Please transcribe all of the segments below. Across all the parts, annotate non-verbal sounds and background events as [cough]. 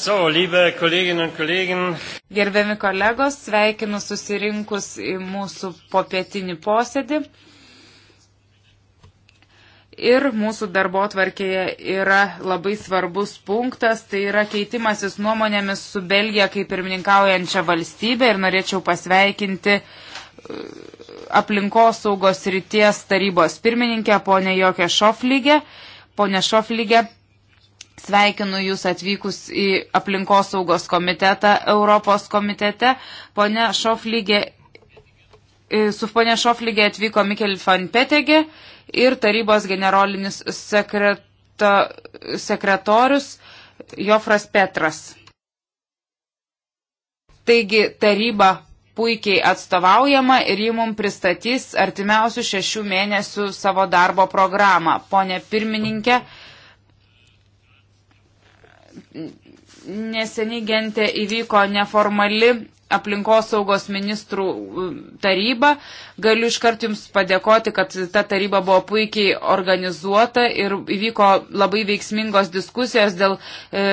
So, liebe Kolleginnen und Kollegen. Gerbiami kolegos, sveikinu susirinkus į mūsų popietinį posėdį. Ir mūsų darbo tvarkėje yra labai svarbus punktas, tai yra keitimasis nuomonėmis su Belgija kaip pirmininkaujančia valstybė ir norėčiau pasveikinti uh, aplinkosaugos ryties tarybos pirmininkę, ponę Jokę Šoflygę. Ponė Šoflygė, Sveikinu Jūs atvykus į aplinkosaugos komitetą Europos komitete. Pone Šoflygė, e, su ponė Šoflygė atvyko Mikel van Petegė ir tarybos generalinis sekreto, sekretorius Jofras Petras. Taigi taryba puikiai atstovaujama ir ji mums pristatys artimiausių šešių mėnesių savo darbo programą. Pone pirmininkė, mm neseniai Gente įvyko neformali aplinkosaugos ministrų taryba. Galiu iškart Jums padėkoti, kad ta taryba buvo puikiai organizuota ir įvyko labai veiksmingos diskusijos dėl e,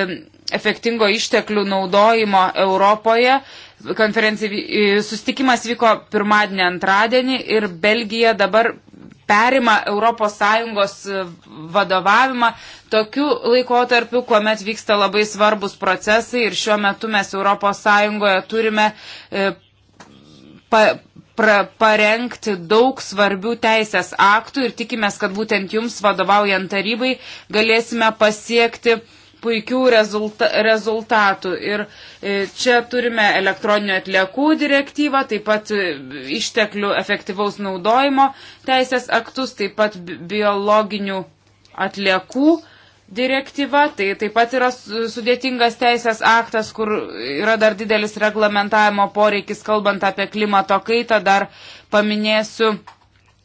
efektingo išteklių naudojimo Europoje. Konferencija, e, sustikimas vyko pirmadienį, antradienį ir Belgija dabar perima ES e, vadovavimą tokiu laikotarpiu, kuomet vyksta labai svarbus procesai ir šiuo metu mes ES turime e, pa, pra, parengti daug svarbių teisės aktų ir tikimės, kad būtent jums vadovaujant tarybai galėsime pasiekti puikių rezulta, rezultatų. Ir e, čia turime elektroninių atliekų direktyvą, taip pat e, išteklių efektyvaus naudojimo teisės aktus, taip pat biologinių atliekų direktyva, tai taip pat yra sudėtingas teisės aktas, kur yra dar didelis reglamentavimo poreikis, kalbant apie klimato kaitą, dar paminėsiu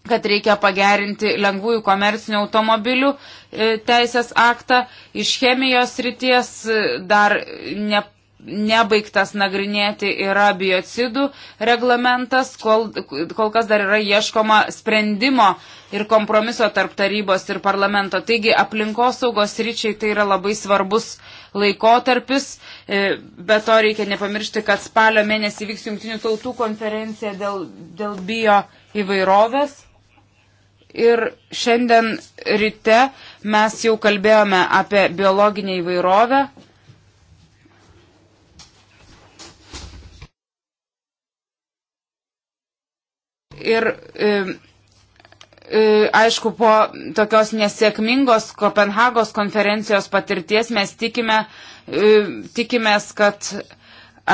kad reikia pagerinti lengvųjų komercinių automobilių e, teisės aktą. Iš chemijos ryties e, dar ne, nebaigtas nagrinėti yra biocidų reglamentas, kol, kol kas dar yra ieškoma sprendimo ir kompromiso tarp tarybos ir parlamento. Taigi aplinkosaugos ryčiai tai yra labai svarbus laikotarpis, e, bet to reikia nepamiršti, kad spalio mėnesį vyks jungtinių tautų konferencija dėl, dėl bio įvairovės. Ir šiandien ryte mes jau kalbėjome apie biologinę įvairovę. Ir e, e aišku, po tokios nesėkmingos Kopenhagos konferencijos patirties mes tikime, e, tikimės, kad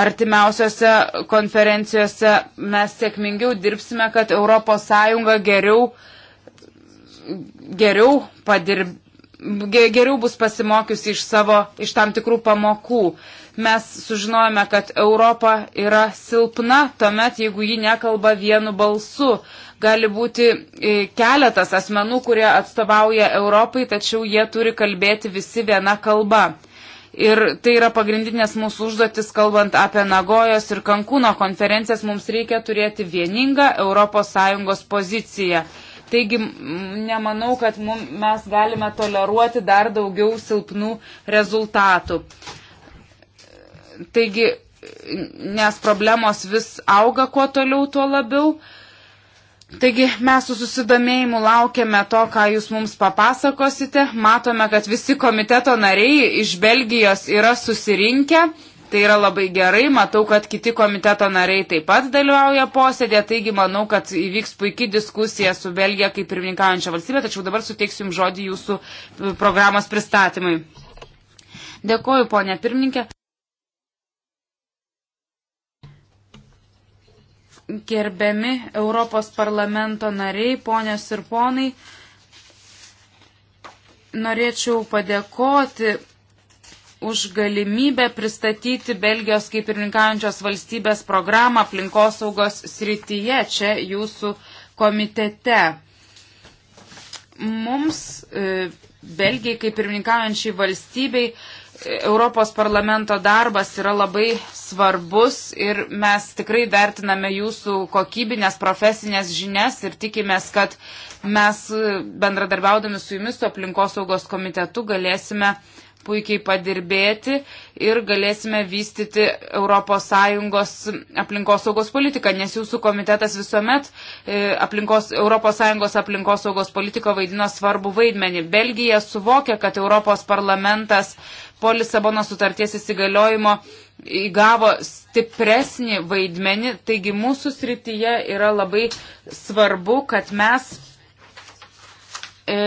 artimiausiose konferencijose mes sėkmingiau dirbsime, kad ES geriau geriau padirb, geriau bus pasimokiusi iš savo, iš tam tikrų pamokų. Mes sužinojame, kad Europa yra silpna tuomet, jeigu ji nekalba vienu balsu. Gali būti e, keletas asmenų, kurie atstovauja Europai, tačiau jie turi kalbėti visi viena kalba. Ir tai yra pagrindinės mūsų užduotis, kalbant apie Nagojos ir Kankūno konferencijas, mums reikia turėti vieningą ES poziciją. Taigi nemanau, kad mum, mes galime toleruoti dar daugiau silpnų rezultatų. Taigi, nes problemos vis auga kuo toliau, tuo labiau. Taigi mes su susidomėjimu laukiame to, ką jūs mums papasakosite. Matome, kad visi komiteto nariai iš Belgijos yra susirinkę. Tai yra labai gerai, matau, kad kiti komiteto nariai taip pat dalyvauja posėdė, taigi manau, kad įvyks puikiai diskusija su Belgija kaip pirmininkaujančia valstybė, tačiau dabar suteiksiu jums žodį jūsų programos pristatymui. Dėkoju, ponė pirmininkė. Gerbiami Europos parlamento nariai, ponios ir ponai, norėčiau padėkoti už galimybę pristatyti Belgijos kaip pirmininkaujančios valstybės programą aplinkosaugos srityje čia jūsų komitete. Mums e, Belgijai kaip pirmininkaujančiai valstybei e, Europos parlamento darbas yra labai svarbus ir mes tikrai vertiname jūsų kokybinės profesinės žinias ir tikimės, kad mes e, bendradarbiaudami su jumis, su aplinkosaugos komitetu, galėsime uh, puikiai padirbėti ir galėsime vystyti ES aplinkosaugos politiką, nes jūsų komitetas visuomet e, aplinkos, ES aplinkosaugos politiko vaidino svarbu vaidmenį. Belgija suvokia, kad Europos parlamentas po Lisabono sutarties įsigaliojimo įgavo stipresnį vaidmenį, taigi mūsų srityje yra labai svarbu, kad mes e,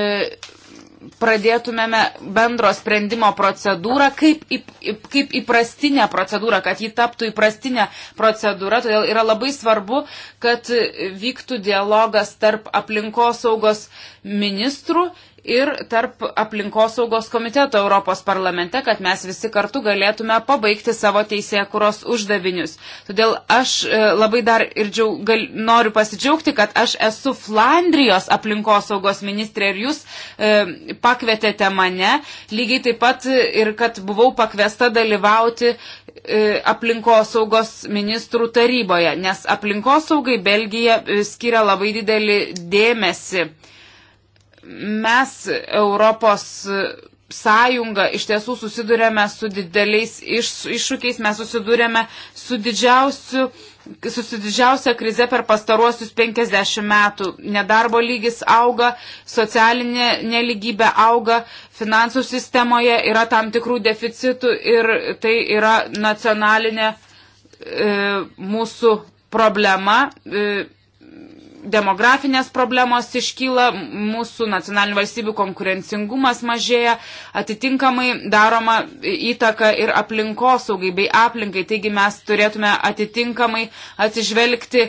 pradėtumėme bendro sprendimo procedūrą kaip, įp, kaip įprastinę procedūrą, kad ji taptų įprastinę procedūrą. Todėl yra labai svarbu, kad vyktų dialogas tarp aplinkosaugos ministrų ir tarp aplinkosaugos komiteto Europos parlamente, kad mes visi kartu galėtume pabaigti savo teisėje kuros uždavinius. Todėl aš e, labai dar ir džiau, gal, noriu pasidžiaugti, kad aš esu Flandrijos aplinkosaugos ministrė ir jūs e, pakvietėte mane, lygiai taip pat ir kad buvau pakviesta dalyvauti e, aplinkosaugos ministrų taryboje, nes aplinkosaugai Belgija e, skiria labai didelį dėmesį mes Europos sąjunga iš tiesų susidurėme su dideliais iš, iššūkiais, mes susidurėme su, su didžiausia krize per pastaruosius 50 metų. Nedarbo lygis auga, socialinė neligybė auga, finansų sistemoje yra tam tikrų deficitų ir tai yra nacionalinė e, mūsų problema. E, demografinės problemos iškyla, mūsų nacionalinių valstybių konkurencingumas mažėja, atitinkamai daroma įtaka ir aplinkosaugai bei aplinkai. Taigi mes turėtume atitinkamai atsižvelgti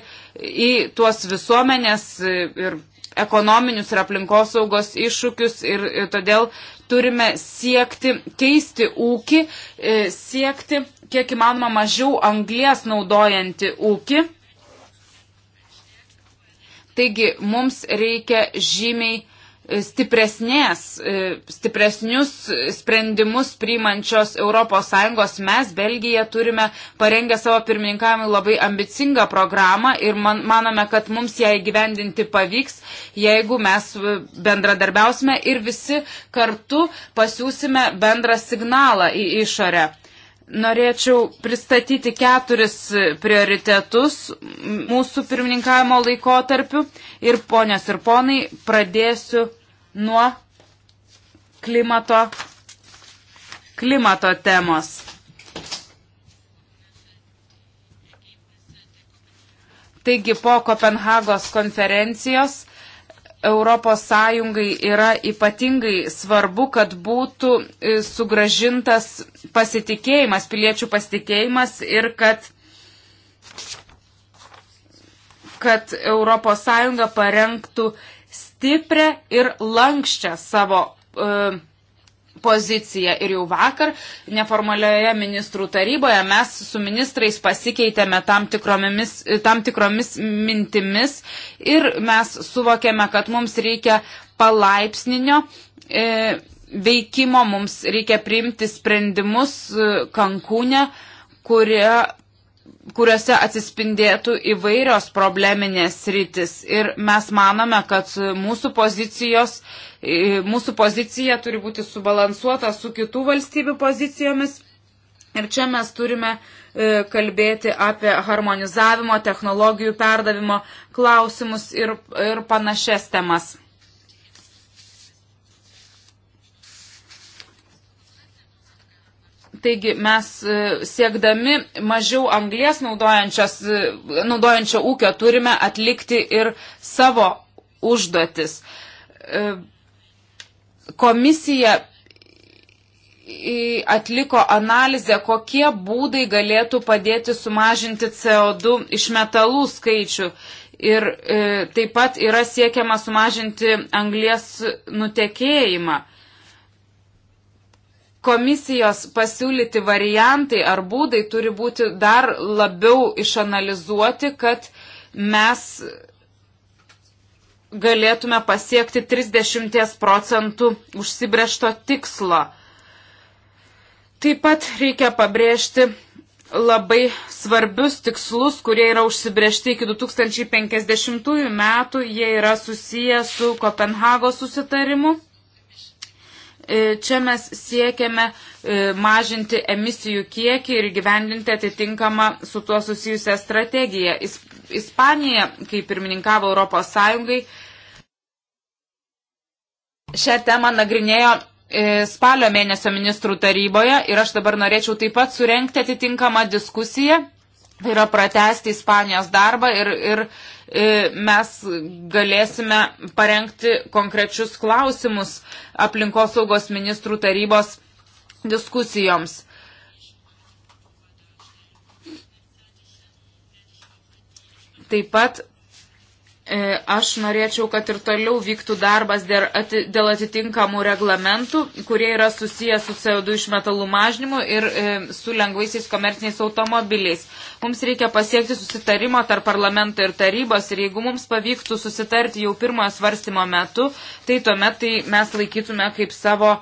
į tuos visuomenės ir ekonominius ir aplinkosaugos iššūkius ir, ir todėl turime siekti keisti ūkį, e, siekti kiek įmanoma mažiau anglies naudojantį ūkį Taigi mums reikia žymiai e, stipresnės, e, stipresnius sprendimus priimančios ES. Mes, Belgija, turime parengę savo pirmininkavimui labai ambicingą programą ir man, manome, kad mums ją įgyvendinti pavyks, jeigu mes e, bendradarbiausime ir visi kartu pasiūsime bendrą signalą į išorę. Norėčiau pristatyti keturis prioritetus mūsų pirmininkavimo laikotarpiu ir ponios ir ponai, pradėsiu nuo klimato, klimato temos. Taigi po Kopenhagos konferencijos Europos Sąjungai yra ypatingai svarbu, kad būtų e, sugražintas pasitikėjimas, piliečių pasitikėjimas ir kad, kad Europos Sąjunga parengtų stiprią ir lankščią savo uh, poziciją. Ir jau vakar neformalioje ministrų taryboje mes su ministrais pasikeitėme tam tikromis, tam tikromis mintimis ir mes suvokėme, kad mums reikia palaipsninio. E, Veikimo mums reikia priimti sprendimus e, Kankūne, kurie kuriuose atsispindėtų įvairios probleminės rytis. Ir mes manome, kad mūsų, pozicijos, e, mūsų pozicija turi būti subalansuota su kitų valstybių pozicijomis. Ir čia mes turime e, kalbėti apie harmonizavimo, technologijų perdavimo klausimus ir, ir panašias temas. Taigi mes e, siekdami mažiau anglės e, naudojančio ūkio turime atlikti ir savo užduotis. E, komisija atliko analizę, kokie būdai galėtų padėti sumažinti CO2 iš metalų skaičių. Ir e, taip pat yra siekiama sumažinti anglės nutekėjimą. E, komisijos pasiūlyti variantai ar būdai turi būti dar labiau išanalizuoti, kad mes galėtume pasiekti 30 procentų užsibrėžto tikslo. Taip pat reikia pabrėžti labai svarbius tikslus, kurie yra užsibrėžti iki 2050 metų, jie yra susiję su Kopenhagos susitarimu. E, čia mes siekiame e, mažinti emisijų kiekį ir gyvendinti atitinkamą su tuo susijusią strategiją. Ispanija, kai pirmininkavo Europos Sąjungai, šią temą nagrinėjo e, spalio mėnesio ministrų taryboje ir aš dabar norėčiau taip pat surenkti atitinkamą diskusiją Tai yra pratesti Ispanijos darbą ir, ir e, mes galėsime parengti konkrečius klausimus aplinkosaugos ministrų tarybos diskusijoms. Taip pat E, aš norėčiau, kad ir toliau vyktų darbas dėl atitinkamų reglamentų, kurie yra susijęs su CO2 išmetalų mažinimu ir e, su lengvaisiais komerciniais automobiliais. Mums reikia pasiekti susitarimo tarp parlamento ir tarybos ir jeigu mums pavyktų susitarti jau pirmojo svarstymo metu, tai tuomet tai mes laikytume kaip savo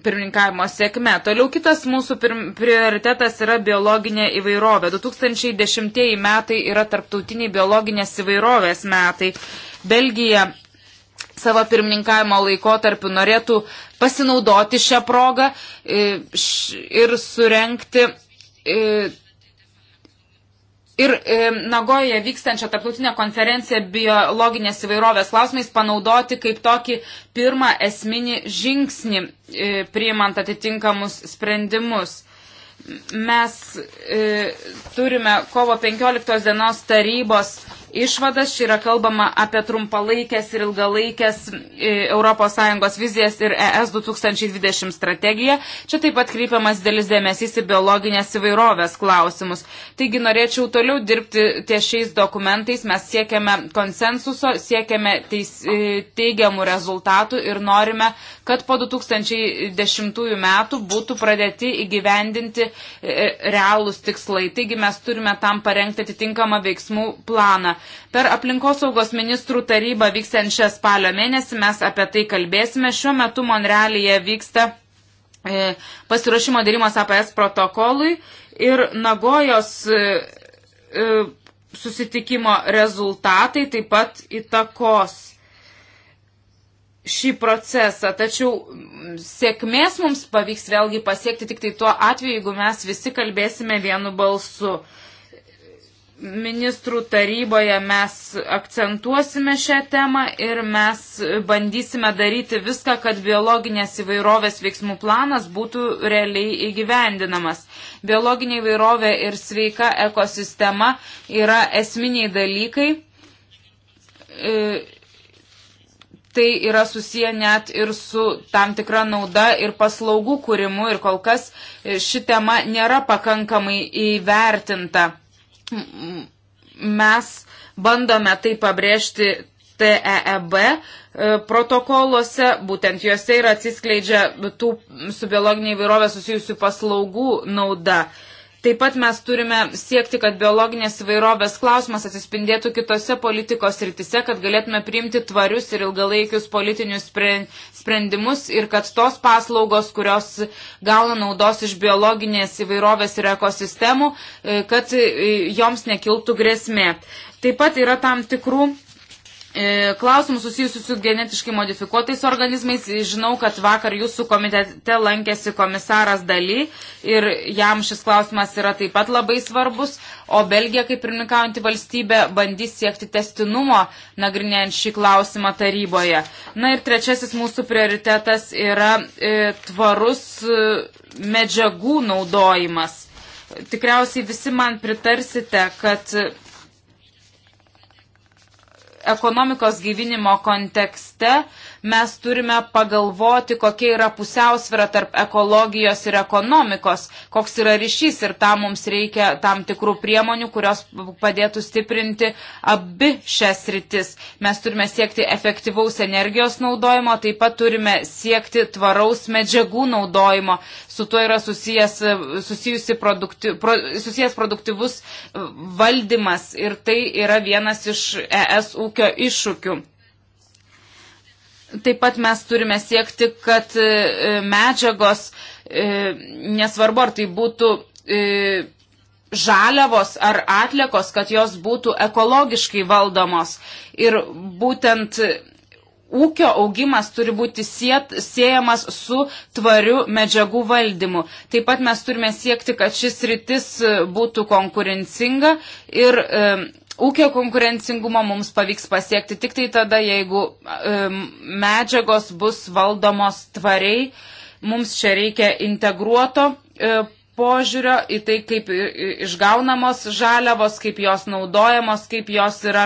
pirmininkavimo sėkme. Toliau kitas mūsų prioritetas yra biologinė įvairovė. 2010 metai yra tarptautiniai biologinės įvairovės metai. Belgija savo pirmininkavimo laikotarpiu norėtų pasinaudoti šią progą e, ir surenkti e, ir e, Nagoje vykstančią tarptautinę konferenciją biologinės įvairovės klausimais panaudoti kaip tokį pirmą esminį žingsnį e, priimant atitinkamus sprendimus. Mes e, turime kovo 15 dienos tarybos išvadas. Čia yra kalbama apie trumpalaikės ir ilgalaikės ES vizijas ir ES 2020 strategiją. Čia taip pat kreipiamas dėlis dėmesys į biologinės įvairovės klausimus. Taigi norėčiau toliau dirbti ties šiais dokumentais. Mes siekiame konsensuso, siekiame teis, e, teigiamų rezultatų ir norime, kad po 2010 metų būtų pradėti įgyvendinti e, e, realūs tikslai. Taigi mes turime tam parengti atitinkamą veiksmų planą. Per aplinkosaugos ministrų tarybą vyksiančią spalio mėnesį mes apie tai kalbėsime. Šiuo metu Monrealyje vyksta e, pasiruošimo dėrimas APS protokolui ir Nagojos e, e, susitikimo rezultatai taip pat įtakos šį procesą. Tačiau sėkmės mums pavyks vėlgi pasiekti tik tai tuo atveju, jeigu mes visi kalbėsime vienu balsu ministrų taryboje mes akcentuosime šią temą ir mes bandysime daryti viską, kad biologinės įvairovės veiksmų planas būtų realiai įgyvendinamas. Biologinė įvairovė ir sveika ekosistema yra esminiai dalykai. E, tai yra susiję net ir su tam tikra nauda ir paslaugų kūrimu ir kol kas e, ši tema nėra pakankamai įvertinta mes bandome tai pabrėžti TEEB e, protokoluose, būtent juose yra atsiskleidžia tų su biologinė įvairovė susijusių paslaugų nauda. E, Taip pat mes turime siekti, kad biologinės įvairovės klausimas atsispindėtų kitose politikos rytise, kad galėtume priimti tvarius ir ilgalaikius politinius sprendimus ir kad tos paslaugos, kurios gauna naudos iš biologinės įvairovės ir ekosistemų, e, kad e, joms nekiltų grėsmė. Taip pat yra tam tikrų E, Klausimų susijusių su genetiškai modifikuotais organizmais. Žinau, kad vakar jūsų komitete lankėsi komisaras Daly ir jam šis klausimas yra taip pat labai svarbus, o Belgija, kaip pirmininkaujanti valstybė, bandys siekti testinumo nagrinėjant šį klausimą taryboje. Na ir trečiasis mūsų prioritetas yra e, tvarus e, medžiagų naudojimas. Tikriausiai visi man pritarsite, kad. E, ekonomikos gyvinimo kontekste mes turime pagalvoti, kokia yra pusiausvėra tarp ekologijos ir ekonomikos, koks yra ryšys ir tam mums reikia tam tikrų priemonių, kurios padėtų stiprinti abi šias rytis. Mes turime siekti efektyvaus energijos naudojimo, taip pat turime siekti tvaraus medžiagų naudojimo. Su tuo yra susijęs, produkti, pro, susijęs produktyvus valdymas ir tai yra vienas iš ES ūkio iššūkių. Taip pat mes turime siekti, kad e, medžiagos, e, nesvarbu ar tai būtų e, žaliavos ar atlikos, kad jos būtų ekologiškai valdomos. Ir būtent ūkio augimas turi būti siet, siejamas su tvariu medžiagų valdymu. Taip pat mes turime siekti, kad šis rytis būtų konkurencinga ir e, ūkio konkurencingumą mums pavyks pasiekti tik tai tada, jeigu medžiagos bus valdomos tvariai. Mums čia reikia integruoto e, požiūrio į tai, kaip e, e, išgaunamos žaliavos, kaip jos naudojamos, kaip jos yra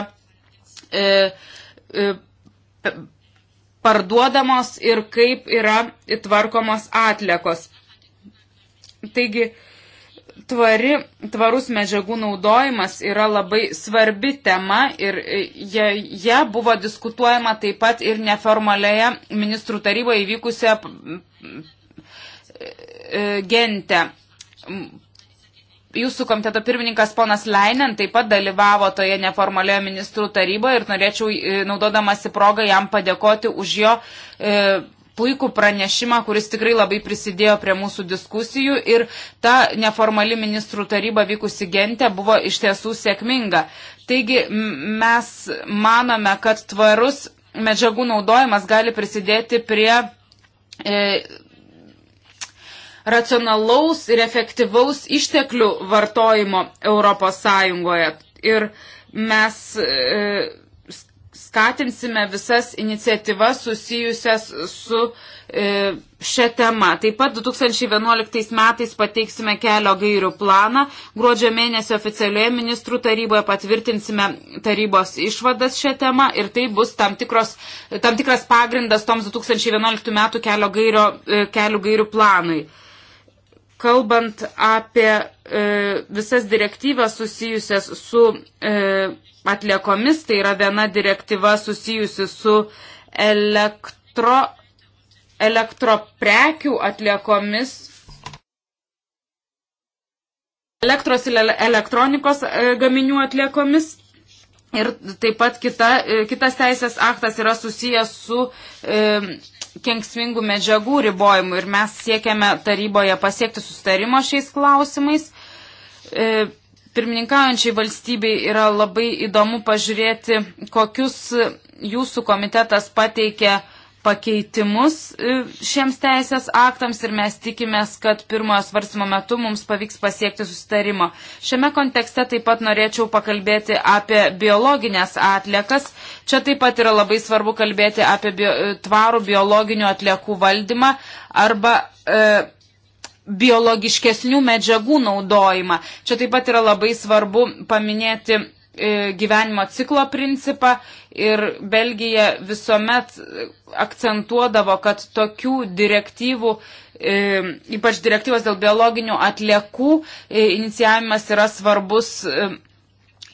parduodamos ir kaip yra tvarkomos atliekos. Taigi, tvari, tvarus medžiagų naudojimas yra labai svarbi tema ir e, jie, jie buvo diskutuojama taip pat ir neformalioje ministrų taryboje įvykusioje e, gente. Jūsų komiteto pirmininkas ponas Leinen taip pat dalyvavo toje neformalioje ministrų taryboje ir norėčiau, e, naudodamasi progą, jam padėkoti už jo puikų pranešimą, kuris tikrai labai prisidėjo prie mūsų diskusijų ir ta neformali ministrų taryba vykusi gente buvo iš tiesų sėkminga. Taigi mes manome, kad tvarus medžiagų naudojimas gali prisidėti prie e, racionalaus ir efektyvaus išteklių vartojimo Europos Sąjungoje. Ir mes e, skatinsime visas iniciatyvas susijusias su e, šią temą. Taip pat 2011 metais pateiksime kelio gairių planą. Gruodžio mėnesį oficialioje ministrų taryboje patvirtinsime tarybos išvadas šią temą ir tai bus tam, tikros, tam tikras pagrindas toms 2011 metų kelio gairio, e, kelių gairių planui. Kalbant apie e, visas direktyvas susijusias su e, atliekomis, tai yra viena direktyva susijusi su elektro, elektroprekių atliekomis. Elektros ir elektronikos e, gaminių atliekomis. Ir taip pat kita, e, kitas teisės aktas yra susijęs su e, kenksmingų medžiagų ribojimu ir mes siekiame taryboje pasiekti sustarimo šiais klausimais. E, pirmininkaujančiai valstybei yra labai įdomu pažiūrėti, kokius jūsų komitetas pateikė pakeitimus e, šiems teisės aktams ir mes tikimės, kad pirmojo svarstymo metu mums pavyks pasiekti sustarimo. Šiame kontekste taip pat norėčiau pakalbėti apie biologinės atliekas. Čia taip pat yra labai svarbu kalbėti apie bio, e, tvarų biologinių atliekų valdymą arba e, biologiškesnių medžiagų naudojimą. Čia taip pat yra labai svarbu paminėti e, gyvenimo ciklo principą ir Belgija visuomet akcentuodavo, kad tokių direktyvų, e, ypač direktyvos dėl biologinių atliekų, e, inicijavimas yra svarbus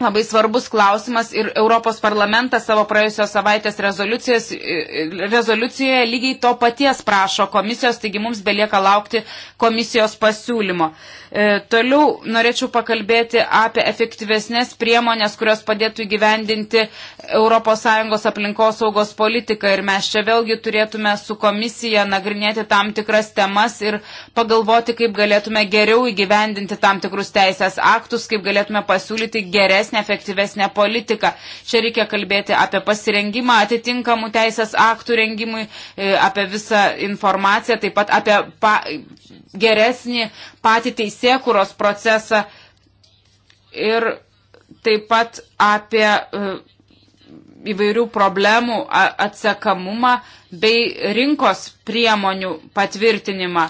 labai svarbus klausimas ir Europos parlamentas savo praėjusios savaitės rezoliucijoje lygiai to paties prašo komisijos, taigi mums belieka laukti komisijos pasiūlymo. E, toliau norėčiau pakalbėti apie efektyvesnės priemonės, kurios padėtų įgyvendinti ES aplinkos saugos politiką ir mes čia vėlgi turėtume su komisija nagrinėti tam tikras temas ir pagalvoti, kaip galėtume geriau įgyvendinti tam tikrus teisės aktus, kaip galėtume pasiūlyti geresnį geresnę, efektyvesnę politiką. Čia reikia kalbėti apie pasirengimą atitinkamų teisės aktų rengimui, e, apie visą informaciją, taip pat apie pa, geresnį patį teisėkuros procesą ir taip pat apie e, įvairių problemų atsekamumą bei rinkos priemonių patvirtinimą.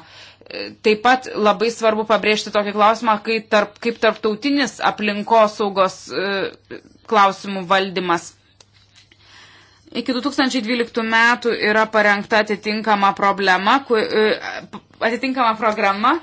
Taip pat labai svarbu pabrėžti tokį klausimą, kaip, tarp, kaip tarptautinis aplinkosaugos e, klausimų valdymas. Iki 2012 metų yra parengta atitinkama problema, e, atitinkama programa,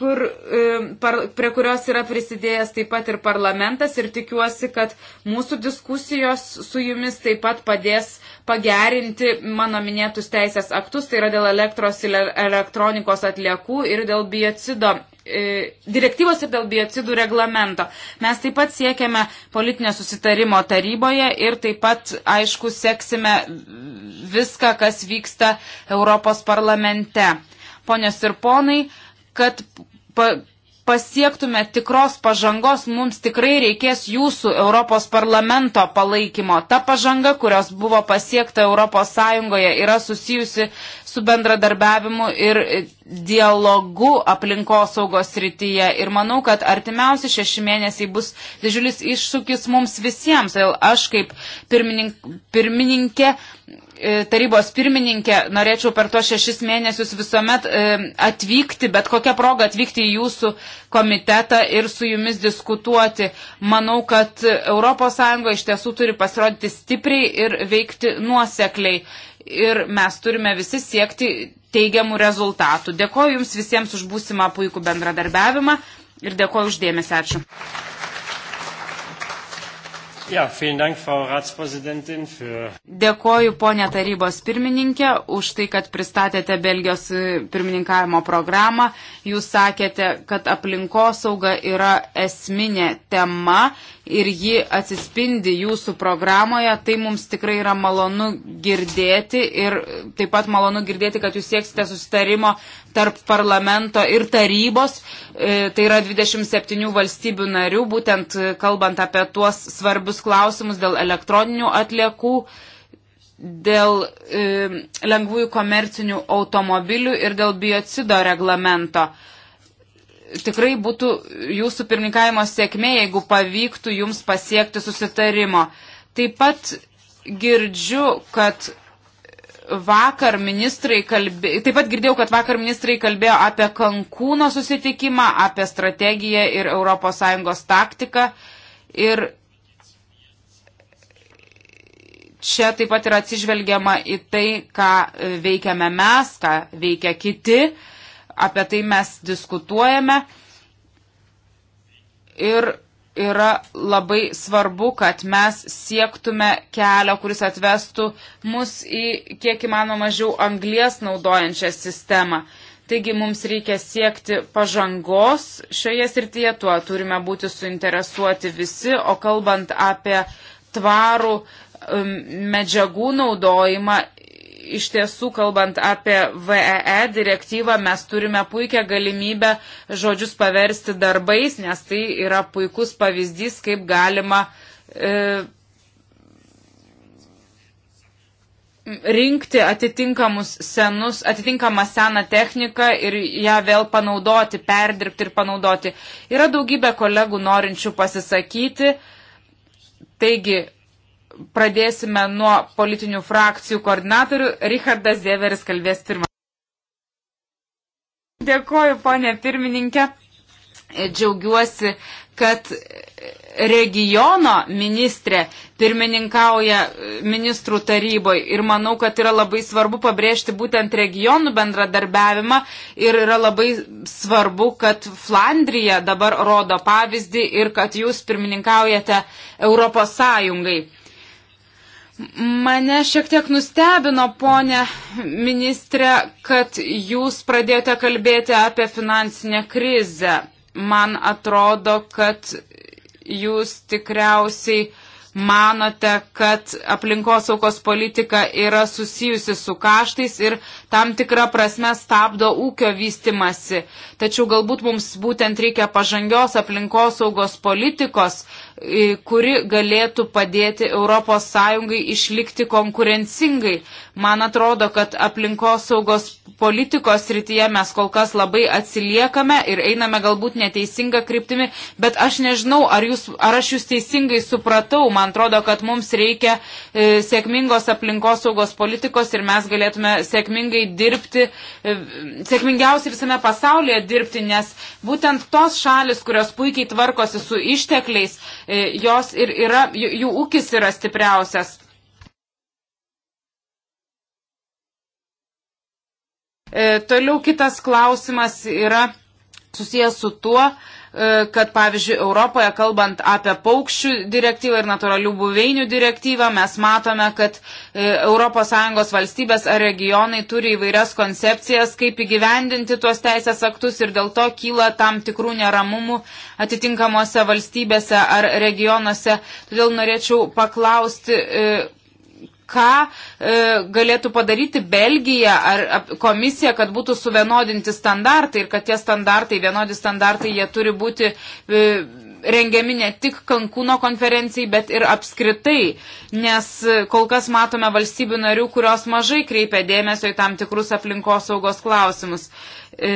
kur, e, par, prie kurios yra prisidėjęs taip pat ir parlamentas ir tikiuosi, kad mūsų diskusijos su jumis taip pat padės pagerinti mano minėtus teisės aktus, tai yra dėl elektros ir elektronikos atliekų ir dėl biocido e, direktyvos ir dėl biocidų reglamento. Mes taip pat siekiame politinio susitarimo taryboje ir taip pat, aišku, seksime viską, kas vyksta Europos parlamente. Ponios ir ponai, kad pa, pasiektume tikros pažangos, mums tikrai reikės jūsų Europos parlamento palaikymo. Ta pažanga, kurios buvo pasiekta Europos Sąjungoje, yra susijusi su bendradarbiavimu ir dialogu aplinkosaugos rytyje. Ir manau, kad artimiausi šeši mėnesiai bus didžiulis iššūkis mums visiems. Aš kaip pirmininkė E, tarybos pirmininkė, norėčiau per tuos šešis mėnesius visuomet e, atvykti, bet kokią progą atvykti į jūsų komitetą ir su jumis diskutuoti. Manau, kad ES iš tiesų turi pasirodyti stipriai ir veikti nuosekliai. Ir mes turime visi siekti teigiamų rezultatų. Dėkoju Jums visiems už būsimą puikų bendradarbiavimą ir dėkoju uždėmesi. Ačiū. Ja, Dank, Frau für... Dėkoju, ponė tarybos pirmininkė, už tai, kad pristatėte Belgijos e, pirmininkavimo programą. Jūs sakėte, kad aplinkosauga yra esminė tema ir ji atsispindi jūsų programoje, tai mums tikrai yra malonu girdėti ir taip pat malonu girdėti, kad jūs sieksite sustarimo tarp parlamento ir tarybos, e, tai yra 27 valstybių narių, būtent e, kalbant apie tuos svarbius klausimus dėl elektroninių atliekų dėl e, lengvųjų komercinių automobilių ir dėl biocido reglamento. E, tikrai būtų jūsų pirmininkavimo sėkmė, jeigu pavyktų jums pasiekti susitarimo. Taip pat girdžiu, kad vakar ministrai kalbėjo, taip pat girdėjau, kad vakar ministrai kalbėjo apie Kankūno susitikimą, apie strategiją ir ES taktiką. Ir čia taip pat yra atsižvelgiama į tai, ką veikiame mes, ką veikia kiti. Uh, apie tai mes diskutuojame. Ir yra labai svarbu, kad mes siektume kelio, kuris atvestų mus į kiek įmanoma mažiau anglies naudojančią sistemą. Taigi mums reikia siekti pažangos šioje srityje, tuo turime būti suinteresuoti visi, o kalbant apie tvarų um, medžiagų naudojimą iš tiesų, kalbant apie VEE e direktyvą, mes turime puikią galimybę žodžius paversti darbais, nes tai yra puikus pavyzdys, kaip galima e, rinkti atitinkamus senus, atitinkamą seną techniką ir ją vėl panaudoti, perdirbti ir panaudoti. Yra daugybė kolegų norinčių pasisakyti. Taigi, pradėsime nuo politinių frakcijų koordinatorių. Richardas Dėveris kalbės pirmą. Dėkoju, ponė pirmininkė. Džiaugiuosi, kad regiono ministrė pirmininkauja ministrų taryboje ir manau, kad yra labai svarbu pabrėžti būtent regionų bendradarbiavimą ir yra labai svarbu, kad Flandrija dabar rodo pavyzdį ir kad jūs pirmininkaujate Europos Sąjungai. Mane šiek tiek nustebino, ponė ministrė, kad jūs pradėjote kalbėti apie finansinę krizę. Man atrodo, kad jūs tikriausiai manote, kad aplinkosaugos politika yra susijusi su kaštais ir tam tikrą prasme stabdo ūkio vystimasi. Tačiau galbūt mums būtent reikia pažangios aplinkosaugos politikos, kuri galėtų padėti ES išlikti konkurencingai. Man atrodo, kad aplinkosaugos politikos rytyje mes kol kas labai atsiliekame ir einame galbūt neteisinga kryptimi, bet aš nežinau, ar, jūs, ar aš jūs teisingai supratau. Man atrodo, kad mums reikia e, sėkmingos aplinkosaugos politikos ir mes galėtume sėkmingai dirbti, e, sėkmingiausiai visame pasaulyje dirbti, nes būtent tos šalis, kurios puikiai tvarkosi su ištekliais, E, jos ir yra, jų ūkis yra stipriausias. E, toliau kitas klausimas yra susijęs su tuo, E, kad, pavyzdžiui, Europoje, kalbant apie paukščių direktyvą ir natūralių buveinių direktyvą, mes matome, kad ES valstybės ar regionai turi įvairias koncepcijas, kaip įgyvendinti tuos teisės aktus ir dėl to kyla tam tikrų neramumų atitinkamuose valstybėse ar regionuose. Todėl norėčiau paklausti, e, ką e, galėtų padaryti Belgija ar komisija, kad būtų suvienodinti standartai ir kad tie standartai, vienodi standartai, jie turi būti. E, rengiami ne tik Kankūno konferencijai, bet ir apskritai, nes kol kas matome valstybių narių, kurios mažai kreipia dėmesio į tam tikrus aplinkosaugos klausimus. E,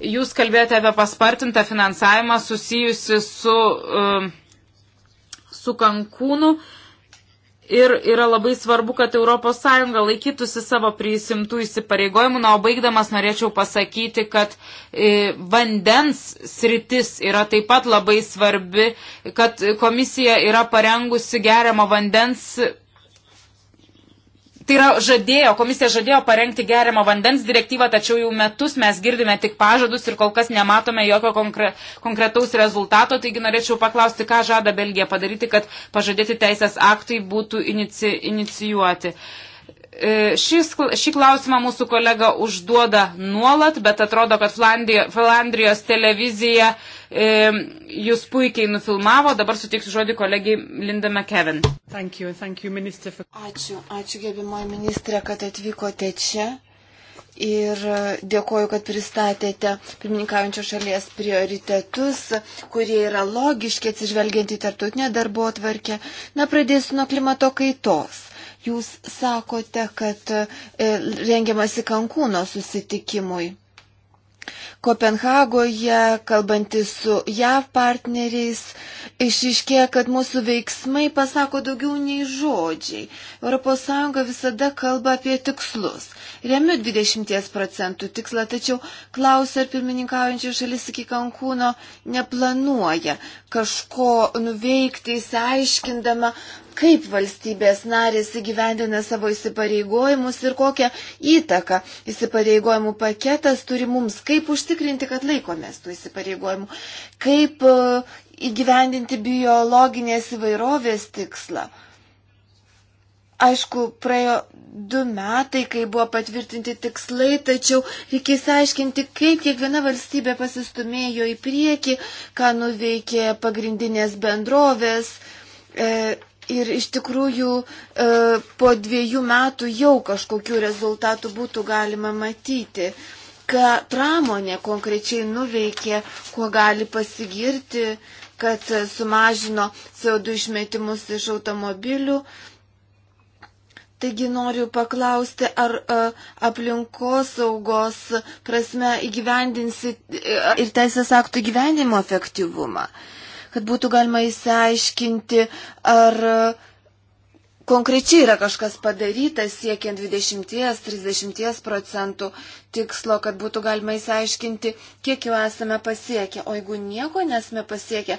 Jūs kalbėjote apie paspartintą finansavimą susijusi su, um, su Kankūnu ir yra labai svarbu, kad ES laikytųsi savo priisimtų įsipareigojimų. Na, o baigdamas norėčiau pasakyti, kad e, vandens sritis yra taip pat labai svarbi, kad komisija yra parengusi geriamo vandens Tai yra žadėjo, komisija žadėjo parengti geriamo vandens direktyvą, tačiau jau metus mes girdime tik pažadus ir kol kas nematome jokio konkre, konkretaus rezultato. Taigi norėčiau paklausti, ką žada Belgija padaryti, kad pažadėti teisės aktai būtų inici, inicijuoti. Uh, E, Šis, šį klausimą mūsų kolega užduoda nuolat, bet atrodo, kad Flandrijos televizija e, jūs puikiai nufilmavo. Dabar sutiksiu žodį kolegijai Linda McKevin. Thank you, thank you, minister, for... Ačiū, ačiū gerbimoji ministrė, kad atvykote čia. Ir e, dėkoju, kad pristatėte pirmininkaujančio šalies prioritetus, kurie yra logiški atsižvelgiant į tartutinę darbo atvarkę. Na, pradėsiu nuo klimato kaitos. Jūs sakote, kad e, rengiamasi Kankūno susitikimui. Kopenhagoje, kalbantis su JAV partneriais, išiškė, kad mūsų veiksmai pasako daugiau nei žodžiai. ES visada kalba apie tikslus. Remiu 20 procentų tikslą, tačiau klausia, ar pirmininkaujančiai šalis iki Kankūno neplanuoja kažko nuveikti, įsiaiškindama, kaip valstybės narės įgyvendina savo įsipareigojimus ir kokią įtaką įsipareigojimų paketas turi mums, kaip užtikrinti užtikrinti, kad laikomės tų įsipareigojimų, kaip e, įgyvendinti biologinės įvairovės tikslą. Aišku, praėjo du metai, kai buvo patvirtinti tikslai, tačiau reikės aiškinti, kaip kiekviena valstybė pasistumėjo į priekį, ką nuveikė pagrindinės bendrovės. E, ir iš tikrųjų e, po dviejų metų jau kažkokių rezultatų būtų galima matyti. E, ką pramonė konkrečiai nuveikė, kuo gali pasigirti, kad sumažino CO2 išmetimus iš automobilių. Taigi noriu paklausti, ar aplinkosaugos prasme įgyvendinsit ir teisės aktų gyvenimo efektyvumą, kad būtų galima įsiaiškinti, ar a, konkrečiai yra kažkas padaryta siekiant 20-30 procentų tikslo, kad būtų galima įsiaiškinti, kiek jau esame pasiekę. O jeigu nieko nesame pasiekę,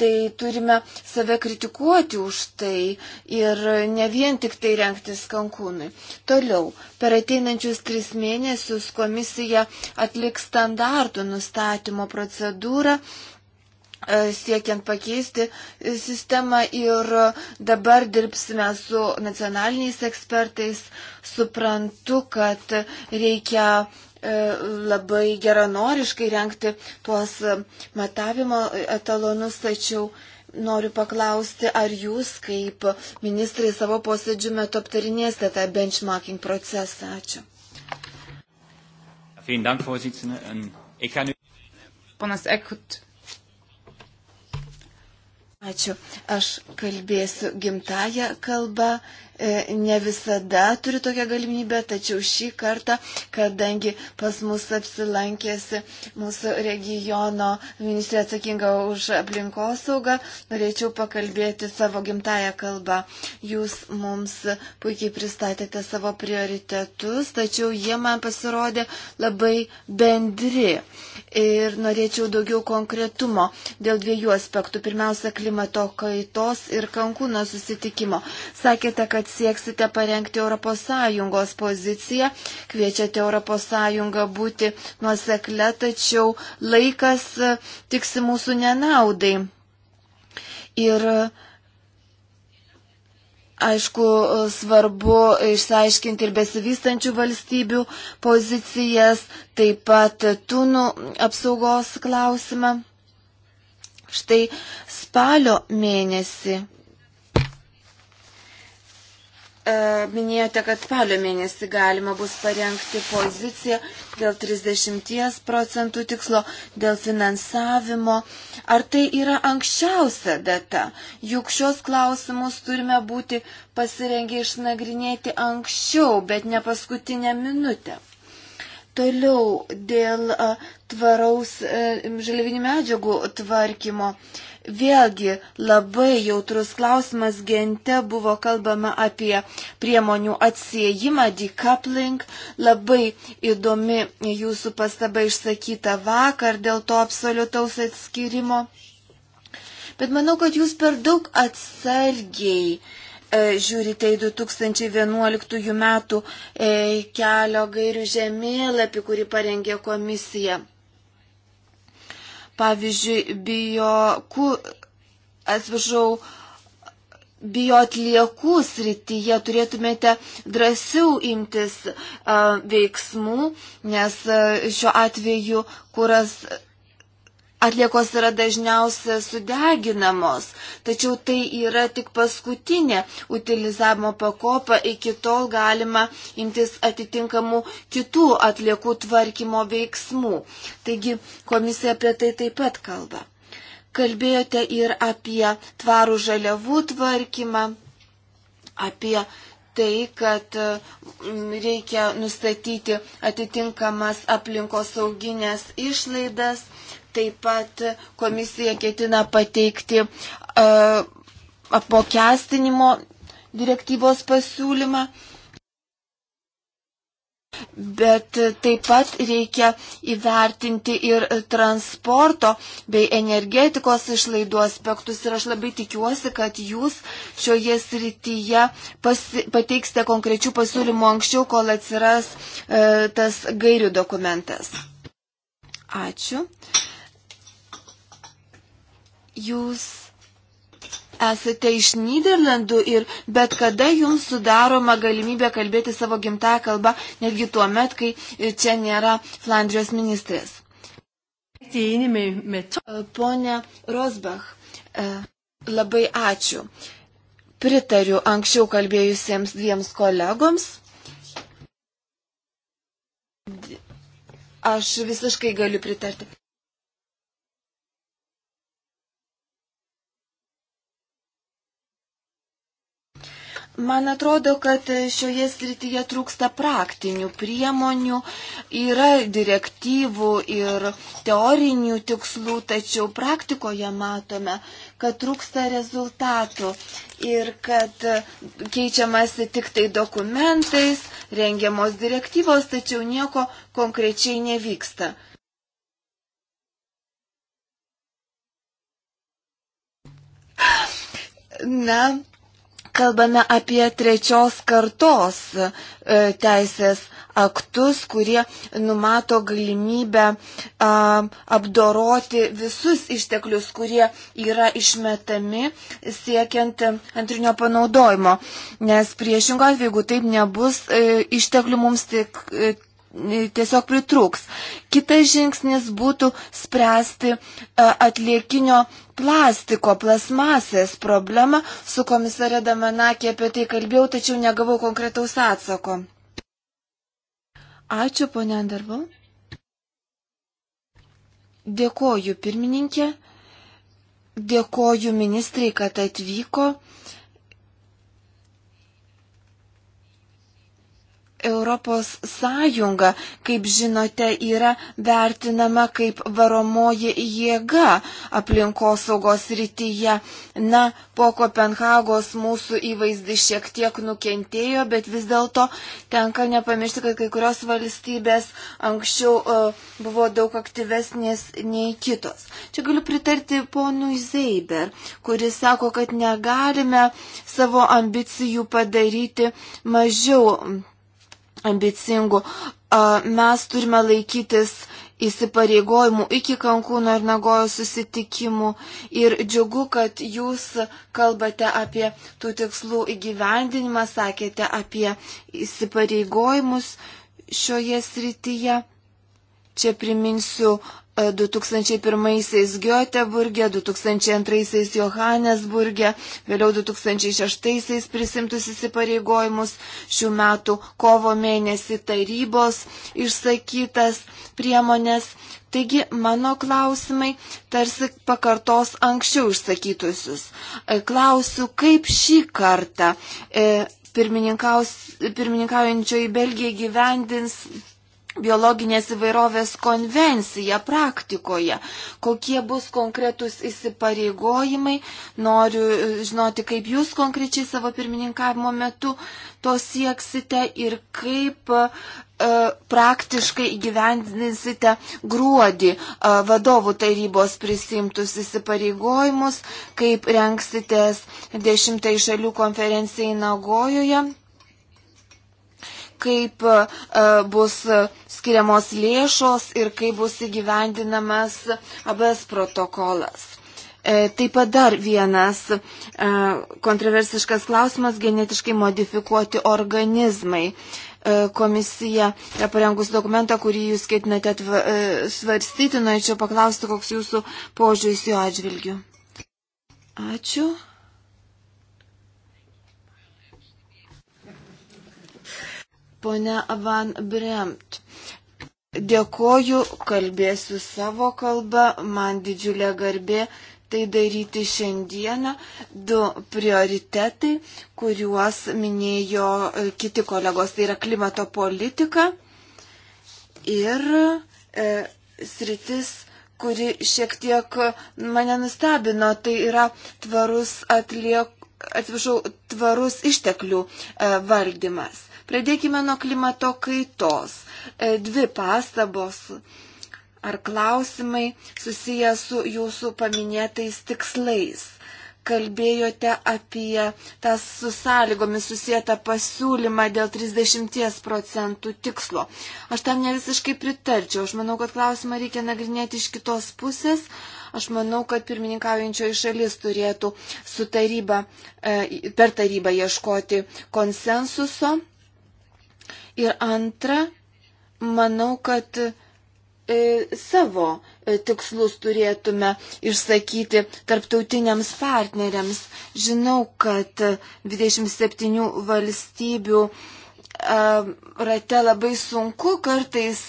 tai turime save kritikuoti už tai ir ne vien tik tai renktis kankūnui. Toliau, per ateinančius tris mėnesius komisija atliks standartų nustatymo procedūrą E, siekiant pakeisti sistemą ir dabar dirbsime su nacionaliniais ekspertais. Suprantu, kad reikia e, labai geranoriškai renkti tuos matavimo etalonus, tačiau noriu paklausti, ar jūs kaip ministrai savo posėdžių metu aptarinėsite tą benchmarking procesą? Ačiū. Ähm, Ponas Ekut, Ačiū. Aš kalbėsiu gimtają kalbą. E, ne visada turiu tokią galimybę, tačiau šį kartą, kadangi pas mus apsilankėsi mūsų regiono ministrė atsakinga už aplinkosaugą, norėčiau pakalbėti savo gimtają kalbą. Jūs mums puikiai pristatėte savo prioritetus, tačiau jie man pasirodė labai bendri ir norėčiau daugiau konkretumo dėl dviejų aspektų. Pirmiausia, klimato kaitos ir Kankūno susitikimo. Sakėte, kad sieksite parengti ES poziciją, kviečiate ES būti nuosekle, tačiau laikas tiksi mūsų nenaudai. Ir uh, Aišku, svarbu išsiaiškinti ir besivystančių valstybių pozicijas, taip pat tunų apsaugos klausimą. Štai spalio mėnesį E, minėjote, kad spalio mėnesį galima bus parengti poziciją dėl 30 procentų tikslo, dėl finansavimo. Ar tai yra anksčiausia data? Juk šios klausimus turime būti pasirengę išnagrinėti anksčiau, bet ne paskutinę minutę. Toliau dėl e, tvaraus e, žalivinių medžiagų tvarkymo. Uh, Vėlgi labai jautrus klausimas gente buvo kalbama apie priemonių atsiejimą, decoupling. Labai įdomi jūsų pastaba išsakyta vakar dėl to absoliutaus atskirimo. Bet manau, kad jūs per daug atsargiai e, žiūrite į 2011 metų e, kelio gairių žemėlapį, kurį parengė komisija pavyzdžiui, bio, ku, atsiprašau, bio atliekų srityje turėtumėte drąsiau imtis a, veiksmų, nes a, šiuo atveju kuras atliekos yra dažniausia sudeginamos, tačiau tai yra tik paskutinė utilizavimo pakopa, iki tol galima imtis atitinkamų kitų atliekų tvarkymo veiksmų. Taigi komisija apie tai taip pat kalba. Kalbėjote ir apie tvarų žaliavų tvarkymą, apie tai, kad mm, reikia nustatyti atitinkamas aplinkosauginės išlaidas Taip pat komisija ketina pateikti uh, apmokestinimo direktyvos pasiūlymą. Bet taip pat reikia įvertinti ir transporto bei energetikos išlaidų aspektus ir aš labai tikiuosi, kad jūs šioje srityje pasi, pateiksite konkrečių pasiūlymų anksčiau, kol atsiras e, tas gairių dokumentas. Ačiū. Jūs esate iš Niderlandų ir bet kada jums sudaroma galimybė kalbėti savo gimtąją kalbą, netgi tuo met, kai čia nėra Flandrijos ministrės. Pone Rosbach, e, labai ačiū. Pritariu anksčiau kalbėjusiems dviems kolegoms. Aš visiškai galiu pritarti. Man atrodo, kad šioje srityje trūksta praktinių priemonių, yra direktyvų ir teorinių tikslų, tačiau praktikoje matome, kad trūksta rezultatų ir kad keičiamasi tik tai dokumentais, rengiamos direktyvos, tačiau nieko konkrečiai nevyksta. Na, kalbame apie trečios kartos e, teisės aktus, kurie numato galimybę a, apdoroti visus išteklius, kurie yra išmetami siekiant antrinio panaudojimo. Nes priešingo atveju, jeigu taip nebus, e, išteklių mums tik, e, tiesiog pritrūks. Kitas žingsnis būtų spręsti e, atliekinio plastiko, plasmasės problemą. Su komisarė Damanakė apie tai kalbėjau, tačiau negavau konkretaus atsako. Ačiū, ponė Andarbo. Dėkoju pirmininkė, dėkoju ministrai, kad atvyko. Europos Sąjunga, kaip žinote, yra vertinama kaip varomoji jėga aplinkosaugos rytyje. Na, po Kopenhagos mūsų įvaizdis šiek tiek nukentėjo, bet vis dėlto tenka nepamiršti, kad kai kurios valstybės anksčiau uh, buvo daug aktyvesnės nei kitos. Čia galiu pritarti ponui Zeiber, kuris sako, kad negalime savo ambicijų padaryti mažiau ambicingų. Mes turime laikytis įsipareigojimų iki Kankūno ir Nagojo susitikimų. Ir džiugu, kad jūs kalbate apie tų tikslų įgyvendinimą, sakėte apie įsipareigojimus šioje srityje. Čia priminsiu 2001 Göteburgė, 2002 Johannesburgė, vėliau 2006 prisimtus įsipareigojimus, šių metų kovo mėnesį tarybos išsakytas priemonės. Taigi mano klausimai tarsi pakartos anksčiau išsakytusius. E, klausiu, kaip šį kartą e, pirmininkaujančioji Belgija gyvendins biologinės įvairovės konvenciją praktikoje, kokie bus konkretus įsipareigojimai, noriu e, žinoti, kaip jūs konkrečiai savo pirmininkavimo metu to sieksite ir kaip e, praktiškai įgyvendinsite gruodį e, vadovų tarybos prisimtus įsipareigojimus, kaip renksitės dešimtai šalių konferencijai Nagojoje kaip e, bus skiriamos lėšos ir kaip bus įgyvendinamas ABS protokolas. E, taip pat dar vienas e, kontroversiškas klausimas - genetiškai modifikuoti organizmai. Komisija yra parengus dokumentą, kurį jūs ketinate svarstyti. Norėčiau paklausti, koks jūsų požiūris jo atžvilgiu. Ačiū. Pone Van Bremt. Dėkoju, kalbėsiu savo kalbą, man didžiulė garbė tai daryti šiandieną. Du prioritetai, kuriuos minėjo kiti kolegos, tai yra klimato politika ir e, sritis, kuri šiek tiek mane nustebino, tai yra tvarus atliek, atsiprašau, tvarus išteklių e, valdymas. Pradėkime nuo klimato kaitos. E, dvi pastabos ar klausimai susiję su jūsų paminėtais tikslais. Kalbėjote apie tas su sąlygomis susijęta pasiūlymą dėl 30 procentų tikslo. Aš tam ne visiškai pritarčiau. Aš manau, kad klausimą reikia nagrinėti iš kitos pusės. Aš manau, kad pirmininkaujančioji šalis turėtų su taryba, e, per tarybą ieškoti konsensuso Ir antra, manau, kad e, savo e, tikslus turėtume išsakyti tarptautiniams partneriams. Žinau, kad 27 valstybių e, rate labai sunku kartais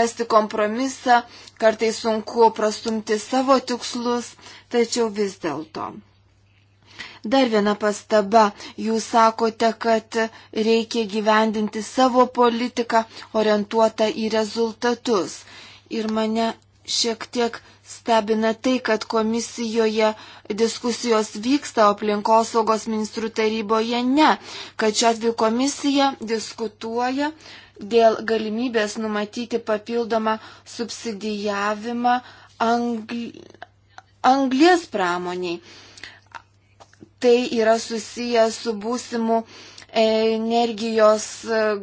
rasti kompromisą, kartais sunku prastumti savo tikslus, tačiau vis dėlto Dar viena pastaba. Jūs sakote, kad reikia gyvendinti savo politiką orientuotą į rezultatus. Ir mane šiek tiek stebina tai, kad komisijoje diskusijos vyksta, o aplinkosaugos ministrų taryboje ne, kad šiuo atveju komisija diskutuoja dėl galimybės numatyti papildomą subsidijavimą angli... anglės pramoniai tai yra susiję su būsimu energijos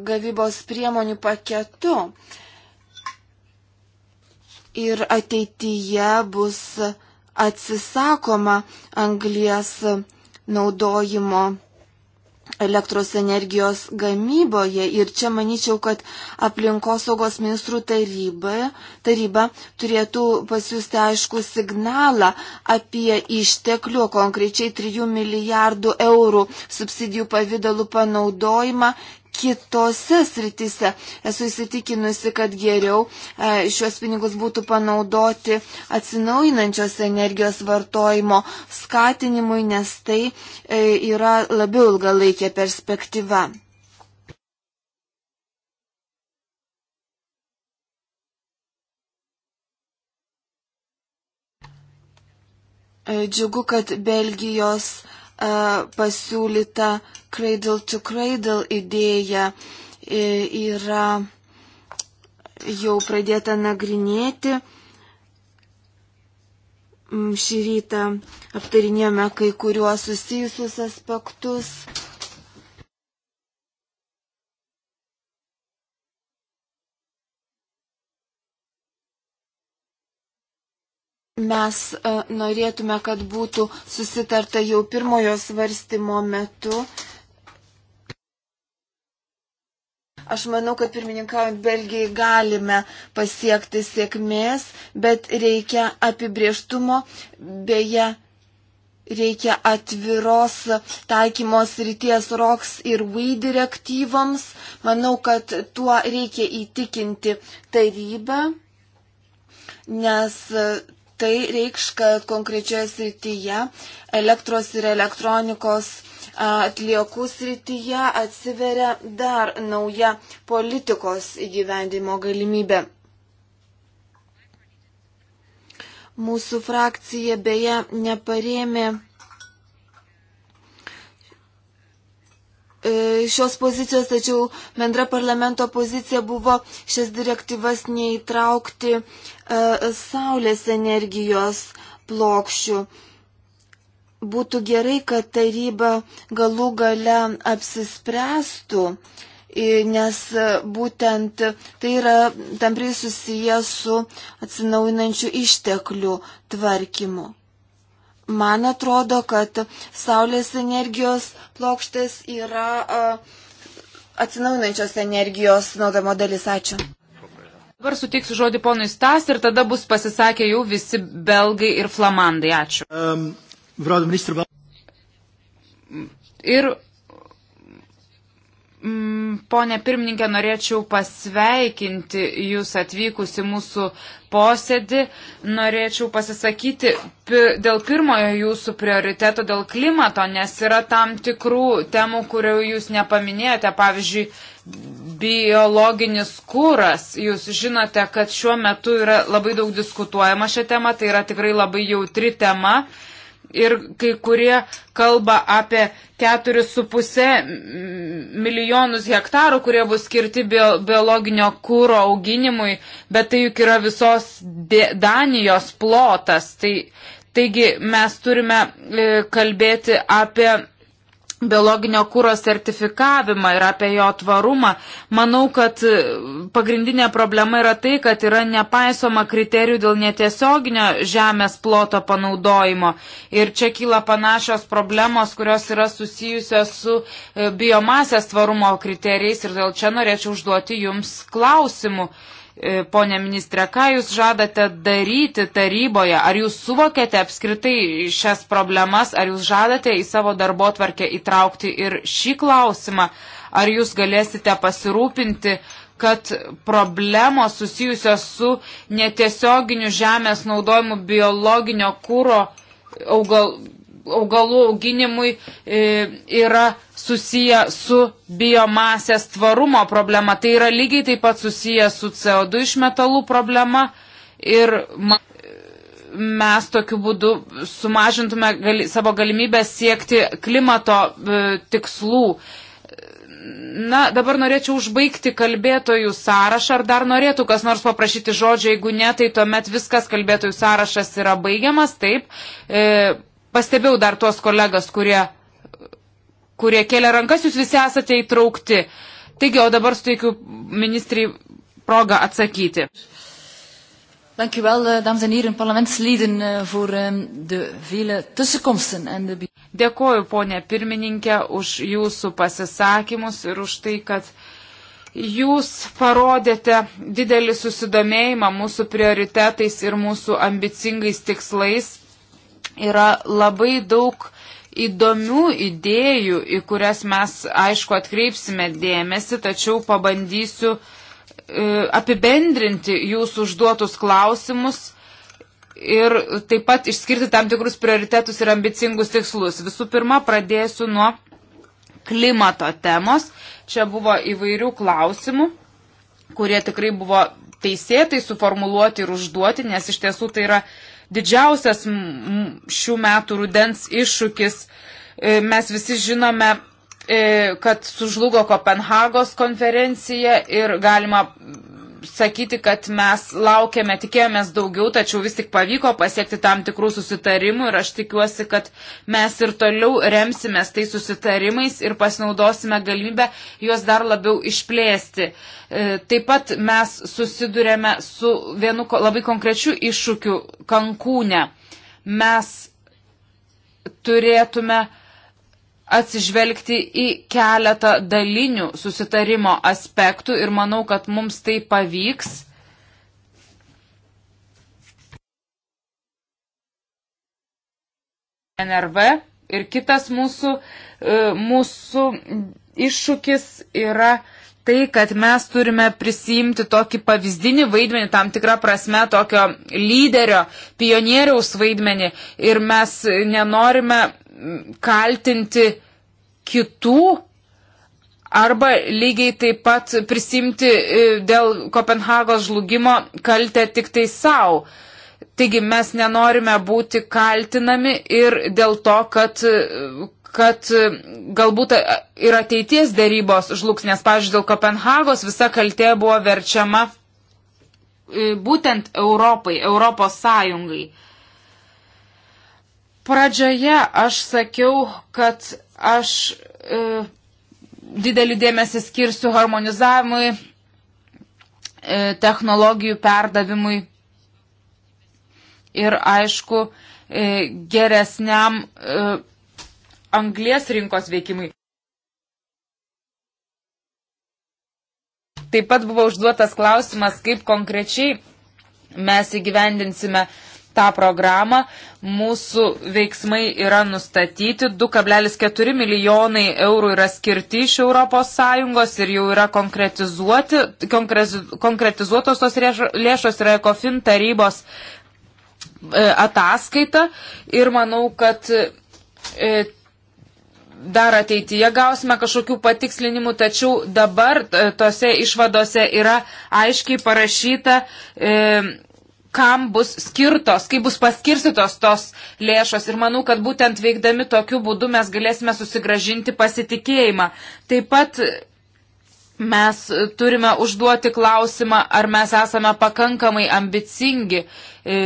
gavybos priemonių paketu. Ir ateityje bus atsisakoma anglies naudojimo elektros energijos gamyboje. Ir čia manyčiau, kad aplinkosaugos ministrų taryba, taryba turėtų pasiūsti aišku signalą apie išteklių, konkrečiai 3 milijardų eurų subsidijų pavydalų panaudojimą kitose sritise. Esu įsitikinusi, kad geriau e, šios pinigus būtų panaudoti atsinaujinančios energijos vartojimo skatinimui, nes tai e, yra labiau ilgalaikė perspektyva. E, džiugu, kad Belgijos uh, pasiūlyta cradle to cradle idėja e, yra jau pradėta nagrinėti. Šį rytą aptarinėjome kai kuriuos susijusius aspektus. Mes e, norėtume, kad būtų susitarta jau pirmojo svarstymo metu. Aš manau, kad pirmininkaujant Belgijai galime pasiekti sėkmės, bet reikia apibrieštumo, beje, reikia atviros taikymos ryties ROKS ir WE direktyvams. Manau, kad tuo reikia įtikinti tarybą, nes Tai reikš, kad konkrečioje srityje elektros ir elektronikos atliekų srityje atsiveria dar nauja politikos įgyvendimo galimybė. Mūsų frakcija beje neparėmė e, šios pozicijos, tačiau bendra parlamento pozicija buvo šias direktyvas neįtraukti E, saulės energijos plokščių. Būtų gerai, kad taryba galų gale apsispręstų, nes būtent tai yra tamprai susiję su atsinaujinančių išteklių tvarkymu. Man atrodo, kad saulės energijos plokštės yra e, atsinaujinančios energijos naudojimo dalis. Ačiū. Dabar suteiksiu žodį ponui Stas ir tada bus pasisakę jau visi belgai ir flamandai. Ačiū. Um, vrodom, ministru... Ir Mm, Pone pirmininkė, norėčiau pasveikinti Jūs atvykus į mūsų posėdį. Norėčiau pasisakyti dėl pirmojo Jūsų prioriteto, dėl klimato, nes yra tam tikrų temų, kurių Jūs nepaminėjote. Pavyzdžiui, biologinis kūras. Jūs žinote, kad šiuo metu yra labai daug diskutuojama šią temą, tai yra tikrai labai jautri tema. Uh, ir kai kurie kalba apie 4,5 milijonus hektarų, kurie bus skirti biologinio kūro auginimui, bet tai juk yra visos Danijos plotas. Tai, taigi mes turime e, kalbėti apie biologinio kūro sertifikavimą ir apie jo tvarumą. Manau, kad e, pagrindinė problema yra tai, kad yra nepaisoma kriterijų dėl netiesioginio žemės ploto panaudojimo. Ir čia kyla panašios problemos, kurios yra susijusios su e, biomasės tvarumo kriterijais ir dėl čia norėčiau užduoti jums klausimų. Uh, E, Pone ministre, ką jūs žadate daryti taryboje? Ar jūs suvokėte apskritai šias problemas? Ar jūs žadate į savo darbo tvarkę įtraukti ir šį klausimą? Ar jūs galėsite pasirūpinti, kad problemos susijusios su netiesioginiu žemės naudojimu biologinio kūro augal, augalų auginimui e, yra susiję su biomasės tvarumo problema. Tai yra lygiai taip pat susiję su CO2 išmetalų problema ir mes tokiu būdu sumažintume gali, savo galimybę siekti klimato e, tikslų. Na, dabar norėčiau užbaigti kalbėtojų sąrašą. Ar dar norėtų kas nors paprašyti žodžio? Jeigu ne, tai tuomet viskas kalbėtojų sąrašas yra baigiamas. Taip. E, Pastebėjau dar tuos kolegas, kurie, kurie kelia rankas, jūs visi esate įtraukti. Taigi, o dabar suteikiu ministrai progą atsakyti. Dank u wel, eh, dames en heren, parlementsleden, eh, voor eh, de vele tussenkomsten en de. Dėkoju, ponė pirmininkė, už jūsų pasisakymus ir už tai, kad jūs parodėte didelį susidomėjimą mūsų prioritetais ir mūsų ambicingais tikslais yra labai daug įdomių idėjų, į kurias mes, aišku, atkreipsime dėmesį, tačiau pabandysiu e, apibendrinti jūsų užduotus klausimus ir taip pat išskirti tam tikrus prioritetus ir ambicingus tikslus. Visų pirma, pradėsiu nuo klimato temos. Čia buvo įvairių klausimų, kurie tikrai buvo teisėtai suformuluoti ir užduoti, nes iš tiesų tai yra didžiausias šių metų rudens iššūkis. E, mes visi žinome, e, kad sužlugo Kopenhagos konferencija ir galima sakyti, kad mes laukiame, tikėjomės daugiau, tačiau vis tik pavyko pasiekti tam tikrų susitarimų ir aš tikiuosi, kad mes ir toliau remsimės tai susitarimais ir pasinaudosime galimybę juos dar labiau išplėsti. E, taip pat mes susidurėme su vienu labai konkrečiu iššūkiu Kankūne. Mes turėtume uh, atsižvelgti į keletą dalinių susitarimo aspektų ir manau, kad mums tai pavyks. NRV ir kitas mūsų, e, mūsų iššūkis yra tai, kad mes turime prisimti tokį pavyzdinį vaidmenį, tam tikrą prasme tokio lyderio, pionieriaus vaidmenį ir mes nenorime kaltinti kitų arba lygiai taip pat prisimti e, dėl Kopenhagos žlugimo kaltę tik tai savo. Taigi mes nenorime būti kaltinami ir dėl to, kad, e, kad e, galbūt ir ateities dėrybos žlugs, nes, pavyzdžiui, dėl Kopenhagos visa kaltė buvo verčiama būtent Europai, Europos Sąjungai. Pradžioje aš sakiau, kad aš e, didelį dėmesį skirsiu harmonizavimui, e, technologijų perdavimui ir, aišku, e, geresniam e, anglės rinkos veikimui. Taip pat buvo užduotas klausimas, kaip konkrečiai mes įgyvendinsime e, tą programą. Mūsų veiksmai yra nustatyti. 2,4 milijonai eurų yra skirti iš ES ir jau yra konkretizuotos tos lėšos yra ECOFIN tarybos e, ataskaita ir manau, kad e, dar ateityje gausime kažkokių patikslinimų, tačiau dabar e, tose išvadose yra aiškiai parašyta, kam bus skirtos, kaip bus paskirstytos tos lėšos. Ir manau, kad būtent veikdami tokiu būdu mes galėsime susigražinti pasitikėjimą. Taip pat mes turime užduoti klausimą, ar mes esame pakankamai ambicingi. E,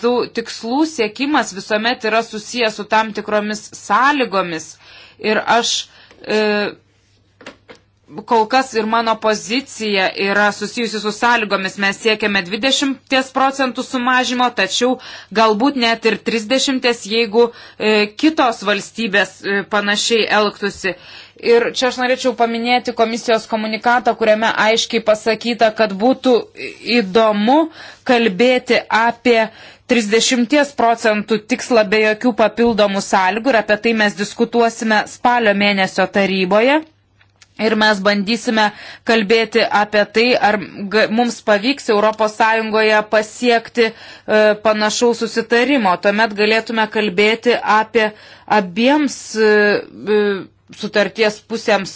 tų tikslų siekimas visuomet yra susijęs su tam tikromis sąlygomis. Ir aš e, kol kas ir mano pozicija yra susijusi su sąlygomis. Mes siekiame 20 procentų sumažimo, tačiau galbūt net ir 30, jeigu e, kitos valstybės e, panašiai elgtųsi. Ir čia aš norėčiau paminėti komisijos komunikatą, kuriame aiškiai pasakyta, kad būtų įdomu kalbėti apie 30 procentų tikslą be jokių papildomų sąlygų ir apie tai mes diskutuosime spalio mėnesio taryboje. Ir mes bandysime kalbėti apie tai, ar mums pavyks ES pasiekti e, panašaus susitarimo. Tuomet galėtume kalbėti apie abiems e, e, sutarties pusėms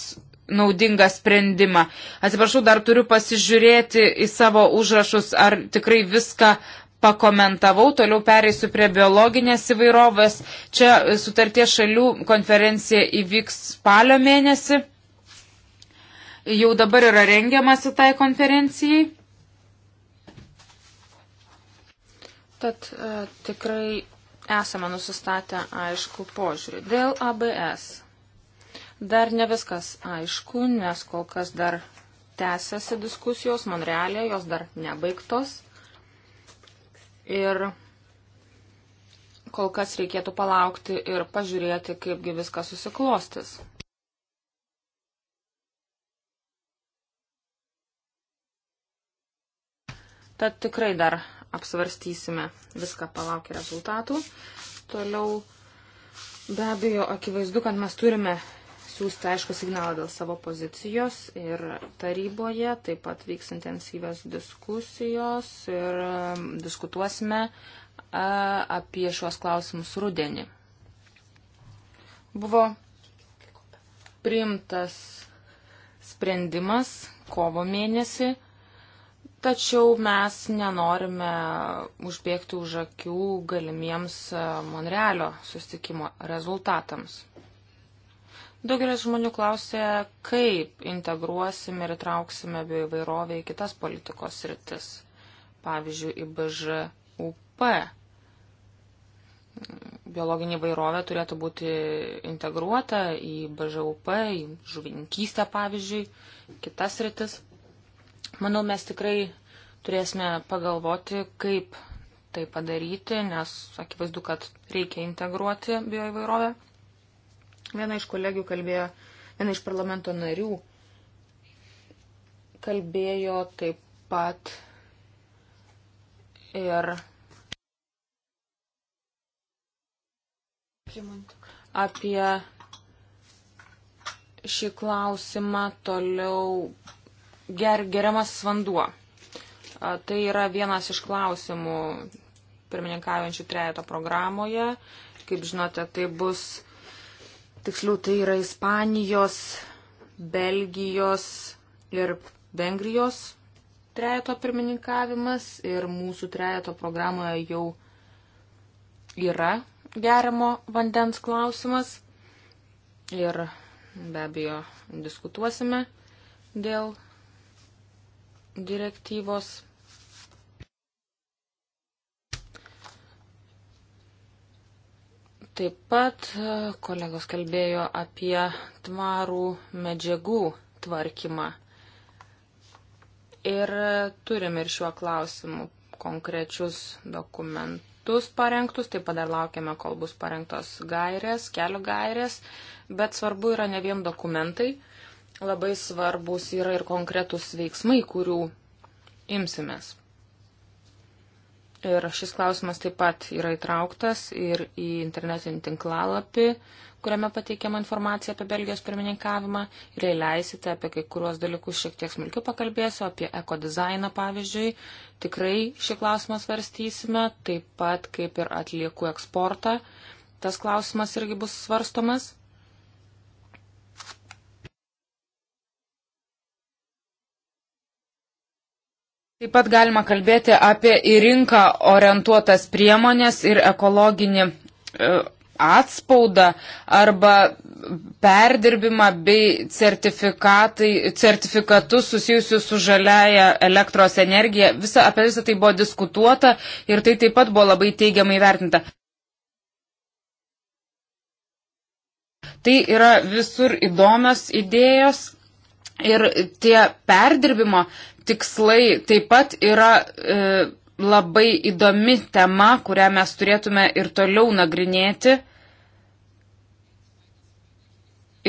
naudingą sprendimą. Atsiprašau, dar turiu pasižiūrėti į savo užrašus, ar tikrai viską pakomentavau, toliau pereisiu prie biologinės įvairovės. Čia sutarties šalių konferencija įvyks spalio mėnesį jau dabar yra rengiamasi tai konferencijai? Tad e, tikrai esame nusistatę aišku požiūrį. Dėl ABS dar ne viskas aišku, nes kol kas dar tęsiasi diskusijos, Monrealė jos dar nebaigtos. Ir kol kas reikėtų palaukti ir pažiūrėti, kaipgi viskas susiklostis. Tad tikrai dar apsvarstysime viską palaukia rezultatų. Toliau be abejo akivaizdu, kad mes turime siūsti aišku signalą dėl savo pozicijos ir taryboje taip pat vyks intensyvios diskusijos ir um, diskutuosime apie šiuos klausimus rudenį. Buvo priimtas sprendimas kovo mėnesį Tačiau mes nenorime užbėgti už akių galimiems e, Monrealio sustikimo rezultatams. Daugelis žmonių klausė, kaip integruosime ir įtrauksime bioįvairovę į kitas politikos rytis, pavyzdžiui, į BŽUP. Biologinė įvairovė turėtų būti integruota į BŽUP, į žuvininkystę, pavyzdžiui, kitas rytis. Manau, mes tikrai turėsime pagalvoti, kaip tai padaryti, nes akivaizdu, kad reikia integruoti bioįvairovę. Viena iš kolegių kalbėjo, viena iš parlamento narių kalbėjo taip pat ir apie šį klausimą toliau ger, geriamasis vanduo. Tai yra vienas iš klausimų pirmininkaujančių trejato programoje. Kaip žinote, tai bus, tiksliau, tai yra Ispanijos, Belgijos ir Vengrijos trejato pirmininkavimas ir mūsų trejato programoje jau yra gerimo vandens klausimas ir be abejo diskutuosime dėl direktyvos. Taip pat e, kolegos kalbėjo apie tvarų medžiagų tvarkymą. Ir e, turime ir šiuo klausimu konkrečius dokumentus parengtus, taip pat dar laukiame, kol bus parengtos gairės, kelio gairės, bet svarbu yra ne vien dokumentai, labai svarbus yra ir konkretus veiksmai, kurių imsimės. Ir šis klausimas taip pat yra įtrauktas ir į internetinį tinklalapį, kuriame pateikiama informacija apie Belgijos pirmininkavimą. Ir jei leisite, apie kai kuriuos dalykus šiek tiek smulkiau pakalbėsiu, apie ekodizainą pavyzdžiui. Tikrai šį klausimą svarstysime, taip pat kaip ir atliekų eksportą. Tas klausimas irgi bus svarstomas. Taip pat galima kalbėti apie į rinką orientuotas priemonės ir ekologinį e, atspaudą arba perdirbimą bei sertifikatus susijusius su žaliaja elektros energija. Visa, apie visą tai buvo diskutuota ir tai taip pat buvo labai teigiamai vertinta. Tai yra visur įdomios idėjos Ir tie perdirbimo tikslai taip pat yra e, labai įdomi tema, kurią mes turėtume ir toliau nagrinėti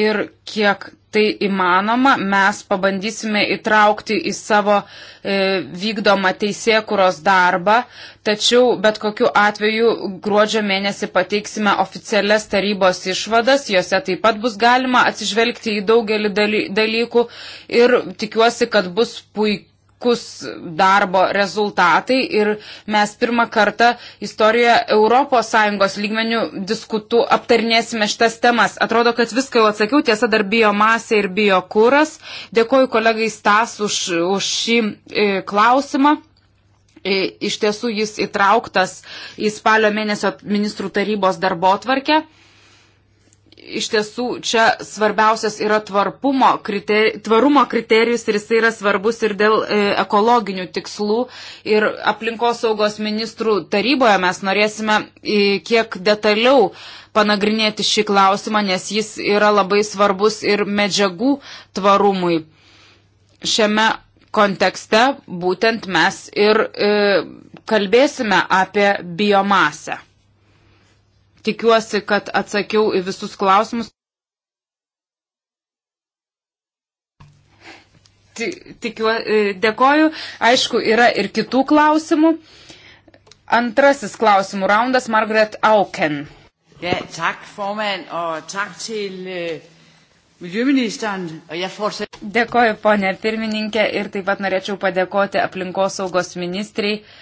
ir kiek tai įmanoma, mes pabandysime įtraukti į savo e, vykdomą teisėkuros darbą, tačiau bet kokiu atveju gruodžio mėnesį pateiksime oficialias tarybos išvadas, juose taip pat bus galima atsižvelgti į daugelį dalykų ir tikiuosi, kad bus puikiai puikus darbo rezultatai ir mes pirmą kartą istorijoje ES lygmenių diskutu aptarnėsime šitas temas. Atrodo, kad viską jau atsakiau, tiesa dar biomasė ir biokūras. Dėkoju kolegai Stas už, už šį e, klausimą. E, iš tiesų jis įtrauktas į spalio mėnesio ministrų tarybos darbo tvarkę iš tiesų čia svarbiausias yra kriter, tvarumo kriterijus ir jis yra svarbus ir dėl e, ekologinių tikslų. Ir aplinkosaugos ministrų taryboje mes norėsime e, kiek detaliau panagrinėti šį klausimą, nes jis yra labai svarbus ir medžiagų tvarumui. Šiame kontekste būtent mes ir e, kalbėsime apie biomasę. Tikiuosi, kad atsakiau į visus klausimus. Tikiu, e, dėkoju. Aišku, yra ir kitų klausimų. Antrasis klausimų raundas Margaret Auken. Ja, tak, formand, og tak til uh, miljøministeren, og jeg fortsætter. Dėkoju, ponė pirmininkė, ir taip pat norėčiau padėkoti aplinkosaugos ministrai. Uh,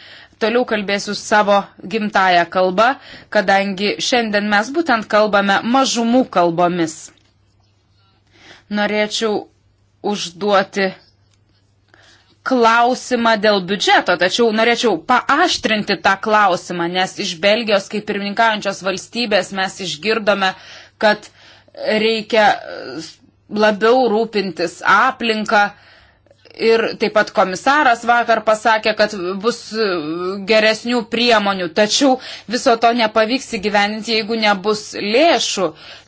toliau kalbėsiu savo gimtają kalbą, kadangi šiandien mes būtent kalbame mažumų kalbomis. Norėčiau užduoti klausimą dėl biudžeto, tačiau norėčiau paaštrinti tą klausimą, nes iš Belgijos kaip pirmininkaujančios valstybės mes išgirdome, kad reikia labiau rūpintis aplinką, Ir taip pat komisaras vakar pasakė, kad bus geresnių priemonių, tačiau viso to nepavyks įgyveninti, jeigu nebus lėšų.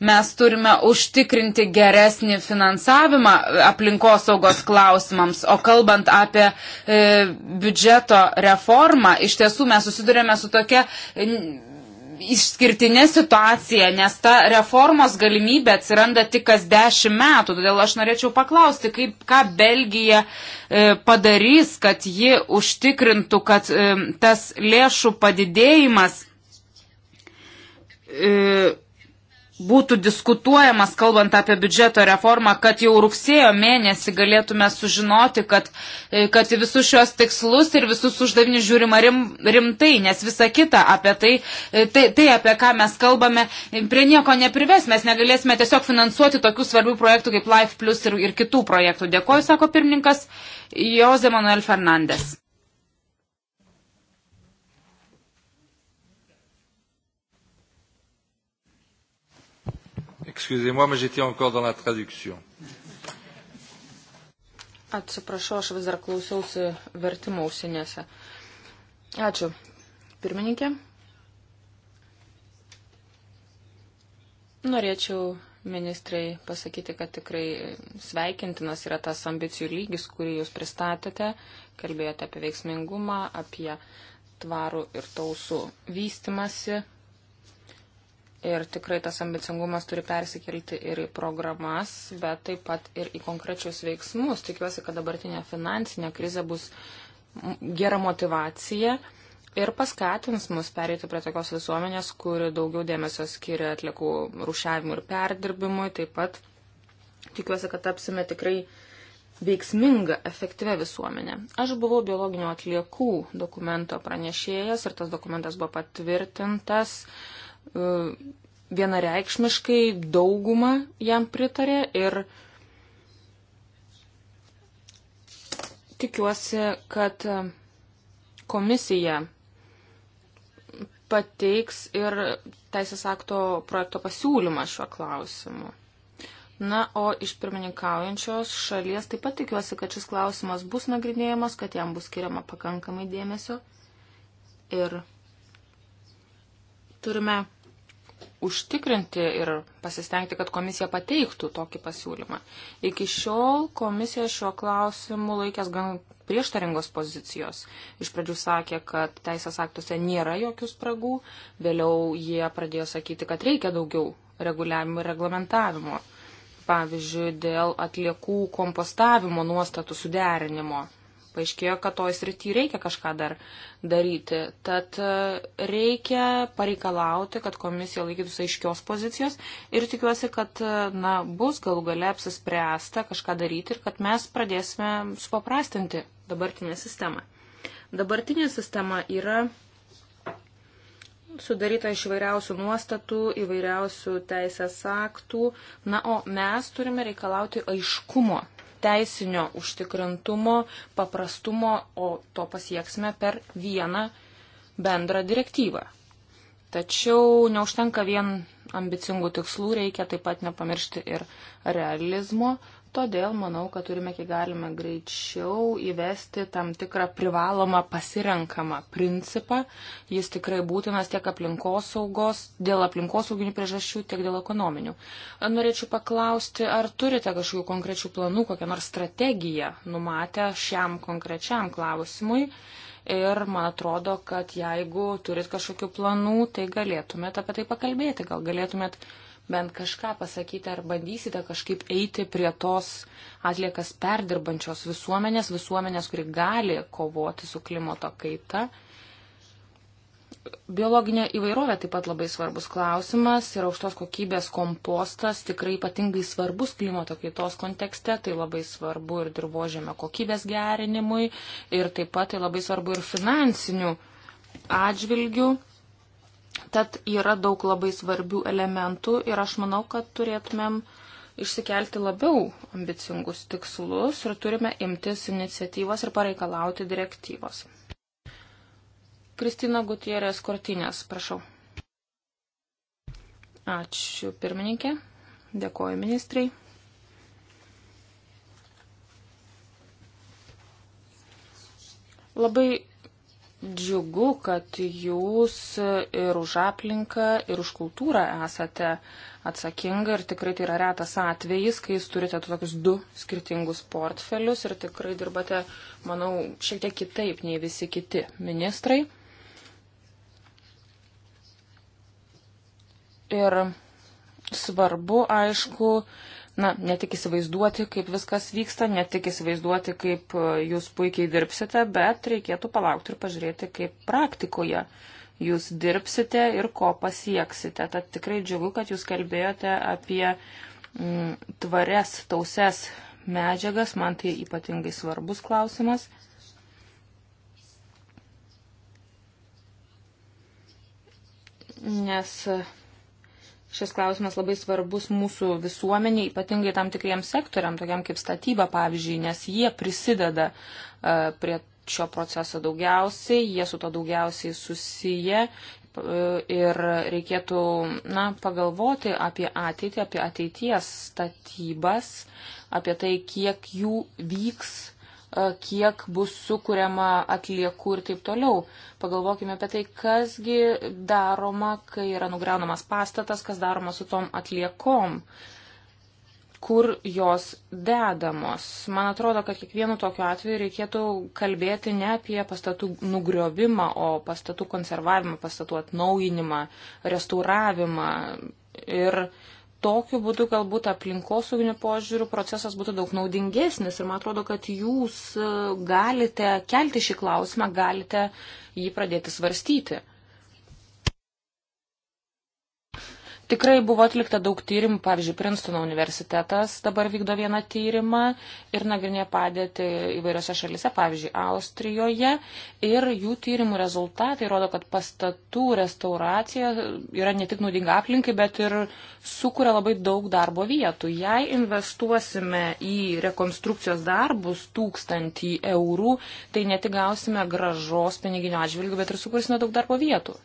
Mes turime užtikrinti geresnį finansavimą aplinkosaugos klausimams. O kalbant apie e, biudžeto reformą, iš tiesų mes susidurėme su tokia. E, išskirtinė situacija, nes ta reformos galimybė atsiranda tik kas dešimt metų. Todėl aš norėčiau paklausti, kaip, ką Belgija e, padarys, kad ji užtikrintų, kad e, tas lėšų padidėjimas e, būtų diskutuojamas, kalbant apie biudžeto reformą, kad jau rugsėjo mėnesį galėtume sužinoti, kad, e, kad į visus šios tikslus ir visus uždavinius žiūrima rim, rimtai, nes visa kita apie tai, e, tai, tai, apie ką mes kalbame, e, prie nieko neprives, mes negalėsime tiesiog finansuoti tokių svarbių projektų kaip Life Plus ir, ir kitų projektų. Dėkoju, sako pirmininkas Jose Manuel Fernandes. Excusez-moi, mais j'étais encore dans la traduction. Atsiprašau, aš vis dar klausiausi vertimo ausinėse. Ačiū. Pirmininkė. Norėčiau ministrai pasakyti, kad tikrai sveikintinas yra tas ambicijų lygis, kurį jūs pristatėte. Kalbėjote apie veiksmingumą, apie tvarų ir tausų vystimasi Ir tikrai tas ambicingumas turi persikelti ir į programas, bet taip pat ir į konkrečius veiksmus. Tikiuosi, kad dabartinė finansinė krize bus gera motivacija ir paskatins mus perėti prie tokios visuomenės, kuri daugiau dėmesio skiria atliekų rušiavimui ir perdirbimui. Taip pat tikiuosi, kad tapsime tikrai veiksminga, efektyvia visuomenė. Aš buvau biologinių atliekų dokumento pranešėjas ir tas dokumentas buvo patvirtintas. Uh, E, vienareikšmiškai dauguma jam pritarė ir tikiuosi, kad komisija pateiks ir teisės akto projekto pasiūlymą šiuo klausimu. Na, o iš pirmininkaujančios šalies taip pat tikiuosi, kad šis klausimas bus nagrinėjamas, kad jam bus skiriama pakankamai dėmesio. Ir turime užtikrinti ir pasistengti, kad komisija pateiktų tokį pasiūlymą. Iki šiol komisija šiuo klausimu laikęs gan prieštaringos pozicijos. Iš pradžių sakė, kad teisės aktuose nėra jokių spragų, vėliau jie pradėjo sakyti, kad reikia daugiau reguliavimo ir reglamentavimo. Pavyzdžiui, dėl atliekų kompostavimo nuostatų suderinimo paaiškėjo, kad toj srity reikia kažką dar daryti. Tad e, reikia pareikalauti, kad komisija laikytųsi aiškios pozicijos ir tikiuosi, kad e, na, bus galų gale apsispręsta kažką daryti ir kad mes pradėsime supaprastinti dabartinę sistemą. Dabartinė sistema yra sudaryta iš įvairiausių nuostatų, įvairiausių teisės aktų. Na, o mes turime reikalauti aiškumo teisinio užtikrintumo, paprastumo, o to pasieksime per vieną bendrą direktyvą. Tačiau neužtenka vien ambicingų tikslų, reikia taip pat nepamiršti ir realizmo. Todėl manau, kad turime kiek galima greičiau įvesti tam tikrą privalomą pasirenkamą principą. Jis tikrai būtinas tiek aplinkos saugos, dėl aplinkos sauginių priežasčių, tiek dėl ekonominių. Norėčiau paklausti, ar turite kažkokių konkrečių planų, kokią nors strategiją numatę šiam konkrečiam klausimui. Ir man atrodo, kad jeigu turit kažkokių planų, tai galėtumėt apie tai pakalbėti. Gal galėtumėt bent kažką pasakyti ar bandysite kažkaip eiti prie tos atliekas perdirbančios visuomenės, visuomenės, kuri gali kovoti su klimato kaita. Biologinė įvairovė taip pat labai svarbus klausimas ir aukštos kokybės kompostas tikrai ypatingai svarbus klimato kaitos kontekste, tai labai svarbu ir dirbožėme kokybės gerinimui ir taip pat tai labai svarbu ir finansinių atžvilgių Tad yra daug labai svarbių elementų ir aš manau, kad turėtumėm išsikelti labiau ambicingus tikslus ir turime imtis iniciatyvos ir pareikalauti direktyvos. Kristina Gutierės Kortinės, prašau. Ačiū pirmininkė, dėkoju ministrai. Labai Džiugu, kad jūs ir už aplinką, ir už kultūrą esate atsakinga ir tikrai tai yra retas atvejis, kai jūs turite tokius du skirtingus portfelius ir tikrai dirbate, manau, šiek tiek kitaip nei visi kiti ministrai. Ir svarbu, aišku, na, ne tik įsivaizduoti, kaip viskas vyksta, ne tik įsivaizduoti, kaip e, jūs puikiai dirbsite, bet reikėtų palaukti ir pažiūrėti, kaip praktikoje jūs dirbsite ir ko pasieksite. Tad tikrai džiugu, kad jūs kalbėjote apie m, mm, tvarias tauses medžiagas, man tai ypatingai svarbus klausimas. Nes šis klausimas labai svarbus mūsų visuomeniai, ypatingai tam tikriems sektoriam, tokiam kaip statyba, pavyzdžiui, nes jie prisideda uh, prie šio proceso daugiausiai, jie su to daugiausiai susiję uh, ir reikėtų na, pagalvoti apie ateitį, apie ateities statybas, apie tai, kiek jų vyks kiek bus sukuriama atliekų ir taip toliau. Pagalvokime apie tai, kasgi daroma, kai yra nugriaunamas pastatas, kas daroma su tom atliekom, kur jos dedamos. Man atrodo, kad kiekvienu tokiu atveju reikėtų kalbėti ne apie pastatų nugriovimą, o pastatų konservavimą, pastatų atnaujinimą, restauravimą ir uh, tokiu būdu galbūt aplinkosauginiu požiūriu procesas būtų daug naudingesnis. Ir man atrodo, kad jūs e, galite kelti šį klausimą, galite jį pradėti svarstyti. Tikrai buvo atlikta daug tyrimų, pavyzdžiui, Princeton universitetas dabar vykdo vieną tyrimą ir nagrinė padėti įvairiose šalise, pavyzdžiui, Austrijoje. Ir jų tyrimų rezultatai rodo, kad pastatų restauracija yra ne tik naudinga aplinkai, bet ir sukuria labai daug darbo vietų. Jei investuosime į rekonstrukcijos darbus tūkstantį eurų, tai ne tik gausime gražos piniginio atžvilgių, bet ir sukursime daug darbo vietų.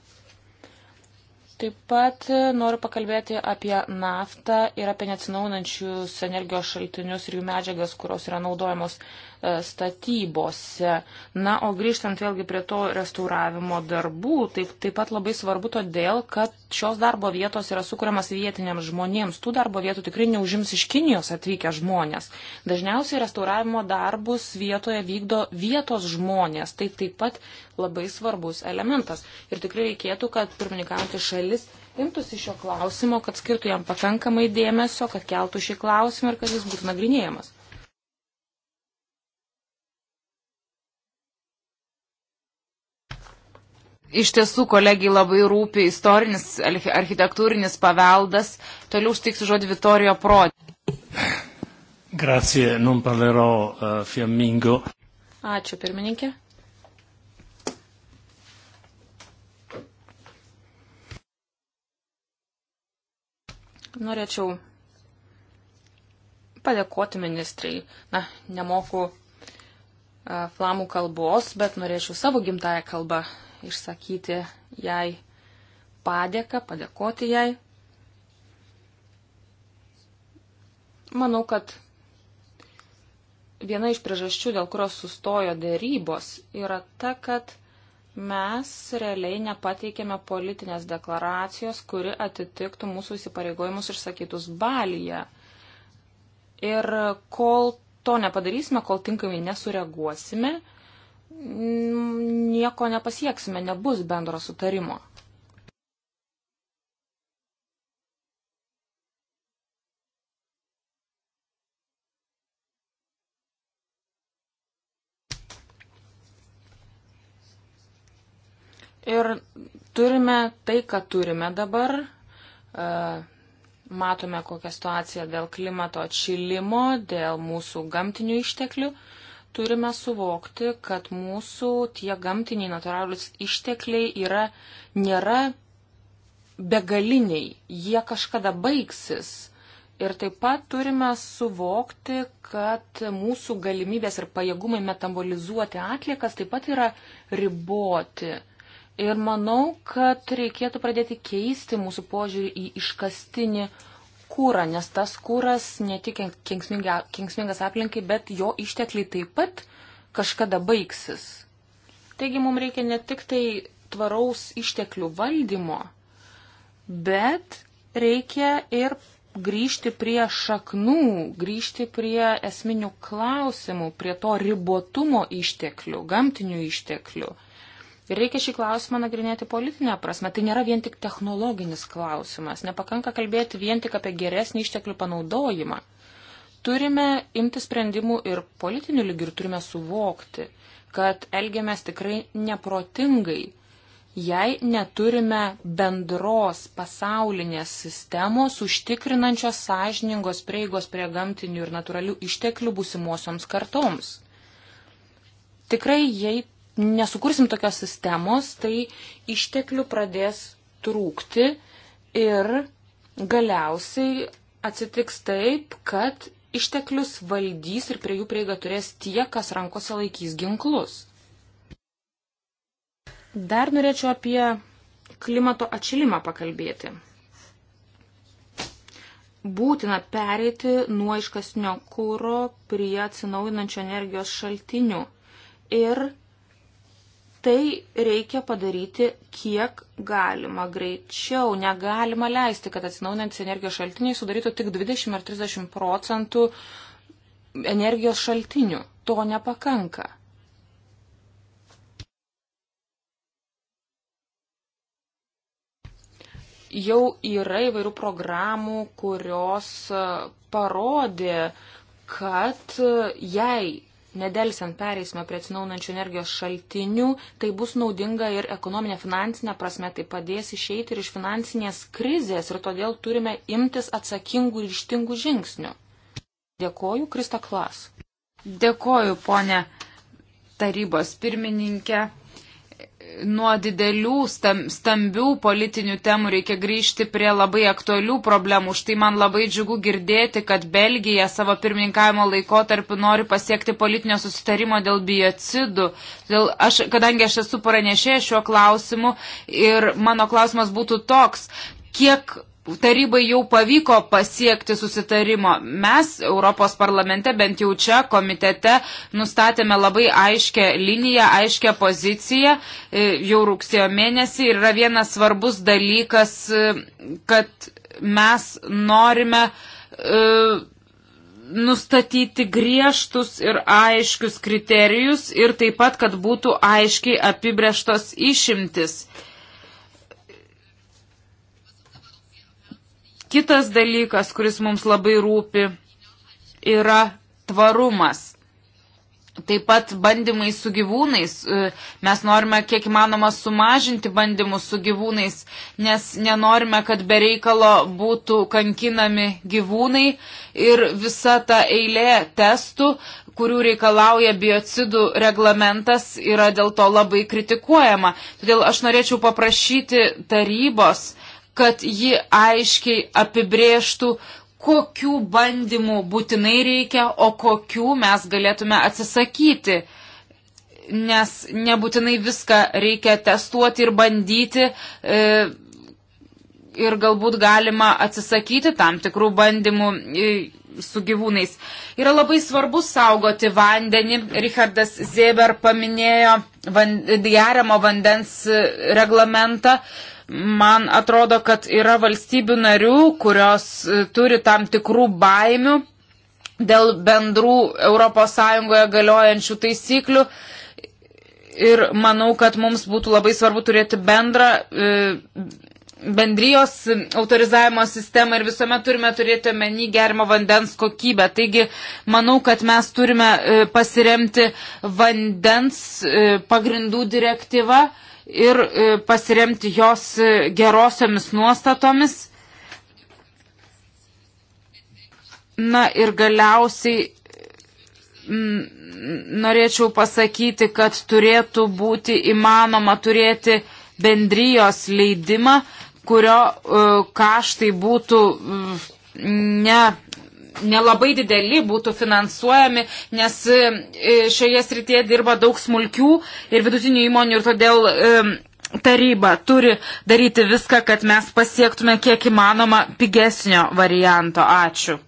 Taip pat e, noriu pakalbėti apie naftą ir apie neatsinaunančius energijos šaltinius ir jų medžiagas, kurios yra naudojamos statybose. Na, o grįžtant vėlgi prie to restauravimo darbų, tai taip pat labai svarbu todėl, kad šios darbo vietos yra sukūriamas vietiniams žmonėms. Tų darbo vietų tikrai neužims iš Kinijos atvykę žmonės. Dažniausiai restauravimo darbus vietoje vykdo vietos žmonės. Tai taip pat labai svarbus elementas. Ir tikrai reikėtų, kad pirmininkaujantį šalis imtųsi šio klausimo, kad skirtų jam pakankamai dėmesio, kad keltų šį klausimą ir kad jis būtų nagrinėjamas. iš tiesų kolegijai labai rūpi istorinis architektūrinis paveldas. Toliau stiksiu žodį Vitorijo Prodi. Grazie, non parlerò uh, fiammingo. Ačiū, pirmininkė. Norėčiau padėkoti ministrai. Na, nemoku uh, flamų kalbos, bet norėčiau savo gimtają kalbą išsakyti jai padėką, padėkoti jai. Manau, kad viena iš priežasčių, dėl kurios sustojo dėrybos, yra ta, kad mes realiai nepateikėme politinės deklaracijos, kuri atitiktų mūsų įsipareigojimus išsakytus balyje. Ir kol to nepadarysime, kol tinkamai nesureaguosime, nieko nepasieksime, nebus bendro sutarimo. Ir turime tai, ką turime dabar. E, matome, kokią situaciją dėl klimato atšilimo, dėl mūsų gamtinių išteklių turime suvokti, kad mūsų tie gamtiniai natūralūs ištekliai yra, nėra begaliniai, jie kažkada baigsis. Ir taip pat turime suvokti, kad mūsų galimybės ir pajėgumai metabolizuoti atliekas taip pat yra riboti. Ir manau, kad reikėtų pradėti keisti mūsų požiūrį į iškastinį kūrą, nes tas kūras ne tik kenksmingas aplinkai, bet jo ištekliai taip pat kažkada baigsis. Taigi mums reikia ne tik tai tvaraus išteklių valdymo, bet reikia ir grįžti prie šaknų, grįžti prie esminių klausimų, prie to ribotumo išteklių, gamtinių išteklių. Ir reikia šį klausimą nagrinėti politinę prasme. Tai nėra vien tik technologinis klausimas. Nepakanka kalbėti vien tik apie geresnį išteklių panaudojimą. Turime imti sprendimų ir politinių lygių ir turime suvokti, kad elgiamės tikrai neprotingai, jei neturime bendros pasaulinės sistemos užtikrinančios sąžiningos prieigos prie gamtinių ir natūralių išteklių būsimosioms kartoms. Tikrai, jei nesukursim tokios sistemos, tai išteklių pradės trūkti ir galiausiai atsitiks taip, kad išteklius valdys ir prie jų prieiga turės tie, kas rankose laikys ginklus. Dar norėčiau apie klimato atšilimą pakalbėti. Būtina pereiti nuo iškasnio kūro prie atsinaujinančio energijos šaltinių ir tai reikia padaryti kiek galima greičiau. Negalima leisti, kad atsinaujantis energijos šaltiniai sudarytų tik 20 ar 30 procentų energijos šaltinių. To nepakanka. Jau yra įvairių programų, kurios parodė, kad jei nedelsiant pereisime prie atsinaunančių energijos šaltinių, tai bus naudinga ir ekonominė finansinė prasme, tai padės išeiti ir iš finansinės krizės ir todėl turime imtis atsakingų ir ištingų žingsnių. Dėkoju, Krista Klas. Dėkoju, ponė tarybos pirmininkė nuo didelių, stambių politinių temų reikia grįžti prie labai aktualių problemų. Štai man labai džiugu girdėti, kad Belgija savo pirmininkavimo laikotarpiu nori pasiekti politinio susitarimo dėl biocidų. Dėl aš, kadangi aš esu paranešė šiuo klausimu ir mano klausimas būtų toks, kiek tarybai jau pavyko pasiekti susitarimo. Mes Europos parlamente, bent jau čia komitete, nustatėme labai aiškę liniją, aiškę poziciją e, jau rugsėjo mėnesį ir yra vienas svarbus dalykas, e, kad mes norime e, nustatyti griežtus ir aiškius kriterijus ir taip pat, kad būtų aiškiai apibrėžtos išimtis Kitas dalykas, kuris mums labai rūpi, yra tvarumas. Taip pat bandymai su gyvūnais. E, mes norime kiek įmanoma sumažinti bandymus su gyvūnais, nes nenorime, kad bereikalo būtų kankinami gyvūnai ir visa ta eilė testų, kurių reikalauja biocidų reglamentas, yra dėl to labai kritikuojama. Todėl aš norėčiau paprašyti tarybos kad ji aiškiai apibrėžtų, kokių bandymų būtinai reikia, o kokių mes galėtume atsisakyti. Nes nebūtinai viską reikia testuoti ir bandyti. E, ir galbūt galima atsisakyti tam tikrų bandymų e, su gyvūnais. Yra labai svarbu saugoti vandenį. Richardas Zeber paminėjo van, geriamo vandens e, reglamentą. Man atrodo, kad yra valstybių narių, kurios e, turi tam tikrų baimių dėl bendrų ES galiojančių taisyklių. Ir manau, kad mums būtų labai svarbu turėti bendrą e, bendrijos autorizavimo sistemą ir visuomet turime turėti omeny gerimo vandens kokybę. Taigi, manau, kad mes turime e, pasiremti vandens e, pagrindų direktyvą ir e, pasiremti jos gerosiomis nuostatomis. Na ir galiausiai norėčiau pasakyti, kad turėtų būti įmanoma turėti bendrijos leidimą, kurio e, kaštai būtų ne nelabai dideli būtų finansuojami, nes e, šioje srityje dirba daug smulkių ir vidutinių įmonių ir todėl e, taryba turi daryti viską, kad mes pasiektume kiek įmanoma pigesnio varianto. Ačiū.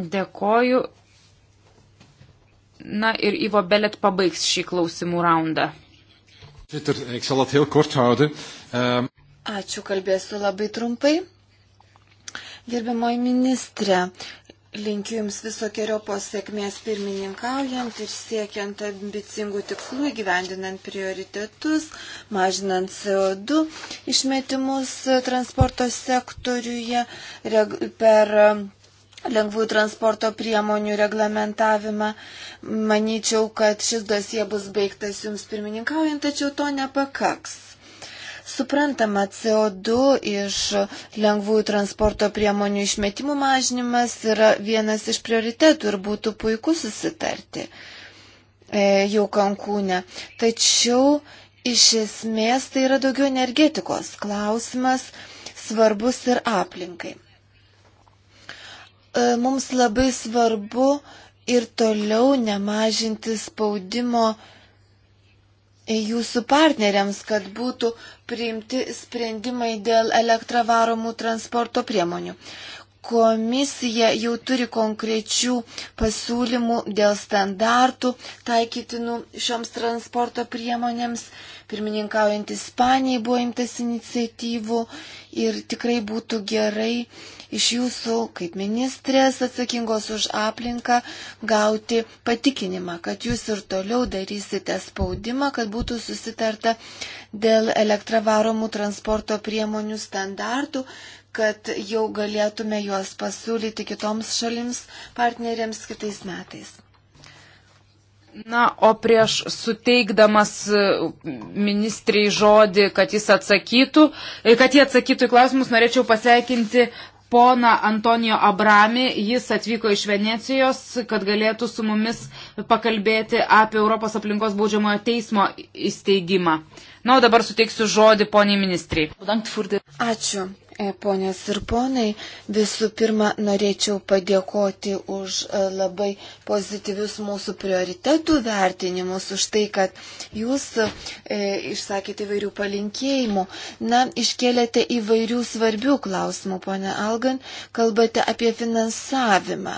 Dėkoju. Na ir Ivo Belet pabaigs šį klausimų raundą. Ehm, Ačiū, kalbėsiu labai trumpai. Gerbiamoji ministrė, linkiu Jums visokiojo pasiekmės pirmininkaujant ir siekiant ambicingų tikslų, gyvendinant prioritetus, mažinant CO2 išmetimus transporto sektoriuje per lengvųjų transporto priemonių reglamentavimą. Manyčiau, kad šis dosie bus baigtas jums pirmininkaujant, tačiau to nepakaks. Suprantama, CO2 iš lengvųjų transporto priemonių išmetimų mažinimas yra vienas iš prioritetų ir būtų puiku susitarti e, jau kankūne. Tačiau iš esmės tai yra daugiau energetikos klausimas, svarbus ir aplinkai. E, mums labai svarbu ir toliau nemažinti spaudimo jūsų partneriams, kad būtų priimti sprendimai dėl elektravaromų transporto priemonių. Komisija jau turi konkrečių pasiūlymų dėl standartų taikytinų šioms transporto priemonėms. Pirmininkaujant Ispanijai buvo imtas iniciatyvų ir tikrai būtų gerai, iš jūsų, kaip ministrės atsakingos už aplinką, gauti patikinimą, kad jūs ir toliau darysite spaudimą, kad būtų susitarta dėl elektravaromų transporto priemonių standartų, kad jau galėtume juos pasiūlyti kitoms šalims partneriams kitais metais. Na, o prieš suteikdamas e, ministrai žodį, kad jis atsakytų, e, kad jie atsakytų į klausimus, norėčiau pasveikinti pona Antonijo Abrami. Jis atvyko iš Venecijos, kad galėtų su mumis pakalbėti apie Europos aplinkos baudžiamojo teismo įsteigimą. Na, o dabar suteiksiu žodį poniai ministrai. Ačiū. E, ponios ir ponai, visų pirma, norėčiau padėkoti už e, labai pozityvius mūsų prioritetų vertinimus, už tai, kad jūs e, išsakėte įvairių palinkėjimų. Na, iškėlėte įvairių svarbių klausimų, ponė Algan, kalbate apie finansavimą.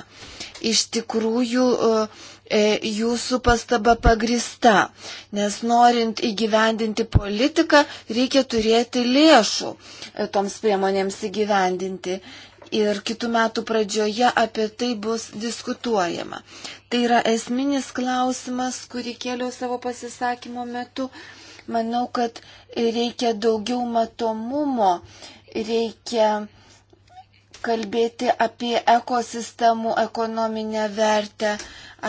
Iš tikrųjų, e, E, jūsų pastaba pagrista, nes norint įgyvendinti politiką, reikia turėti lėšų e, toms priemonėms įgyvendinti. Ir kitų metų pradžioje apie tai bus diskutuojama. Tai yra esminis klausimas, kurį kėliau savo pasisakymo metu. Manau, kad reikia daugiau matomumo, reikia kalbėti apie ekosistemų ekonominę vertę,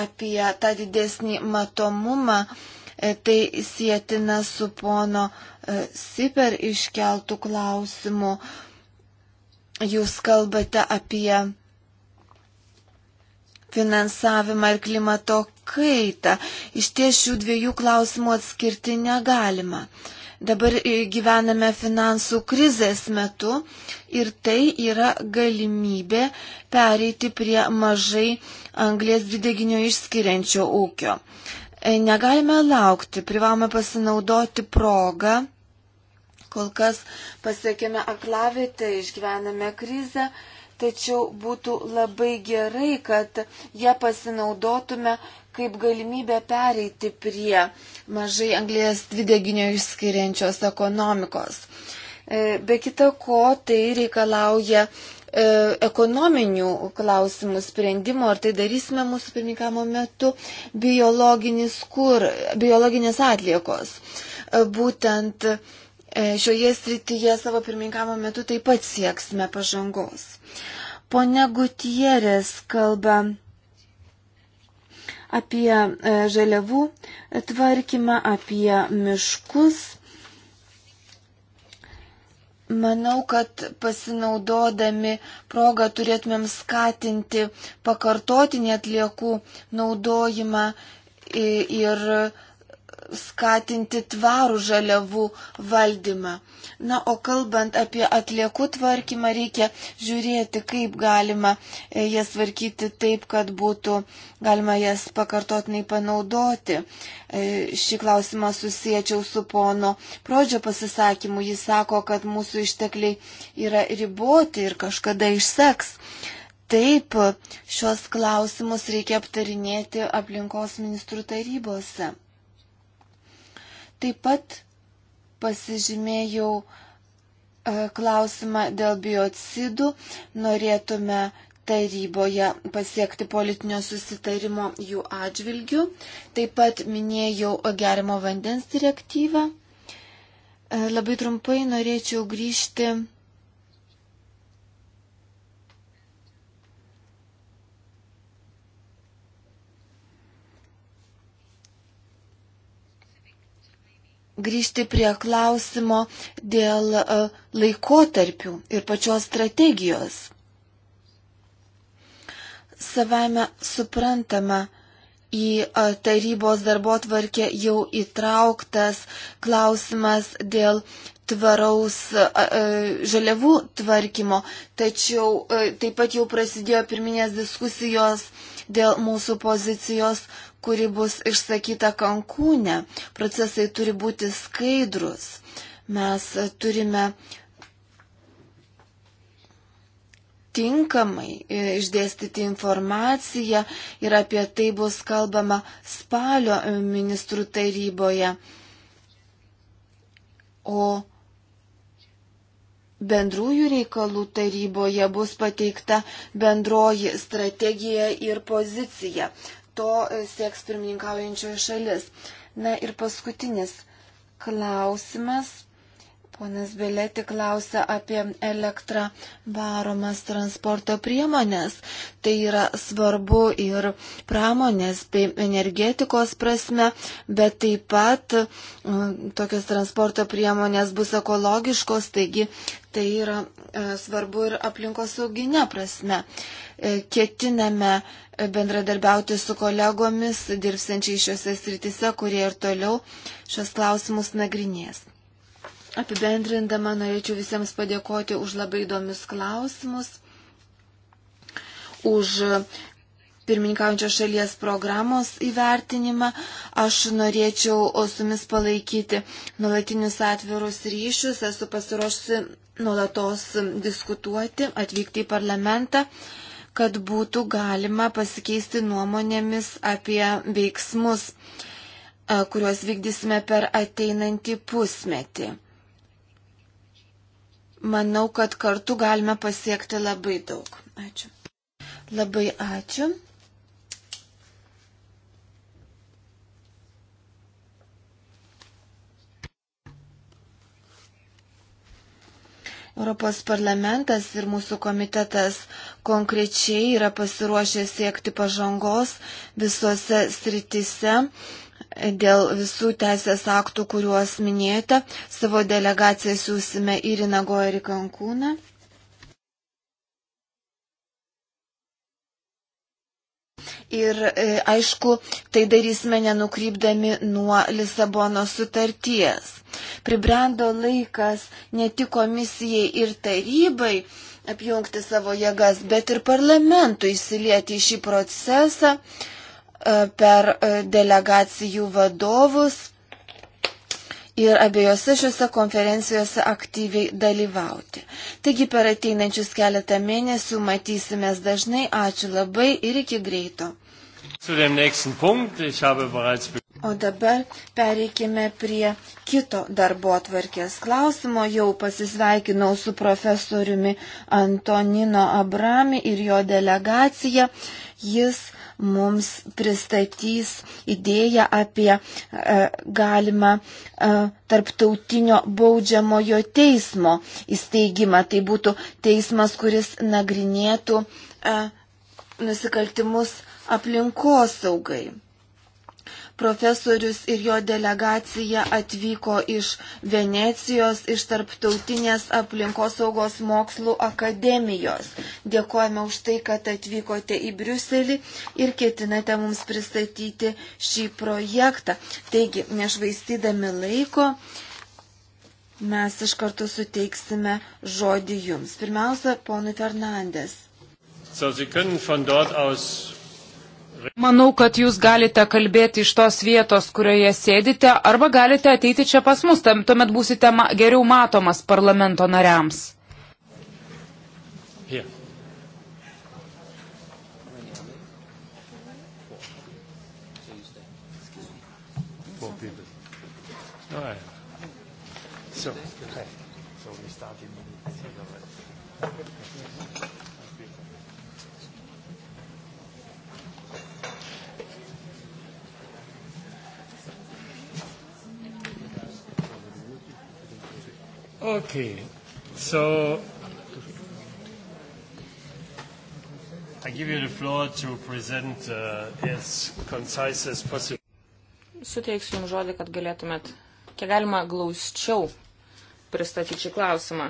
apie tą didesnį matomumą. E, tai sėtina su pono e, Siper iškeltų klausimų. Jūs kalbate apie finansavimą ir klimato kaitą. Iš ties šių dviejų klausimų atskirti negalima. Uh, Dabar e, gyvename finansų krizės metu ir tai yra galimybė pereiti prie mažai anglės dvideginio išskiriančio ūkio. E, negalime laukti, privalome pasinaudoti progą. Kol kas pasiekėme aklavitę, išgyvename krizę tačiau būtų labai gerai, kad ją pasinaudotume kaip galimybę pereiti prie mažai anglės dvideginio išskiriančios ekonomikos. E, be kita ko, tai reikalauja e, ekonominių klausimų sprendimo, ar tai darysime mūsų pirmininkamo metu, biologinis kur, biologinės atliekos. E, būtent E, šioje srityje savo pirmininkamo metu taip pat sieksime pažangos. Pone Gutierės kalba apie e, žaliavų tvarkymą, apie miškus. Manau, kad pasinaudodami progą turėtumėm skatinti pakartotinį atliekų naudojimą ir skatinti tvarų žaliavų valdymą. Na, o kalbant apie atliekų tvarkymą, reikia žiūrėti, kaip galima e, jas tvarkyti taip, kad būtų galima jas pakartotinai panaudoti. E, šį klausimą susiečiau su pono Prodžio pasisakymu. Jis sako, kad mūsų ištekliai yra riboti ir kažkada išseks. Taip, šios klausimus reikia aptarinėti aplinkos ministrų tarybose. Taip pat pasižymėjau e, klausimą dėl biocidų. Norėtume taryboje pasiekti politinio susitarimo jų atžvilgių. Taip pat minėjau gerimo vandens direktyvą. E, labai trumpai norėčiau grįžti grįžti prie klausimo dėl e, laikotarpių ir pačios strategijos. Savame suprantama, į e, tarybos darbo tvarkę jau įtrauktas klausimas dėl tvaraus e, žaliavų tvarkymo, tačiau taip pat jau prasidėjo pirminės diskusijos dėl mūsų pozicijos kuri bus išsakyta Kankūne. Procesai turi būti skaidrus. Mes turime tinkamai e, išdėstyti informaciją ir apie tai bus kalbama spalio e, ministrų taryboje. O bendrųjų reikalų taryboje bus pateikta bendroji strategija ir pozicija to sieks pirmininkaujančioji šalis. Na ir paskutinis klausimas Ponas Belėti klausia apie elektrą varomas transporto priemonės. Tai yra svarbu ir pramonės bei energetikos prasme, bet taip pat e, tokios transporto priemonės bus ekologiškos, taigi tai yra e, svarbu ir aplinkosauginė prasme. E, ketiname bendradarbiauti su kolegomis dirbsiančiai šiuose sritise, kurie ir toliau šios klausimus nagrinės. Apibendrindama norėčiau visiems padėkoti už labai įdomius klausimus, už pirmininkaujančios šalies programos įvertinimą. Aš norėčiau su jumis palaikyti nuolatinius atvirus ryšius. Esu pasiruošusi nuolatos diskutuoti, atvykti į parlamentą kad būtų galima pasikeisti nuomonėmis apie veiksmus, e, kuriuos vykdysime per ateinantį pusmetį manau, kad kartu galime pasiekti labai daug. Ačiū. Labai ačiū. Europos parlamentas ir mūsų komitetas konkrečiai yra pasiruošę siekti pažangos visose sritise, dėl visų teisės aktų, kuriuos minėjote. Savo delegaciją siūsime į Rinagoją ir į Kankūną. Ir e, aišku, tai darysime nenukrypdami nuo Lisabono sutarties. Pribrendo laikas ne tik komisijai ir tarybai apjungti savo jėgas, bet ir parlamentui įsilieti į šį procesą. Uh, E, per e, delegacijų vadovus ir abiejose šiuose konferencijose aktyviai dalyvauti. Taigi per ateinančius keletą mėnesių matysimės dažnai. Ačiū labai ir iki greito. O dabar pereikime prie kito darbo atvarkės klausimo. Jau pasisveikinau su profesoriumi Antonino Abrami ir jo delegacija. Jis mums pristatys idėją apie e, galimą e, tarptautinio baudžiamojo teismo įsteigimą. Tai būtų teismas, kuris nagrinėtų e, nusikaltimus aplinkosaugai. Profesorius ir jo delegacija atvyko iš Venecijos, iš Tarptautinės aplinkosaugos mokslų akademijos. Dėkojame už tai, kad atvykote į Briuselį ir ketinate mums pristatyti šį projektą. Taigi, nešvaistydami laiko, mes iš karto suteiksime žodį jums. Pirmiausia, ponui Fernandės. So, Sie können von dort aus Manau, kad jūs galite kalbėti iš tos vietos, kurioje sėdite, arba galite ateiti čia pas mus, tam, tuomet būsite ma geriau matomas parlamento nariams. Here. All right. Okay, so I give you the floor to present uh, as concise as possible. Suteiksiu Jums žodį, kad galėtumėt kiek galima glausčiau pristatyti šį klausimą.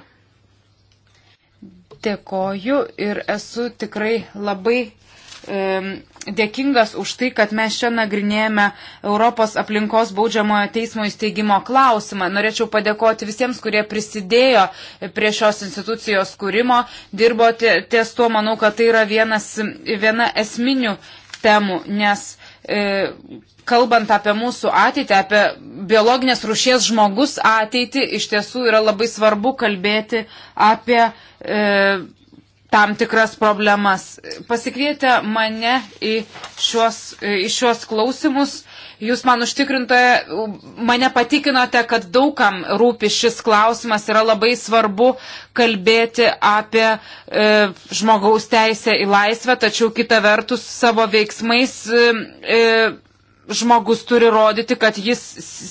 Dėkoju ir esu tikrai labai um, e, dėkingas už tai, kad mes čia nagrinėjame Europos aplinkos baudžiamojo teismo įsteigimo klausimą. Norėčiau padėkoti visiems, kurie prisidėjo prie šios institucijos kūrimo, dirbo ties tuo, manau, kad tai yra vienas, viena esminių temų, nes e, kalbant apie mūsų ateitį, apie biologinės rušies žmogus ateitį, iš tiesų yra labai svarbu kalbėti apie e, tam tikras problemas. Pasikvietę mane į šios, į šios klausimus, jūs man užtikrintoje, mane patikinote, kad daugam rūpi šis klausimas, yra labai svarbu kalbėti apie e, žmogaus teisę į laisvę, tačiau kita vertus savo veiksmais. E, e žmogus turi rodyti, kad jis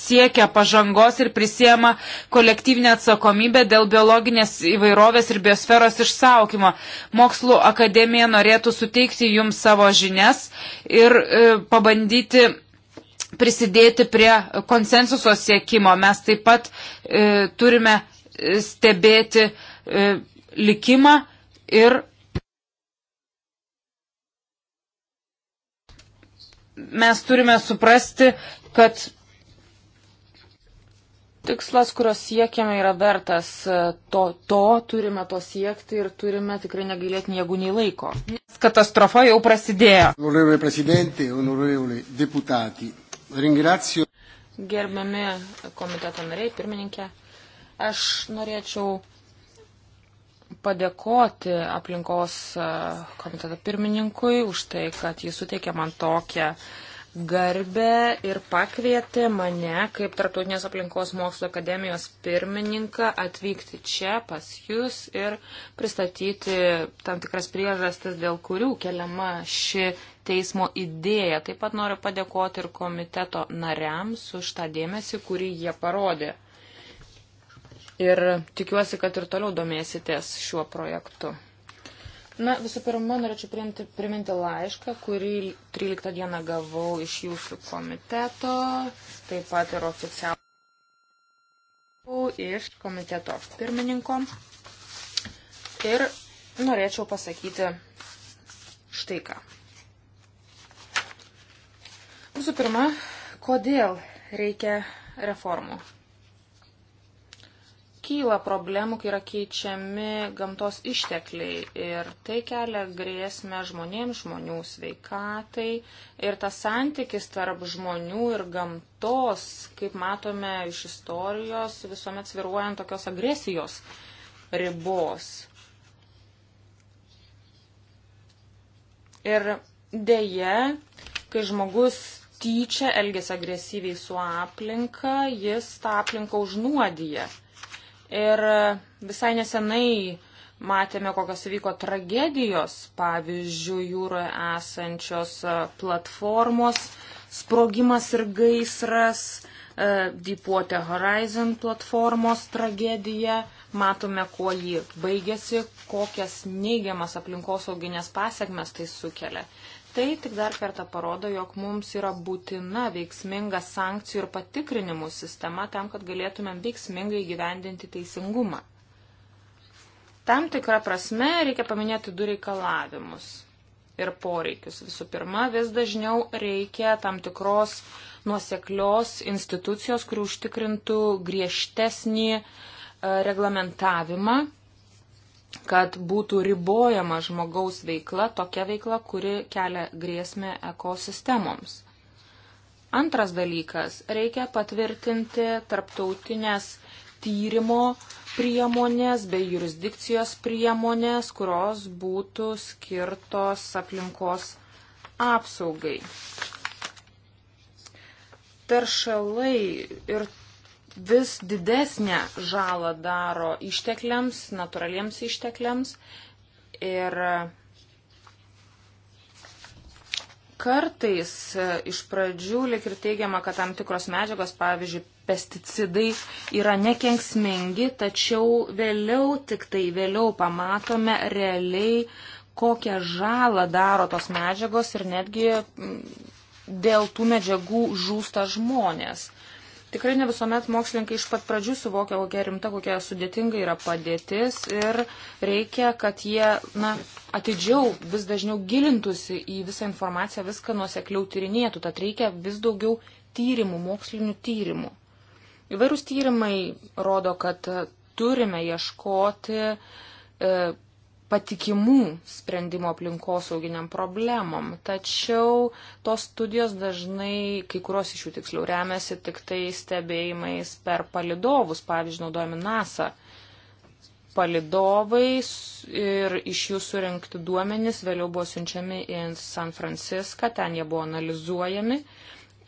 siekia pažangos ir prisiema kolektyvinę atsakomybę dėl biologinės įvairovės ir biosferos išsaukimo. Mokslų akademija norėtų suteikti jums savo žinias ir e, pabandyti prisidėti prie konsensuso siekimo. Mes taip pat e, turime e, stebėti e, likimą ir mes turime suprasti, kad tikslas, kurios siekiame, yra vertas e, to, to, turime to siekti ir turime tikrai negailėti jėgų nei laiko. Nes katastrofa jau prasidėjo. Gerbiami komiteto nariai, pirmininkė, aš norėčiau padėkoti aplinkos e, komiteto pirmininkui už tai, kad jis suteikė man tokią garbę ir pakvietė mane kaip Tartutinės aplinkos mokslo akademijos pirmininką atvykti čia pas jūs ir pristatyti tam tikras priežastis, dėl kurių keliama ši teismo idėja. Taip pat noriu padėkoti ir komiteto nariams už tą dėmesį, kurį jie parodė ir tikiuosi, kad ir toliau domėsitės šiuo projektu. Na, visų pirma, norėčiau priimti, priminti laišką, kurį 13 dieną gavau iš jūsų komiteto, taip pat ir oficialų iš komiteto pirmininko. Ir norėčiau pasakyti štai ką. Visų pirma, kodėl reikia reformų? kyla problemų, kai yra keičiami gamtos ištekliai ir tai kelia grėsmę žmonėms, žmonių sveikatai ir tas santykis tarp žmonių ir gamtos, kaip matome iš istorijos, visuomet sviruojant tokios agresijos ribos. Ir dėje, kai žmogus tyčia elgesi agresyviai su aplinka, jis tą aplinką užnuodyje. Ir e, visai nesenai matėme, kokios vyko tragedijos, pavyzdžiui, jūroje esančios e, platformos, sprogimas ir gaisras, e, Deepwater Horizon platformos tragedija. Matome, kuo ji baigėsi, kokias neigiamas aplinkosauginės pasiekmes tai sukelia. Tai tik dar kartą parodo, jog mums yra būtina veiksminga sankcijų ir patikrinimų sistema tam, kad galėtumėm veiksmingai gyvendinti teisingumą. Tam tikrą prasme reikia paminėti du reikalavimus ir poreikius. Visų pirma, vis dažniau reikia tam tikros nuoseklios institucijos, kuri užtikrintų griežtesnį e, reglamentavimą kad būtų ribojama žmogaus veikla, tokia veikla, kuri kelia grėsmę ekosistemoms. Antras dalykas - reikia patvirtinti tarptautinės tyrimo priemonės bei jurisdikcijos priemonės, kurios būtų skirtos aplinkos apsaugai. Teršalai ir vis didesnę žalą daro ištekliams, natūraliems ištekliams. Ir kartais e, iš pradžių lik ir teigiama, kad tam tikros medžiagos, pavyzdžiui, pesticidai yra nekenksmingi, tačiau vėliau, tik tai vėliau pamatome realiai, kokią žalą daro tos medžiagos ir netgi dėl tų medžiagų žūsta žmonės. Tikrai ne visuomet mokslininkai iš pat pradžių suvokia, kokia rimta, kokia sudėtinga yra padėtis ir reikia, kad jie na, atidžiau, vis dažniau gilintųsi į visą informaciją, viską nuosekliau tyrinėtų. Tad reikia vis daugiau tyrimų, mokslinių tyrimų. Įvairūs tyrimai rodo, kad turime ieškoti e, patikimų sprendimų aplinkosauginiam problemom. Tačiau tos studijos dažnai, kai kurios iš jų tiksliau, remiasi tik tai stebėjimais per palidovus, pavyzdžiui, naudojami NASA palidovais ir iš jų surinkti duomenys vėliau buvo siunčiami į San Franciską, ten jie buvo analizuojami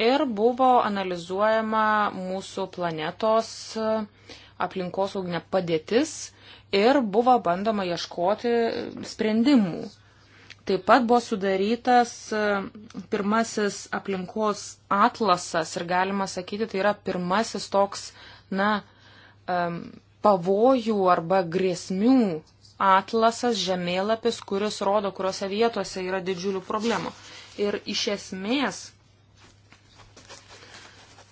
ir buvo analizuojama mūsų planetos aplinkosauginė padėtis ir buvo bandoma ieškoti sprendimų. Taip pat buvo sudarytas e, pirmasis aplinkos atlasas ir galima sakyti, tai yra pirmasis toks, na, pavojų arba grėsmių atlasas, žemėlapis, kuris rodo, kuriuose vietose yra didžiulių problemų. Ir iš esmės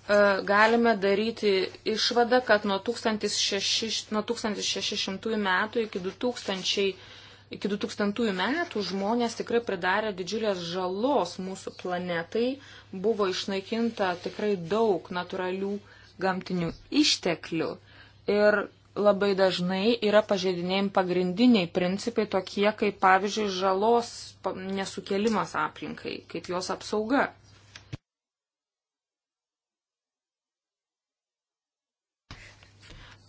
E, galime daryti išvadą, kad nuo 1600, nuo 1600 metų iki 2000, iki 2000 metų žmonės tikrai pridarė didžiulės žalos mūsų planetai, buvo išnaikinta tikrai daug natūralių gamtinių išteklių ir labai dažnai yra pažeidinėjim pagrindiniai principai tokie kaip pavyzdžiui žalos nesukėlimas aplinkai, kaip jos apsauga.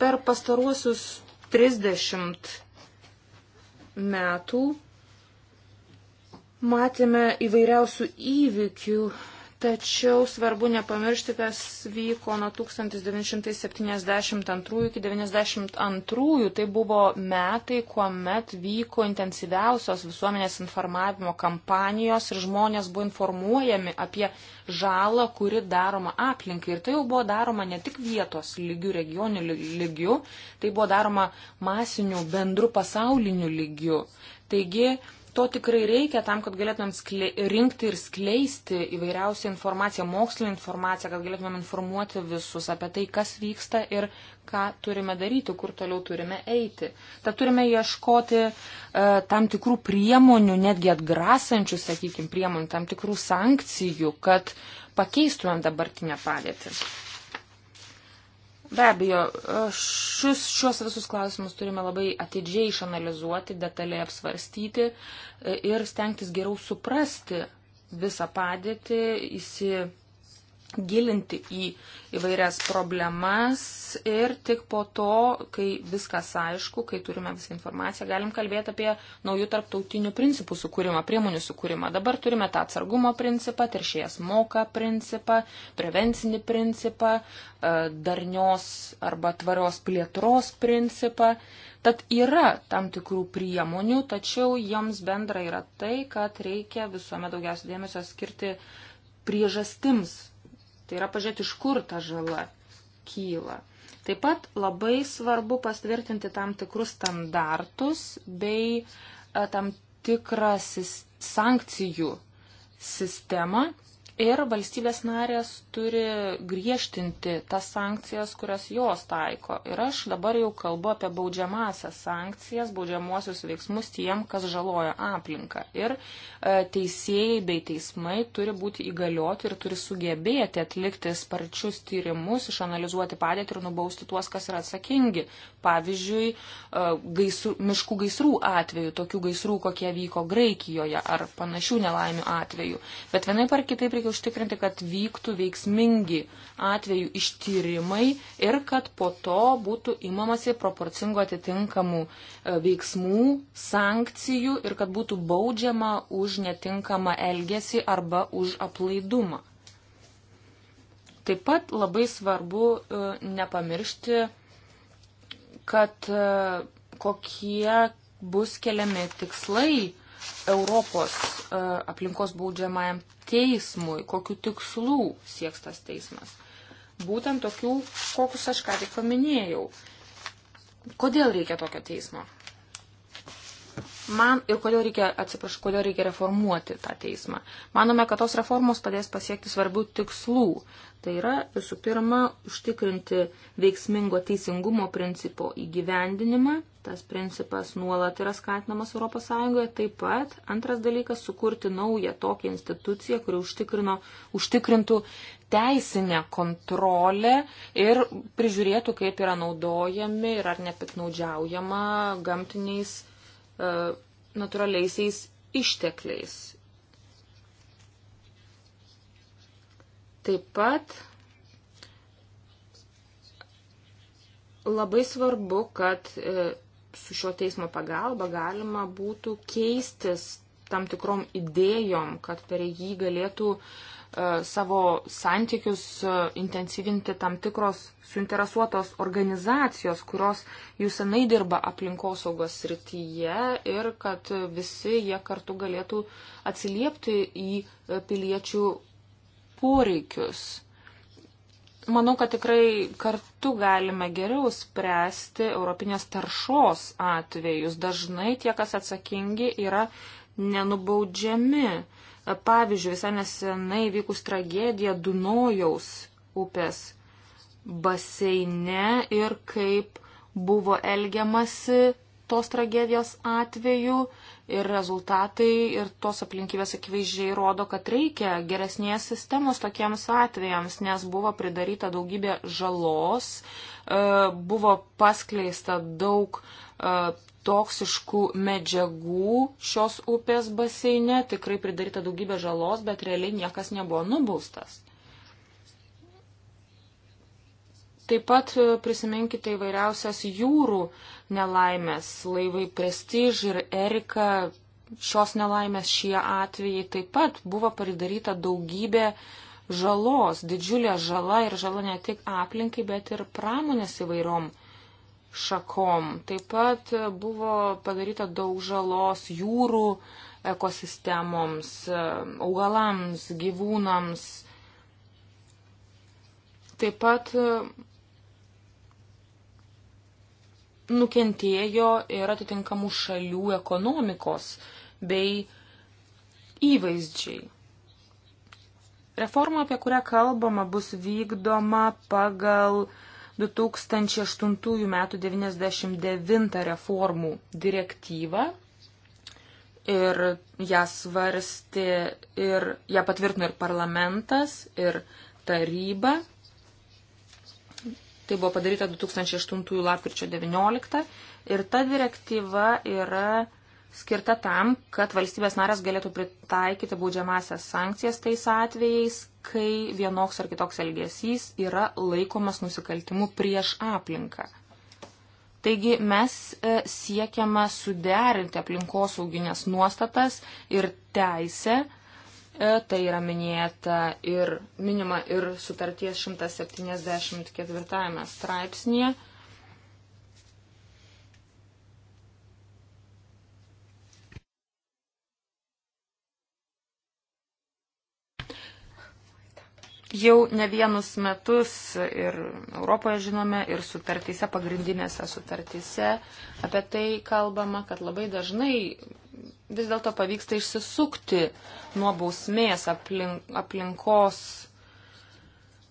per pastaruosius 30 metų matėme įvairiausių įvykių Tačiau svarbu nepamiršti, kas vyko nuo 1972 iki 1992. Tai buvo metai, kuomet vyko intensyviausios visuomenės informavimo kampanijos ir žmonės buvo informuojami apie žalą, kuri daroma aplinkai. Ir tai jau buvo daroma ne tik vietos lygių, regionių lygių, tai buvo daroma masinių bendrų pasaulinių lygių. Taigi, to tikrai reikia tam, kad galėtumėm skle, rinkti ir skleisti įvairiausią informaciją, mokslinę informaciją, kad galėtumėm informuoti visus apie tai, kas vyksta ir ką turime daryti, kur toliau turime eiti. Tad turime ieškoti e, tam tikrų priemonių, netgi atgrasančių, sakykime, priemonių, tam tikrų sankcijų, kad pakeistumėm dabartinę padėtį. Be abejo, šis, šios visus klausimus turime labai atidžiai išanalizuoti, detaliai apsvarstyti e, ir stengtis geriau suprasti visą padėtį, įsivaizduoti gilinti į įvairias problemas ir tik po to, kai viskas aišku, kai turime visą informaciją, galim kalbėti apie naujų tarptautinių principų sukūrimą, priemonių sukūrimą. Dabar turime tą atsargumo principą, teršėjas moka principą, prevencinį principą, e, darnios arba tvarios plėtros principą. Tad yra tam tikrų priemonių, tačiau joms bendra yra tai, kad reikia visuomet daugiausia dėmesio skirti priežastims Tai yra pažiūrėti, iš kur ta žala kyla. Taip pat labai svarbu pastvirtinti tam tikrus standartus bei e, tam tikrą sankcijų sistemą, Ir valstybės narės turi griežtinti tas sankcijas, kurias jos taiko. Ir aš dabar jau kalbu apie baudžiamasias sankcijas, baudžiamuosius veiksmus tiem, kas žaloja aplinką. Ir e, teisėjai bei teismai turi būti įgalioti ir turi sugebėti atlikti sparčius tyrimus, išanalizuoti padėtį ir nubausti tuos, kas yra atsakingi pavyzdžiui, e, gaisrų, miškų gaisrų atveju, tokių gaisrų, kokie vyko Graikijoje ar panašių nelaimių atveju. Bet vienai par kitaip reikia užtikrinti, kad vyktų veiksmingi atveju ištyrimai ir kad po to būtų imamasi proporcingų atitinkamų e, veiksmų, sankcijų ir kad būtų baudžiama už netinkamą elgesį arba už aplaidumą. Taip pat labai svarbu e, nepamiršti kad e, kokie bus keliami tikslai Europos e, aplinkos baudžiamajam teismui, kokiu tikslu sieks tas teismas. Būtent tokių, kokius aš ką tik paminėjau. Kodėl reikia tokio teismo? Man ir kodėl reikia, atsiprašau, kodėl reikia reformuoti tą teismą. Manome, kad tos reformos padės pasiekti svarbių tikslų. Tai yra, visų pirma, užtikrinti veiksmingo teisingumo principo įgyvendinimą. Tas principas nuolat yra skatinamas ES. Taip pat, antras dalykas, sukurti naują tokią instituciją, kuri užtikrintų teisinę kontrolę ir prižiūrėtų, kaip yra naudojami ir ar nepiknaudžiaujama gamtiniais E, natūraliaisiais ištekliais. Taip pat labai svarbu, kad e, su šio teismo pagalba galima būtų keistis tam tikrom idėjom, kad per jį galėtų uh, E, savo santykius e, intensyvinti tam tikros suinteresuotos organizacijos, kurios jau senai dirba aplinkosaugos srityje ir kad visi jie kartu galėtų atsiliepti į e, piliečių poreikius. Manau, kad tikrai kartu galime geriau spręsti europinės taršos atvejus. Dažnai tie, kas atsakingi, yra nenubaudžiami Pavyzdžiui, visai nesenai vykus tragedija Dunojaus upės baseine ir kaip buvo elgiamasi tos tragedijos atveju ir rezultatai ir tos aplinkybės akivaizdžiai rodo, kad reikia geresnės sistemos tokiems atvejams, nes buvo pridaryta daugybė žalos, e, buvo paskleista daug e, toksiškų medžiagų šios upės baseine, tikrai pridaryta daugybė žalos, bet realiai niekas nebuvo nubaustas. Taip pat e, prisiminkite įvairiausias jūrų nelaimės, laivai Prestiž ir Erika, šios nelaimės šie atvejai taip pat buvo pridaryta daugybė žalos, didžiulė žala ir žala ne tik aplinkai, bet ir pramonės įvairiom šakom. Taip pat buvo padaryta daug žalos jūrų ekosistemoms, augalams, gyvūnams. Taip pat nukentėjo ir atitinkamų šalių ekonomikos bei įvaizdžiai. Reforma, apie kurią kalbama, bus vykdoma pagal uh, 2008 m. 99 reformų direktyvą ir ją svarstė ir ją patvirtino ir parlamentas, ir taryba. Tai buvo padaryta 2008 lapkričio 19 ir ta direktyva yra skirta tam, kad valstybės narės galėtų pritaikyti baudžiamasias sankcijas tais atvejais, kai vienoks ar kitoks elgesys yra laikomas nusikaltimu prieš aplinką. Taigi mes e, siekiame suderinti aplinkosauginės nuostatas ir teisę, e, tai yra minėta ir minima ir sutarties 174 straipsnėje jau ne vienus metus ir Europoje žinome, ir sutartyse, pagrindinėse sutartyse apie tai kalbama, kad labai dažnai vis dėlto pavyksta išsisukti nuo bausmės aplink, aplinkos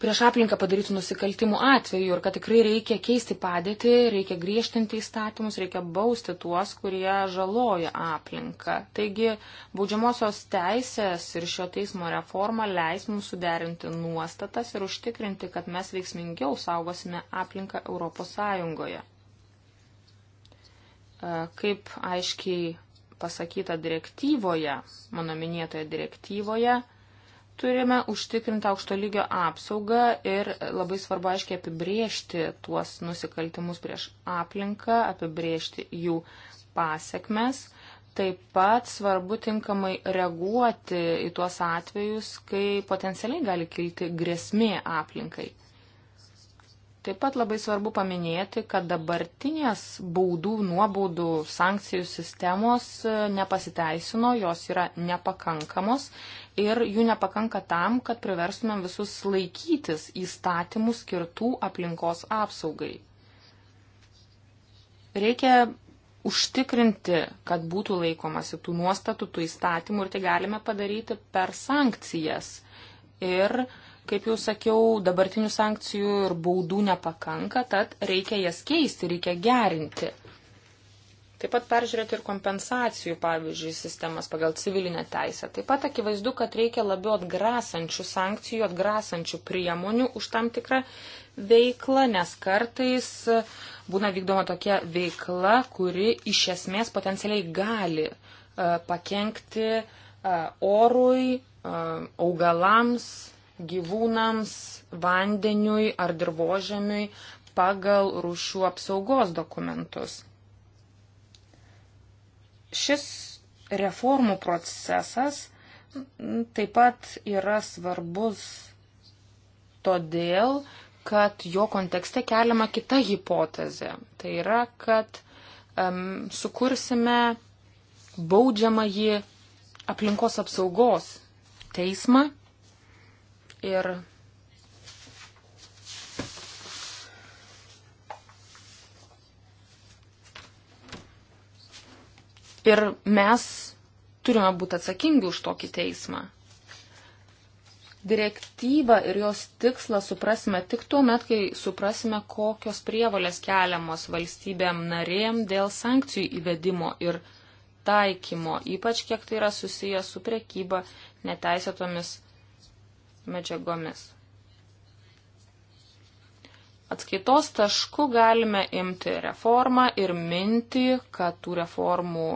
prieš aplinką padarytų nusikaltimų atveju ir kad tikrai reikia keisti padėtį, reikia griežtinti įstatymus, reikia bausti tuos, kurie žaloja aplinką. Taigi, baudžiamosios teisės ir šio teismo reforma leis mums suderinti nuostatas ir užtikrinti, kad mes veiksmingiau saugosime aplinką Europos Sąjungoje. E, kaip aiškiai pasakyta direktyvoje, mano minėtoje direktyvoje, turime užtikrinti aukšto lygio apsaugą ir labai svarbu aiškiai apibriežti tuos nusikaltimus prieš aplinką, apibriežti jų pasiekmes. Taip pat svarbu tinkamai reaguoti į tuos atvejus, kai potencialiai gali kilti grėsmė aplinkai. Taip pat labai svarbu paminėti, kad dabartinės baudų, nuobaudų, sankcijų sistemos nepasiteisino, jos yra nepakankamos ir jų nepakanka tam, kad priverstumėm visus laikytis įstatymų skirtų aplinkos apsaugai. Reikia užtikrinti, kad būtų laikomasi tų nuostatų, tų įstatymų ir tai galime padaryti per sankcijas. Ir, kaip jau sakiau, dabartinių sankcijų ir baudų nepakanka, tad reikia jas keisti, reikia gerinti. Taip pat peržiūrėti ir kompensacijų, pavyzdžiui, sistemas pagal civilinę teisę. Taip pat akivaizdu, kad reikia labiau atgrasančių sankcijų, atgrasančių priemonių už tam tikrą veiklą, nes kartais būna vykdoma tokia veikla, kuri iš esmės potencialiai gali e, pakenkti e, orui, e, augalams, gyvūnams, vandeniui ar dirbožemiui pagal rūšių apsaugos dokumentus. Šis reformų procesas taip pat yra svarbus todėl, kad jo kontekste keliama kita hipotezė. Tai yra, kad um, sukursime baudžiamąjį aplinkos apsaugos teismą ir Ir mes turime būti atsakingi už tokį teismą. Direktyvą ir jos tikslą suprasime tik tuo met, kai suprasime, kokios prievalės keliamos valstybėm narėm dėl sankcijų įvedimo ir taikymo, ypač kiek tai yra susijęs su prekyba neteisėtomis medžiagomis. Atskaitos tašku galime imti reformą ir mintį, kad tų reformų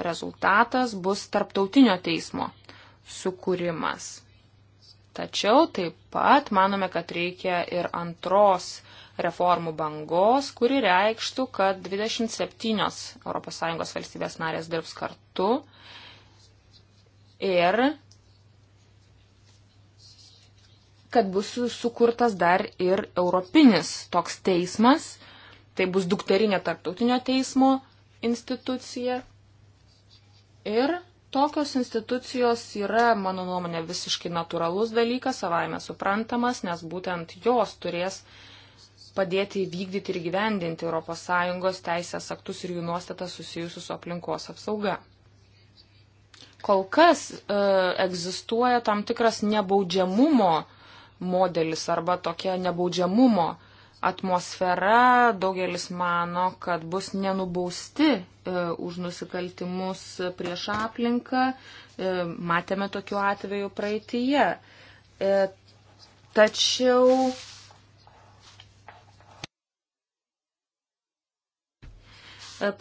rezultatas bus tarptautinio teismo sukūrimas. Tačiau taip pat manome, kad reikia ir antros reformų bangos, kuri reikštų, kad 27 ES valstybės narės dirbs kartu ir kad bus sukurtas dar ir europinis toks teismas, tai bus dukterinė tarptautinio teismo institucija, Ir tokios institucijos yra, mano nuomonė, visiškai natūralus dalykas, savaime suprantamas, nes būtent jos turės padėti įvykdyti ir gyvendinti ES teisės aktus ir jų nuostatas susijusius su aplinkos apsauga. Kol kas e, egzistuoja tam tikras nebaudžiamumo modelis arba tokia nebaudžiamumo e, atmosfera, daugelis mano, kad bus nenubausti e, už nusikaltimus prieš aplinką. E, matėme tokiu atveju praeitįje. E, tačiau e,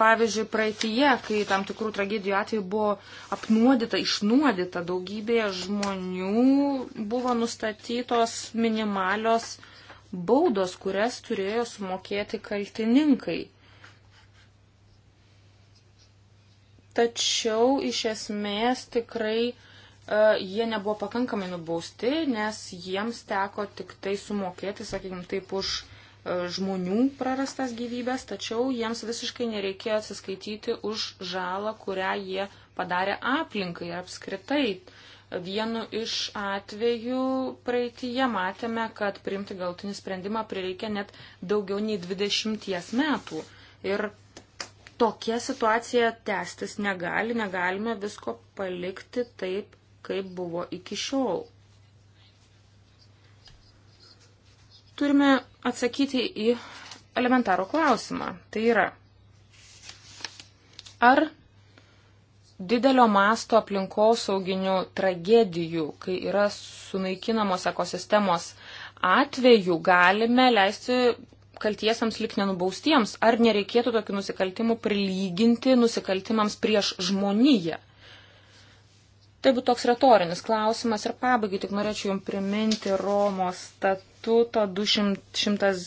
pavyzdžiui, praeitie, kai tam tikrų tragedijų atveju buvo apnuodyta, išnuodyta daugybė žmonių, buvo nustatytos minimalios uh, baudos, kurias turėjo sumokėti kaltininkai. Tačiau iš esmės tikrai uh, jie nebuvo pakankamai nubausti, nes jiems teko tik tai sumokėti, sakykime, taip už uh, žmonių prarastas gyvybės, tačiau jiems visiškai nereikėjo atsiskaityti už žalą, kurią jie padarė aplinkai ir apskritai uh, Vienu iš atvejų praeitįje matėme, kad priimti galtinį sprendimą prireikė net daugiau nei 20 metų. Ir tokia situacija tęstis negali, negalime visko palikti taip, kaip buvo iki šiol. Turime atsakyti į elementarų klausimą. Tai yra, ar didelio masto aplinkosauginių tragedijų, kai yra sunaikinamos ekosistemos atveju, galime leisti kaltiesiams lik nenubaustiems, ar nereikėtų tokių nusikaltimų prilyginti nusikaltimams prieš žmoniją. Tai būtų toks retorinis klausimas ir pabaigai tik norėčiau Jums priminti Romos statuto 221,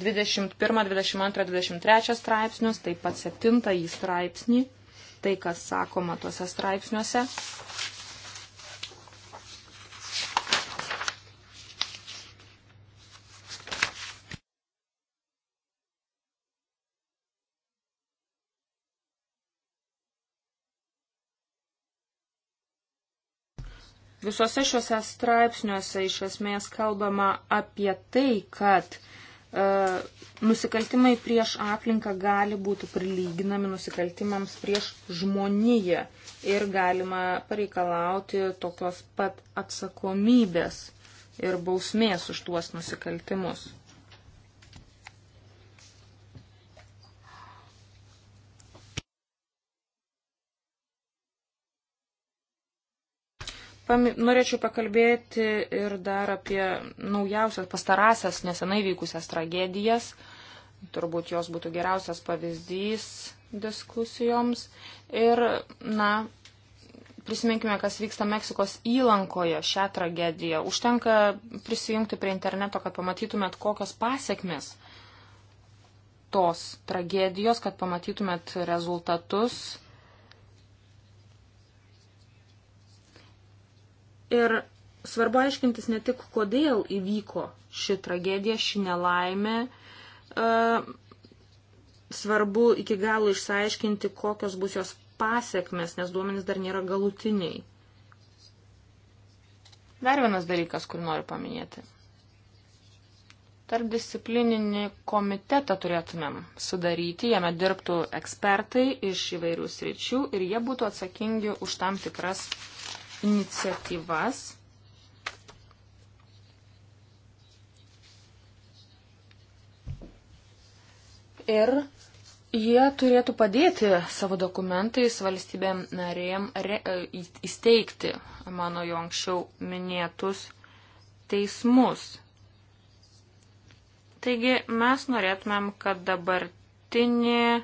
22, 23 straipsnius, taip pat 7 straipsnį tai, kas sakoma tuose straipsniuose. Visose šiuose straipsniuose iš esmės kalbama apie tai, kad E, nusikaltimai prieš aplinką gali būti prilyginami nusikaltimams prieš žmoniją ir galima pareikalauti tokios pat atsakomybės ir bausmės už tuos nusikaltimus. norėčiau pakalbėti ir dar apie naujausias pastarasias nesenai vykusias tragedijas. Turbūt jos būtų geriausias pavyzdys diskusijoms. Ir, na, prisiminkime, kas vyksta Meksikos įlankoje šią tragediją. Užtenka prisijungti prie interneto, kad pamatytumėt, kokios pasiekmes tos tragedijos, kad pamatytumėt rezultatus Ir svarbu aiškintis ne tik, kodėl įvyko ši tragedija, ši nelaimė. E, svarbu iki galo išsiaiškinti, kokios bus jos pasiekmes, nes duomenys dar nėra galutiniai. Dar vienas dalykas, kurį noriu paminėti. Tarp disciplininį komitetą turėtumėm sudaryti, jame dirbtų ekspertai iš įvairių sričių ir jie būtų atsakingi už tam tikras iniciatyvas. Ir jie turėtų padėti savo dokumentais valstybėm narėm re, e, įsteigti mano jau anksčiau minėtus teismus. Taigi mes norėtumėm, kad dabartinė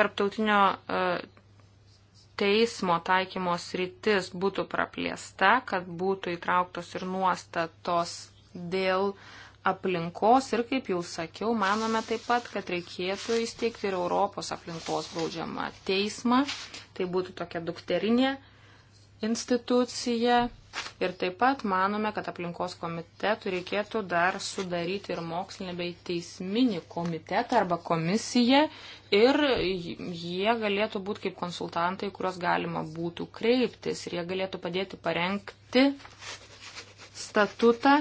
tarptautinio e, teismo taikymos rytis būtų praplėsta, kad būtų įtrauktos ir nuostatos dėl aplinkos ir, kaip jau sakiau, manome taip pat, kad reikėtų įsteigti ir Europos aplinkos baudžiamą teismą. Tai būtų tokia dukterinė institucija Ir taip pat manome, kad aplinkos komitetų reikėtų dar sudaryti ir mokslinį bei teisminį komitetą arba komisiją ir jie galėtų būti kaip konsultantai, kuriuos galima būtų kreiptis ir jie galėtų padėti parengti statutą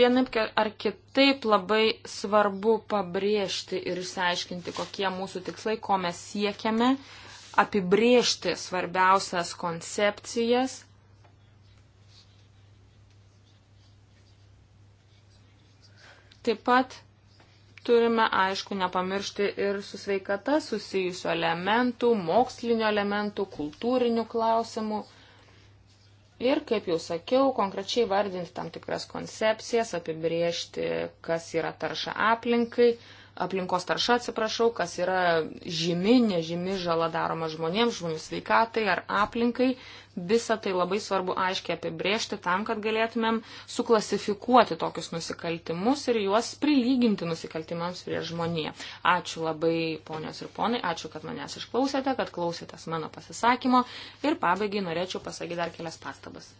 vienaip ar kitaip labai svarbu pabrėžti ir išsiaiškinti, kokie mūsų tikslai, ko mes siekiame, apibrėžti svarbiausias koncepcijas. Taip pat turime, aišku, nepamiršti ir su sveikata susijusių elementų, mokslinio elementų, kultūrinių klausimų. Ir, kaip jau sakiau, konkrečiai vardinti tam tikras koncepcijas, apibriežti, kas yra tarša aplinkai, aplinkos tarša, atsiprašau, kas yra žymi, nežymi žala daroma žmonėms, žmonių sveikatai ar aplinkai. Visą tai labai svarbu aiškiai apibriežti tam, kad galėtumėm suklasifikuoti tokius nusikaltimus ir juos prilyginti nusikaltimams prie žmonė. Ačiū labai, ponios ir ponai, ačiū, kad manęs išklausėte, kad klausėtės mano pasisakymo ir pabaigai norėčiau pasakyti dar kelias pastabas.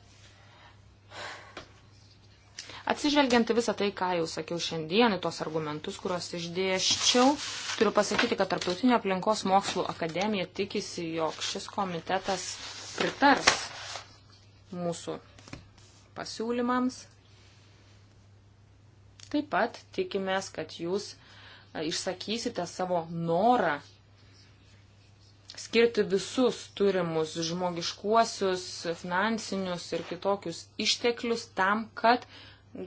Atsižvelgiant į visą tai, ką jau sakiau šiandien, į tos argumentus, kuriuos išdėščiau, turiu pasakyti, kad Tarptautinė aplinkos mokslų akademija tikisi, jog šis komitetas pritars mūsų pasiūlymams. Taip pat tikimės, kad jūs e, išsakysite savo norą skirti visus turimus žmogiškuosius, finansinius ir kitokius išteklius tam, kad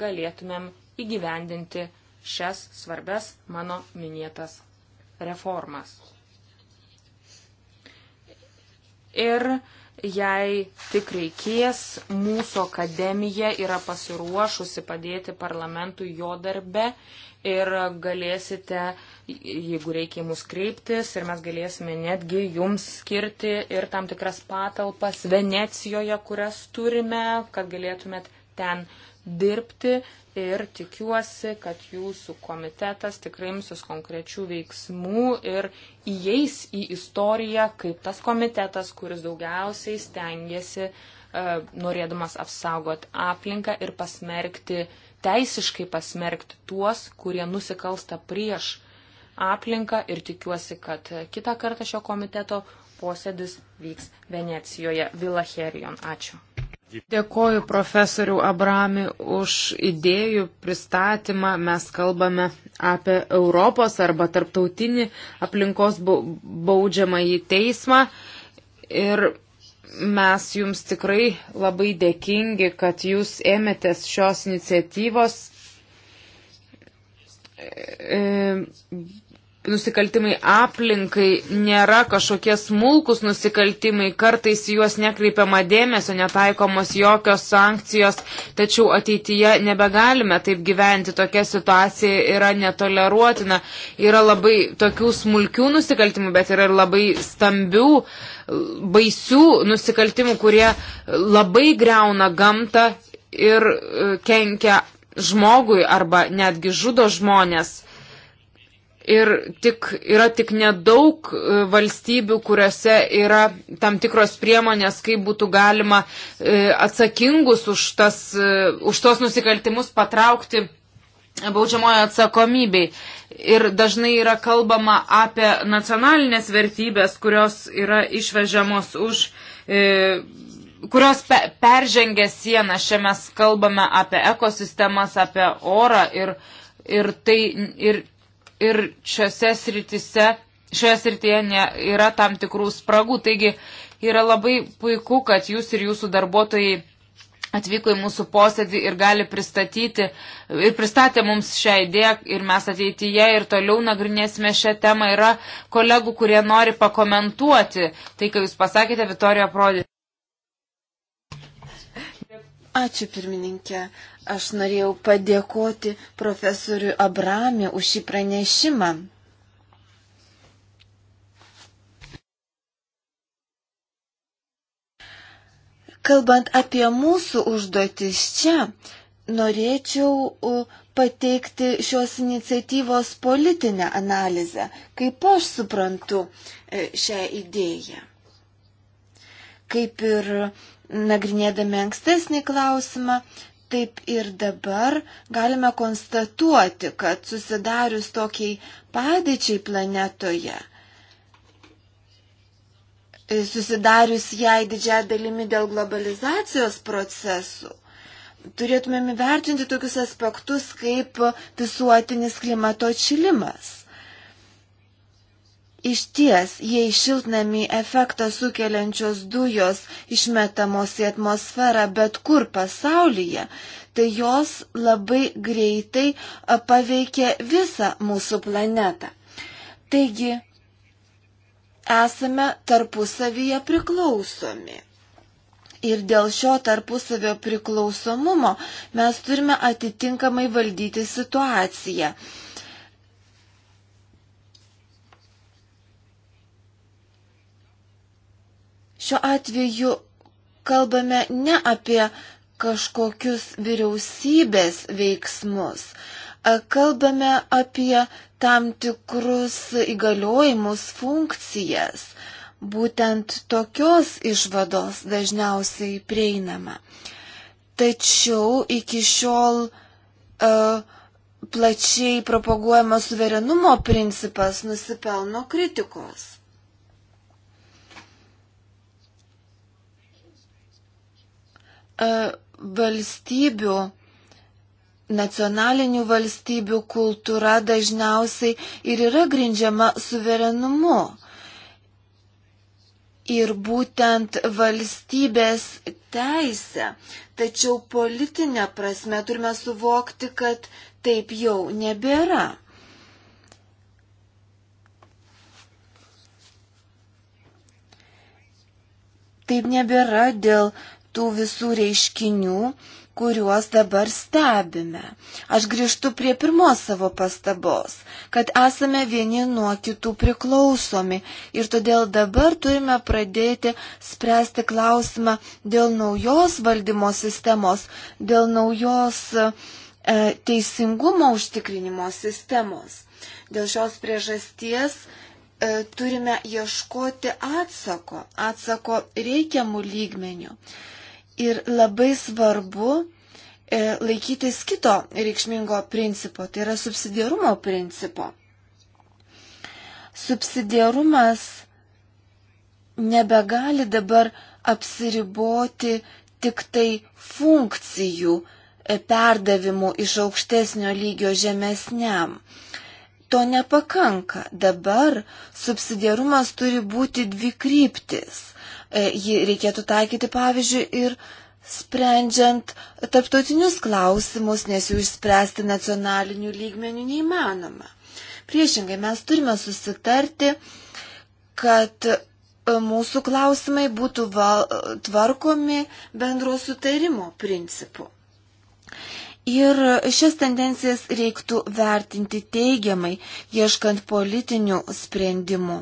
galėtumėm įgyvendinti šias svarbes mano minėtas reformas. Ir jei tik reikės, mūsų akademija yra pasiruošusi padėti parlamentui jo darbe ir galėsite, jeigu reikia mus kreiptis, ir mes galėsime netgi jums skirti ir tam tikras patalpas Venecijoje, kurias turime, kad galėtumėt ten dirbti ir tikiuosi, kad jūsų komitetas tikrai imsis konkrečių veiksmų ir įeis į istoriją kaip tas komitetas, kuris daugiausiai stengiasi, e, norėdamas apsaugot aplinką ir pasmerkti, teisiškai pasmerkti tuos, kurie nusikalsta prieš aplinką ir tikiuosi, kad kitą kartą šio komiteto posėdis vyks Venecijoje, Vila Herion. Ačiū. Dėkoju profesoriu Abrami už idėjų pristatymą. Mes kalbame apie Europos arba tarptautinį aplinkos baudžiamąjį teismą. Ir mes jums tikrai labai dėkingi, kad jūs ėmėtės šios iniciatyvos. E, nusikaltimai aplinkai nėra kažkokie smulkus nusikaltimai, kartais juos nekreipiama dėmesio, netaikomos jokios sankcijos, tačiau ateityje nebegalime taip gyventi, tokia situacija yra netoleruotina. Yra labai tokių smulkių nusikaltimų, bet yra ir labai stambių, baisių nusikaltimų, kurie labai greuna gamtą ir e, kenkia žmogui arba netgi žudo žmonės ir tik, yra tik nedaug e, valstybių, kuriuose yra tam tikros priemonės, kaip būtų galima e, atsakingus už, tas, e, už tos nusikaltimus patraukti baudžiamojo atsakomybei. Ir dažnai yra kalbama apie nacionalinės vertybės, kurios yra išvežamos už. E, kurios pe, peržengia sieną. Čia mes kalbame apie ekosistemas, apie orą ir, ir, tai, ir ir šiose sritise, šioje srityje ne, yra tam tikrų spragų. Taigi yra labai puiku, kad jūs ir jūsų darbuotojai atvyko į mūsų posėdį ir gali pristatyti, ir pristatė mums šią idėją ir mes ateityje ir toliau nagrinėsime šią temą. Yra kolegų, kurie nori pakomentuoti tai, ką jūs pasakėte, Vitorija Prodė. Ačiū pirmininkė. Aš norėjau padėkoti profesoriui Abramė už šį pranešimą. Kalbant apie mūsų užduotis čia, norėčiau pateikti šios iniciatyvos politinę analizę, kaip aš suprantu e, šią idėją. Kaip ir nagrinėdami ankstesnį klausimą, taip ir dabar galime konstatuoti, kad susidarius tokiai padėčiai planetoje, susidarius jai didžiąją dalimi dėl globalizacijos procesų, turėtumėm vertinti tokius aspektus kaip visuotinis klimato atšilimas. Iš ties, jei šiltnami efektą sukeliančios dujos išmetamos į atmosferą bet kur pasaulyje, tai jos labai greitai paveikia visą mūsų planetą. Taigi, esame tarpusavyje priklausomi. Ir dėl šio tarpusavio priklausomumo mes turime atitinkamai valdyti situaciją. Šiuo atveju kalbame ne apie kažkokius vyriausybės veiksmus, kalbame apie tam tikrus įgaliojimus, funkcijas. Būtent tokios išvados dažniausiai prieinama. Tačiau iki šiol uh, plačiai propaguojamas suverenumo principas nusipelno kritikos. E, valstybių, nacionalinių valstybių kultūra dažniausiai ir yra grindžiama suverenumu. Ir būtent valstybės teisę. Tačiau politinė prasme turime suvokti, kad taip jau nebėra. taip nebėra dėl tų visų reiškinių, kuriuos dabar stebime. Aš grįžtu prie pirmos savo pastabos, kad esame vieni nuo kitų priklausomi ir todėl dabar turime pradėti spręsti klausimą dėl naujos valdymo sistemos, dėl naujos e, teisingumo užtikrinimo sistemos. Dėl šios priežasties e, turime ieškoti atsako, atsako reikiamų lygmenių. Ir labai svarbu e, laikytis kito reikšmingo principo, tai yra subsidiarumo principo. Subsidiarumas nebegali dabar apsiriboti tik tai funkcijų e, perdavimu iš aukštesnio lygio žemesniam. To nepakanka. Dabar subsidiarumas turi būti dvikryptis. E, jį reikėtų taikyti, pavyzdžiui, ir sprendžiant tarptautinius klausimus, nes jų išspręsti nacionaliniu lygmeniu neįmanoma. Priešingai, mes turime susitarti, kad e, mūsų klausimai būtų val, tvarkomi bendro sutarimo principu. Ir šias tendencijas reiktų vertinti teigiamai, ieškant politinių sprendimų.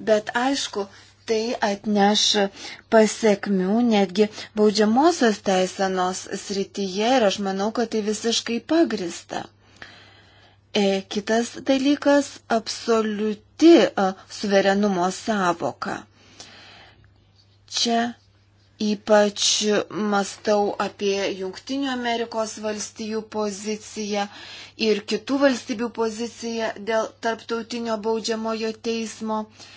Bet aišku, tai atneš pasiekmių netgi baudžiamosios teisenos srityje ir aš manau, kad tai visiškai pagrista. E, kitas dalykas - absoliuti a, e, suverenumo savoka. Čia ypač mastau apie Junktinių Amerikos valstijų poziciją ir kitų valstybių poziciją dėl tarptautinio baudžiamojo teismo. E,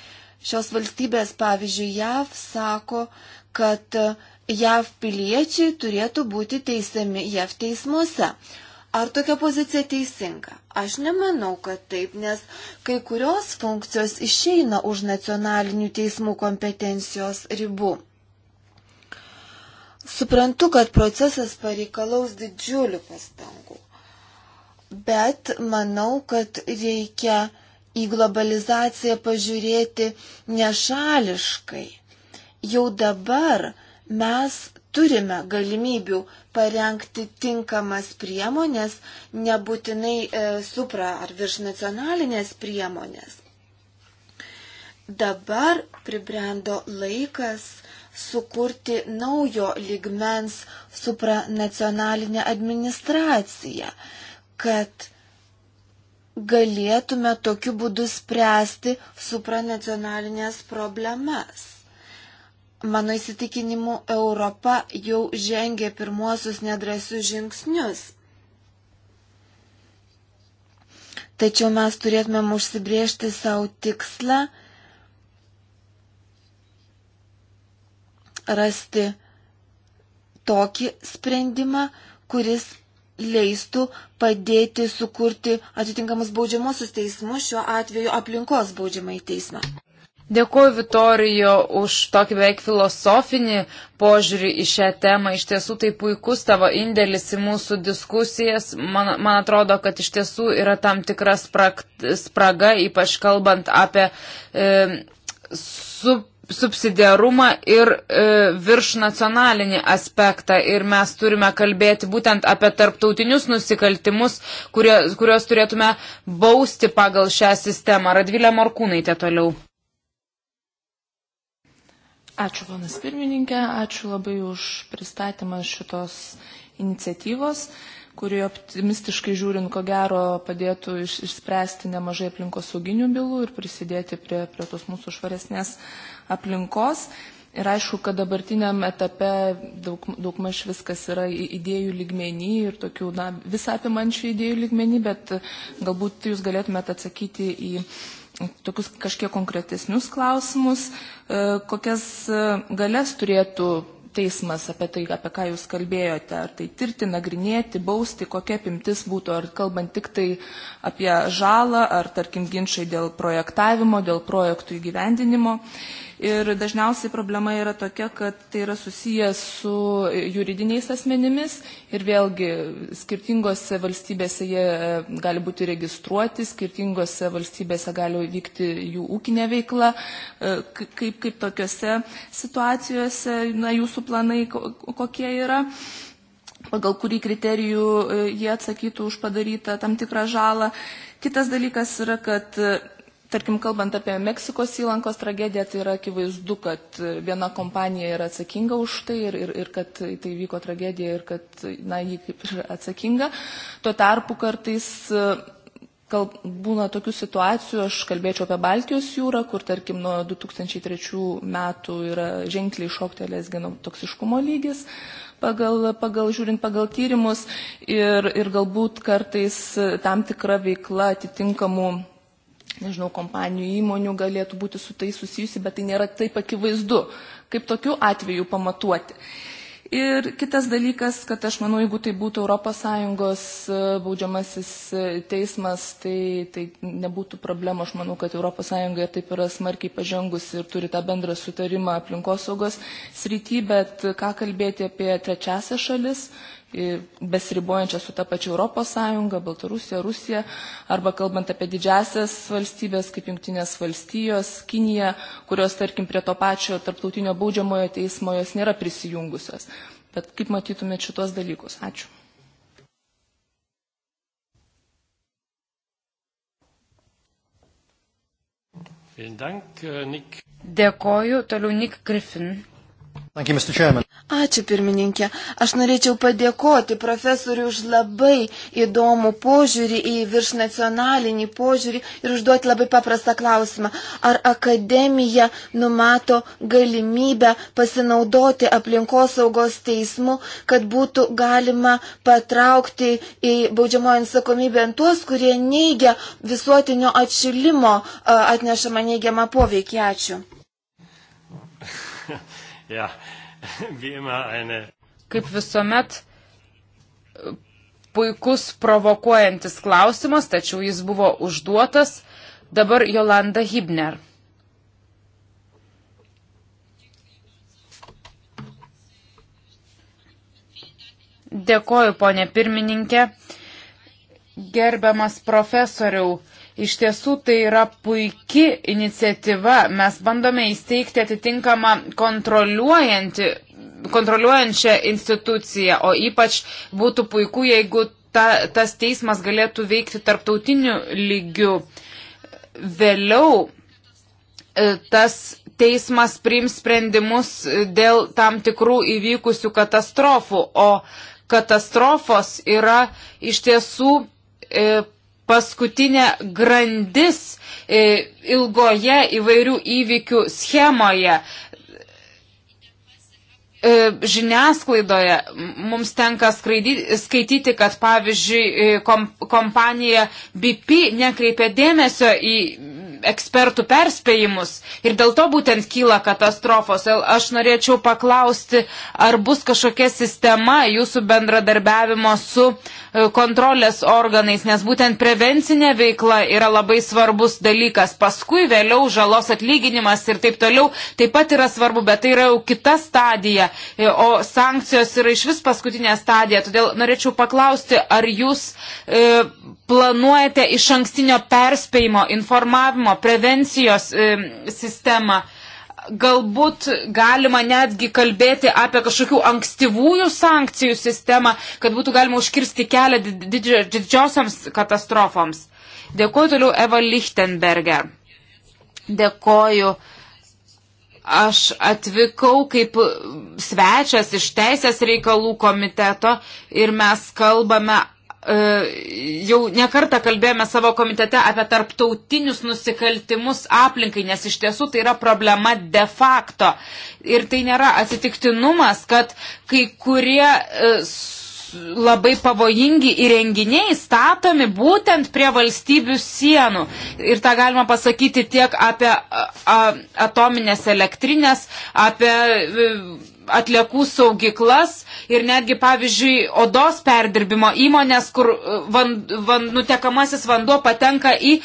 Šios valstybės, pavyzdžiui, JAV sako, kad JAV piliečiai turėtų būti teisiami JAV teismuose. Ar tokia pozicija teisinga? Aš nemanau, kad taip, nes kai kurios funkcijos išeina už nacionalinių teismų kompetencijos ribų. Suprantu, kad procesas pareikalaus didžiulių pastangų, bet manau, kad reikia į globalizaciją pažiūrėti nešališkai. Jau dabar mes turime galimybių parengti tinkamas priemonės, nebūtinai e, supra ar virš nacionalinės priemonės. Dabar pribrendo laikas sukurti naujo ligmens supranacionalinę administraciją, kad galėtume tokiu būdu spręsti supranacionalinės problemas. Mano įsitikinimu, Europa jau žengė pirmuosius nedrasius žingsnius. Tačiau mes turėtumėm užsibriežti savo tikslą rasti tokį sprendimą, kuris leistų padėti sukurti atitinkamus baudžiamusius teismus, šiuo atveju aplinkos baudžiamą į teismą. Dėkuoju Vitorijo už tokį beveik filosofinį požiūrį į šią temą. Iš tiesų tai puikus tavo indėlis į mūsų diskusijas. Man, man atrodo, kad iš tiesų yra tam tikra sprag, spraga, ypač kalbant apie e, su subsidiarumą ir e, virš nacionalinį aspektą ir mes turime kalbėti būtent apie tarptautinius nusikaltimus, kurie, kuriuos turėtume bausti pagal šią sistemą. Radvilė Morkūnaitė toliau. Ačiū, panas pirmininkė, ačiū labai už pristatymą šitos iniciatyvos, kuri optimistiškai žiūrint, ko gero, padėtų iš, išspręsti nemažai aplinkos sauginių bylų ir prisidėti prie, prie tos mūsų švaresnės uh, aplinkos. Ir aišku, kad dabartiniam etape daug, daugmaž viskas yra idėjų lygmenį ir tokių na, visą apimančių idėjų lygmenį, bet e, galbūt jūs galėtumėte atsakyti į tokius kažkiek konkretesnius klausimus, e, kokias e, galės turėtų teismas apie tai, apie ką jūs kalbėjote, ar tai tirti, nagrinėti, bausti, kokia apimtis būtų, ar kalbant tik tai apie žalą, ar tarkim ginčiai dėl projektavimo, dėl projektų įgyvendinimo. Ir dažniausiai problema yra tokia, kad tai yra susijęs su juridiniais asmenimis ir vėlgi skirtingose valstybėse jie e, gali būti registruoti, skirtingose valstybėse gali vykti jų ūkinė veikla. E, kaip, kaip tokiuose situacijose na, jūsų planai kokie yra? pagal kurį kriterijų e, jie atsakytų už padarytą tam tikrą žalą. Kitas dalykas yra, kad Tarkim, kalbant apie Meksikos įlankos tragediją, tai yra akivaizdu, kad viena kompanija yra atsakinga už tai ir, ir, ir kad tai vyko tragedija ir kad, na, ji kaip ir atsakinga. Tuo tarpu kartais kal, būna tokių situacijų, aš kalbėčiau apie Baltijos jūrą, kur tarkim nuo 2003 metų yra ženkliai šoktelės genotoksiškumo lygis, pagal, pagal, žiūrint pagal tyrimus ir, ir galbūt kartais tam tikra veikla atitinkamų nežinau, kompanijų įmonių galėtų būti su tai susijusi, bet tai nėra taip akivaizdu, kaip tokiu atveju pamatuoti. Ir kitas dalykas, kad aš manau, jeigu tai būtų ES e, baudžiamasis e, teismas, tai, tai nebūtų problema. Aš manau, kad ES taip yra smarkiai pažengusi ir turi tą bendrą sutarimą aplinkosaugos srity, bet ką kalbėti apie trečiasią šalis, besiribojančią su ta pačia Europos Sąjunga, Baltarusija, Rusija, arba kalbant apie didžiasias valstybės kaip Junktinės valstijos, Kinija, kurios, tarkim, prie to pačio tarptautinio baudžiamojo teismo jos nėra prisijungusios. Bet kaip matytumėt šitos dalykus? Ačiū. Äh, Dėkoju, toliau Nick Griffin. Ačiū pirmininkė. Aš norėčiau padėkoti profesoriui už labai įdomų požiūrį į viršnacionalinį požiūrį ir užduoti labai paprastą klausimą. Ar akademija numato galimybę pasinaudoti aplinkosaugos teismu, kad būtų galima patraukti į baudžiamoją atsakomybę tuos, kurie neigia visuotinio atšilimo atnešamą neigiamą poveikį? Ačiū. Ja, [laughs] wie immer eine. Kaip visuomet, puikus provokuojantis klausimas, tačiau jis buvo užduotas. Dabar Jolanda Hibner. Dėkoju, ponė pirmininkė. Gerbiamas profesoriau, Iš tiesų tai yra puiki iniciatyva. Mes bandome įsteigti atitinkamą kontroliuojančią instituciją, o ypač būtų puiku, jeigu ta, tas teismas galėtų veikti tarptautiniu lygiu. Vėliau e, tas teismas priims sprendimus dėl tam tikrų įvykusių katastrofų, o katastrofos yra iš tiesų e, paskutinė grandis e, ilgoje įvairių įvykių schemoje. E, žiniasklaidoje mums tenka skraidyti, skaityti, kad pavyzdžiui e, kom, kompanija BP nekreipia dėmesio į ekspertų perspėjimus ir dėl to būtent kyla katastrofos. Aš norėčiau paklausti, ar bus kažkokia sistema jūsų bendradarbiavimo su e, kontrolės organais, nes būtent prevencinė veikla yra labai svarbus dalykas. Paskui vėliau žalos atlyginimas ir taip toliau taip pat yra svarbu, bet tai yra jau kita stadija. E, o sankcijos yra iš vis paskutinė stadija. Todėl norėčiau paklausti, ar jūs e, planuojate iš ankstinio perspėjimo, informavimo, prevencijos e, sistemą? galbūt galima netgi kalbėti apie kažkokių ankstyvųjų sankcijų sistemą, kad būtų galima užkirsti kelią didžio, didžiosiams katastrofoms. Dėkuoju toliau Eva Lichtenberger. Dėkuoju Aš atvykau kaip svečias iš Teisės reikalų komiteto ir mes kalbame e, jau nekartą kalbėjome savo komitete apie tarptautinius nusikaltimus aplinkai, nes iš tiesų tai yra problema de facto. Ir tai nėra atsitiktinumas, kad kai kurie su e, labai pavojingi įrenginiai statomi būtent prie valstybių sienų. Ir tą galima pasakyti tiek apie a, a, atominės elektrinės, apie e, atliekų saugiklas ir netgi, pavyzdžiui, odos perdirbimo įmonės, kur e, van, van, nutekamasis vanduo patenka į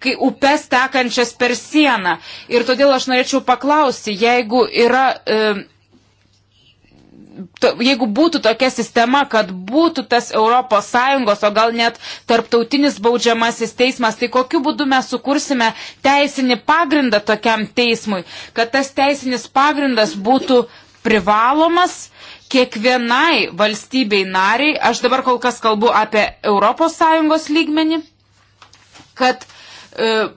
kai upes tekančias per sieną. Ir todėl aš norėčiau paklausti, jeigu yra e, to, jeigu būtų tokia sistema, kad būtų tas ES, o gal net tarptautinis baudžiamasis teismas, tai kokiu būdu mes sukursime teisinį pagrindą tokiam teismui, kad tas teisinis pagrindas būtų privalomas kiekvienai valstybei nariai, aš dabar kol kas kalbu apie ES lygmenį, kad e,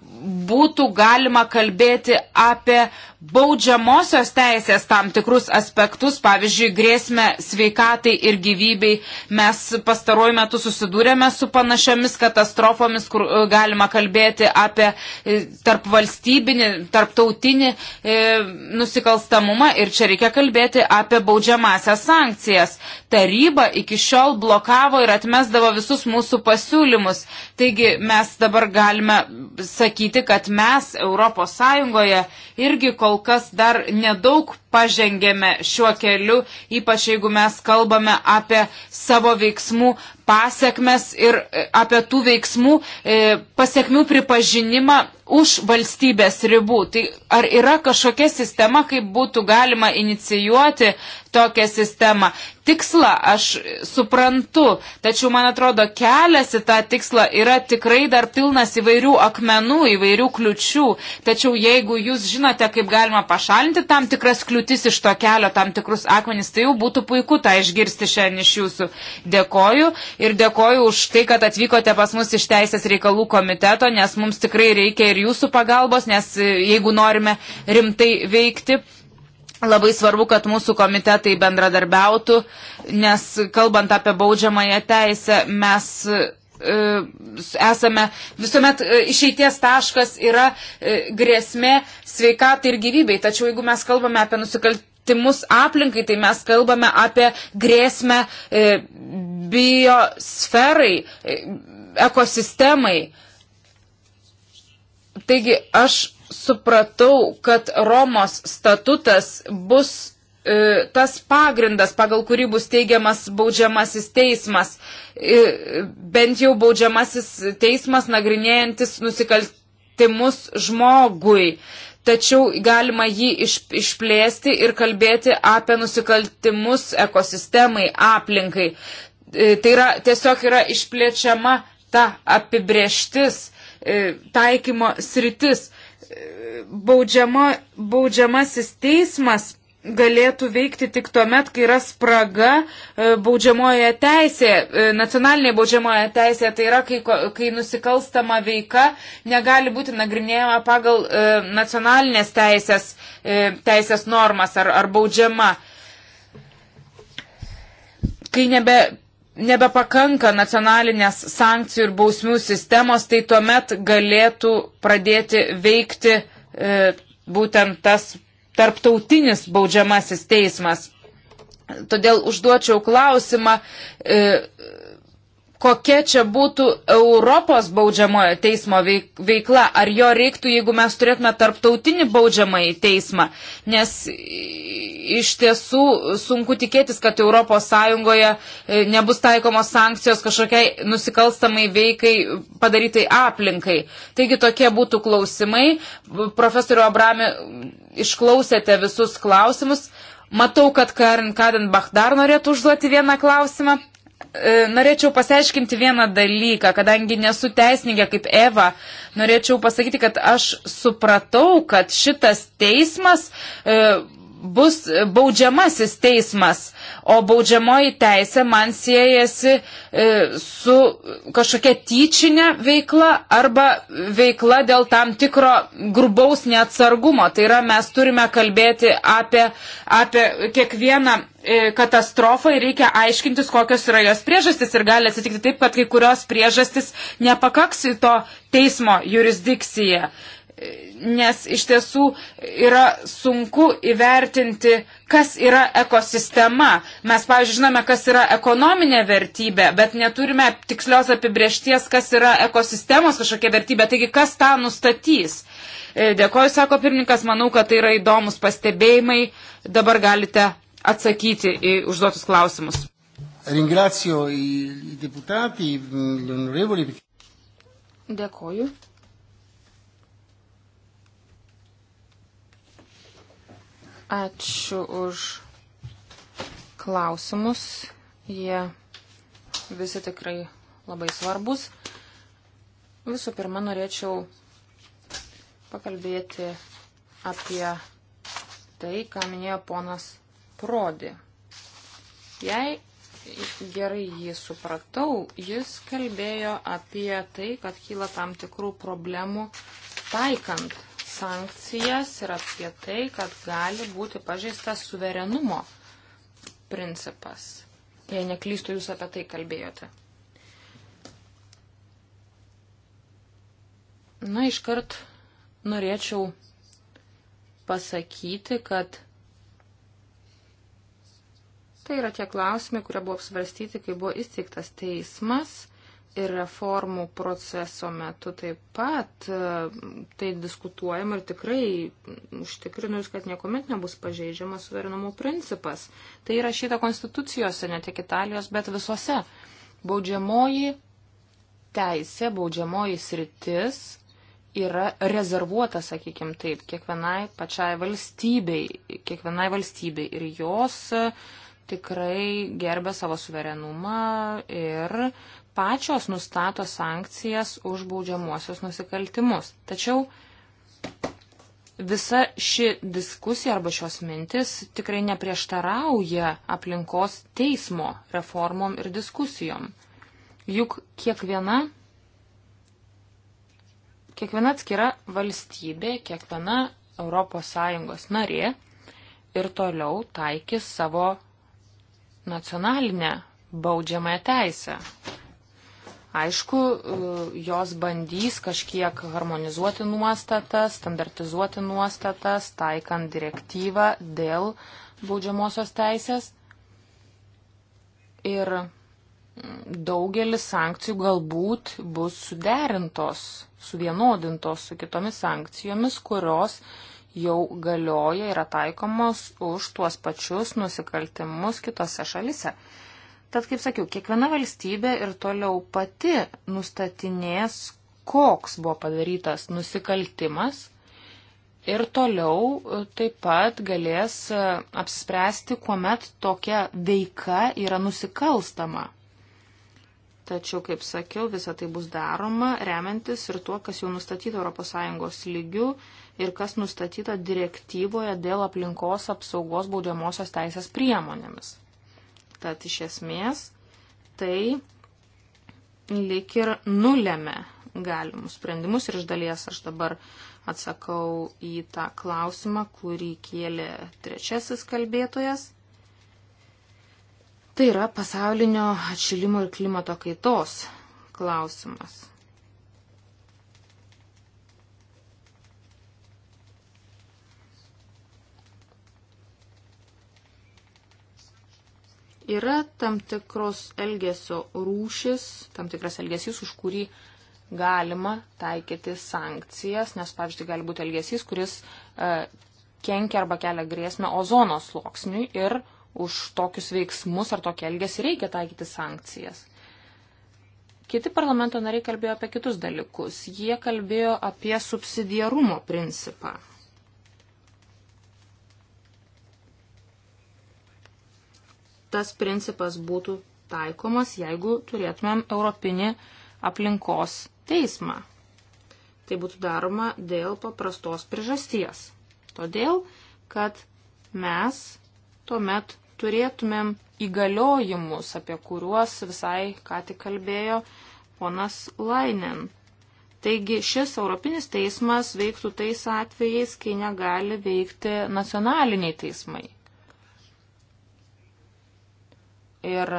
būtų galima kalbėti apie baudžiamosios teisės tam tikrus aspektus, pavyzdžiui, grėsmę sveikatai ir gyvybei. Mes pastaruoju metu susidūrėme su panašiomis katastrofomis, kur e, galima kalbėti apie e, tarp valstybinį, tarptautinį e, nusikalstamumą ir čia reikia kalbėti apie baudžiamasias sankcijas. Taryba iki šiol blokavo ir atmesdavo visus mūsų pasiūlymus. Taigi mes dabar galime sakyti, kad mes Europos Sąjungoje irgi kol kol kas dar nedaug pažengėme šiuo keliu, ypač jeigu mes kalbame apie savo veiksmų pasiekmes ir e, apie tų veiksmų e, pasiekmių pripažinimą už valstybės ribų. Tai ar yra kažkokia sistema, kaip būtų galima inicijuoti tokią sistemą? Tikslą aš suprantu, tačiau man atrodo kelias į tą tikslą yra tikrai dar pilnas įvairių akmenų, įvairių kliučių. Tačiau jeigu jūs žinote, kaip galima pašalinti tam tikras kliūtis iš to kelio, tam tikrus akmenis, tai jau būtų puiku tą išgirsti šiandien iš jūsų. Dėkoju ir dėkoju už tai, kad atvykote pas mus iš Teisės reikalų komiteto, nes mums tikrai reikia ir ir jūsų pagalbos, nes e, jeigu norime rimtai veikti, labai svarbu, kad mūsų komitetai bendradarbiautų, nes kalbant apie baudžiamąją teisę, mes e, esame visuomet e, išeities taškas yra grėsmė sveikatai ir gyvybei. Tačiau jeigu mes kalbame apie nusikaltimus aplinkai, tai mes kalbame apie grėsmę biosferai, ekosistemai. Taigi aš supratau, kad Romos statutas bus e, tas pagrindas, pagal kurį bus teigiamas baudžiamasis teismas, e, bent jau baudžiamasis teismas nagrinėjantis nusikaltimus žmogui. Tačiau galima jį iš, išplėsti ir kalbėti apie nusikaltimus ekosistemai, aplinkai. E, tai yra, tiesiog yra išplėčiama ta apibrieštis E, taikymo sritis. Baudžiama, baudžiamasis teismas galėtų veikti tik tuo met, kai yra spraga e, baudžiamoje teisėje, e, nacionalinėje baudžiamoje teisėje, tai yra, kai, kai nusikalstama veika negali būti nagrinėjama pagal nacionalinės teisės, teisės normas ar, ar baudžiama. Kai nebe nebepakanka nacionalinės sankcijų ir bausmių sistemos, tai tuomet galėtų pradėti veikti e, būtent tas tarptautinis baudžiamasis teismas. Todėl užduočiau klausimą, e, kokia čia būtų Europos baudžiamojo teismo veikla, ar jo reiktų, jeigu mes turėtume tarptautinį baudžiamąjį teismą, nes iš tiesų sunku tikėtis, kad ES e, nebus taikomos sankcijos kažkokiai nusikalstamai veikai padarytai aplinkai. Taigi tokie būtų klausimai. Profesoriu Abrami, išklausėte visus klausimus. Matau, kad Karin Kadenbach dar norėtų užduoti vieną klausimą. E, norėčiau pasiaiškinti vieną dalyką, kadangi nesu teisininkė kaip Eva, norėčiau pasakyti, kad aš supratau, kad šitas teismas e, bus baudžiamasis teismas, o baudžiamoji teisė man siejasi e, su kažkokia tyčinė veikla arba veikla dėl tam tikro grubaus neatsargumo. Tai yra, mes turime kalbėti apie, apie kiekvieną e, katastrofą ir reikia aiškintis, kokios yra jos priežastis ir gali atsitikti taip, kad kai kurios priežastis nepakaks į to teismo jurisdikciją. E, nes iš tiesų yra sunku įvertinti, kas yra ekosistema. Mes, pavyzdžiui, žinome, kas yra ekonominė vertybė, bet neturime tikslios apibriešties, kas yra ekosistemos kažkokia vertybė, taigi kas tą nustatys. E, dėkoju, sako pirmininkas, manau, kad tai yra įdomus pastebėjimai. Dabar galite atsakyti į užduotus klausimus. Ringrazio i deputati, gli onorevoli. Dėkoju. Ačiū už klausimus. Jie visi tikrai labai svarbus. Visų pirma, norėčiau pakalbėti apie tai, ką minėjo ponas Prodi. Jei gerai jį supratau, jis kalbėjo apie tai, kad kyla tam tikrų problemų taikant sankcijas ir apie tai, kad gali būti pažeistas suverenumo principas. Jei neklystu, jūs apie tai kalbėjote. Na, iškart norėčiau pasakyti, kad tai yra tie klausimai, kurie buvo apsvarstyti, kai buvo įsteigtas teismas ir reformų proceso metu taip pat e, tai diskutuojama ir tikrai užtikrinus, kad niekuomet nebus pažeidžiamas suverenumo principas. Tai yra šita konstitucijose, ne tik Italijos, bet visose. Baudžiamoji teisė, baudžiamoji sritis yra rezervuota, sakykime taip, kiekvienai pačiai valstybei, kiekvienai valstybei ir jos e, tikrai gerbė savo suverenumą ir uh, pačios nustato sankcijas už baudžiamuosius nusikaltimus. Tačiau visa ši diskusija arba šios mintis tikrai neprieštarauja aplinkos teismo reformom ir diskusijom. Juk kiekviena, kiekviena atskira valstybė, kiekviena ES narė ir toliau taikys savo nacionalinę baudžiamąją teisę, Aišku, e, jos bandys kažkiek harmonizuoti nuostatas, standartizuoti nuostatas, taikant direktyvą dėl baudžiamosios teisės. Ir daugelis sankcijų galbūt bus suderintos, suvienodintos su kitomis sankcijomis, kurios jau galioja ir taikomos už tuos pačius nusikaltimus kitose šalise. Tad, kaip sakiau, kiekviena valstybė ir toliau pati nustatinės, koks buvo padarytas nusikaltimas ir toliau e, taip pat galės e, apspręsti, kuomet tokia veika yra nusikalstama. Tačiau, kaip sakiau, visa tai bus daroma remiantis ir tuo, kas jau nustatyta ES lygių ir kas nustatyta direktyvoje dėl aplinkos apsaugos baudžiamosios teisės priemonėmis. Tad iš esmės tai lik ir nulėmė galimus sprendimus ir iš dalies aš dabar atsakau į tą klausimą, kurį kėlė trečiasis kalbėtojas. Tai yra pasaulinio atšilimo ir klimato kaitos klausimas. Yra tam tikros elgesio rūšis, tam tikras elgesys, už kurį galima taikyti sankcijas, nes, pavyzdžiui, gali būti elgesys, kuris e, kenkia arba kelia grėsmę ozono sluoksniui ir už tokius veiksmus ar tokį elgesį reikia taikyti sankcijas. Kiti parlamento nariai kalbėjo apie kitus dalykus. Jie kalbėjo apie subsidiarumo principą. tas principas būtų taikomas, jeigu turėtumėm Europinį aplinkos teismą. Tai būtų daroma dėl paprastos priežasties. Todėl, kad mes tuomet turėtumėm įgaliojimus, apie kuriuos visai ką tik kalbėjo ponas Lainen. Taigi šis Europinis teismas veiktų tais atvejais, kai negali veikti nacionaliniai teismai. Ir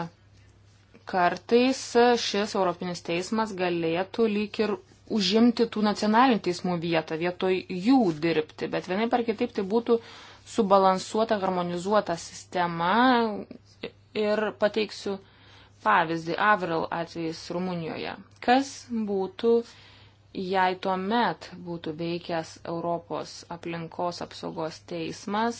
kartais šis Europinis teismas galėtų lyg ir užimti tų nacionalinių teismų vietą, vietoj jų dirbti, bet vienai par kitaip tai būtų subalansuota, harmonizuota sistema ir pateiksiu pavyzdį Avril atvejais Rumunijoje. Kas būtų, jei tuo met būtų veikęs Europos aplinkos apsaugos teismas,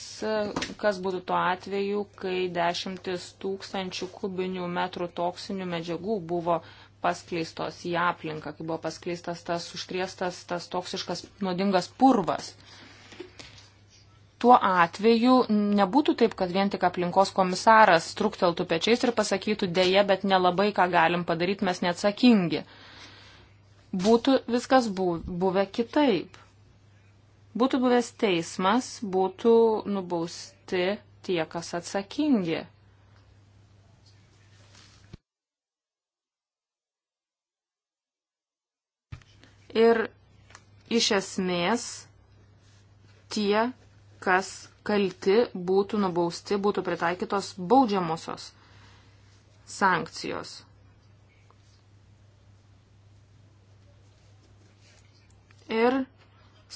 kas būtų tuo atveju, kai dešimtis tūkstančių kubinių metrų toksinių medžiagų buvo paskleistos į aplinką, kai buvo paskleistas tas užkriestas, tas toksiškas, nuodingas purvas. Tuo atveju nebūtų taip, kad vien tik aplinkos komisaras trukteltų pečiais ir pasakytų, dėje, bet nelabai ką galim padaryti, mes neatsakingi. Uh, būtų viskas buvę kitaip. Būtų buvęs teismas, būtų nubausti tie, kas atsakingi. Ir iš esmės tie, kas kalti, būtų nubausti, būtų pritaikytos baudžiamosios sankcijos. Ir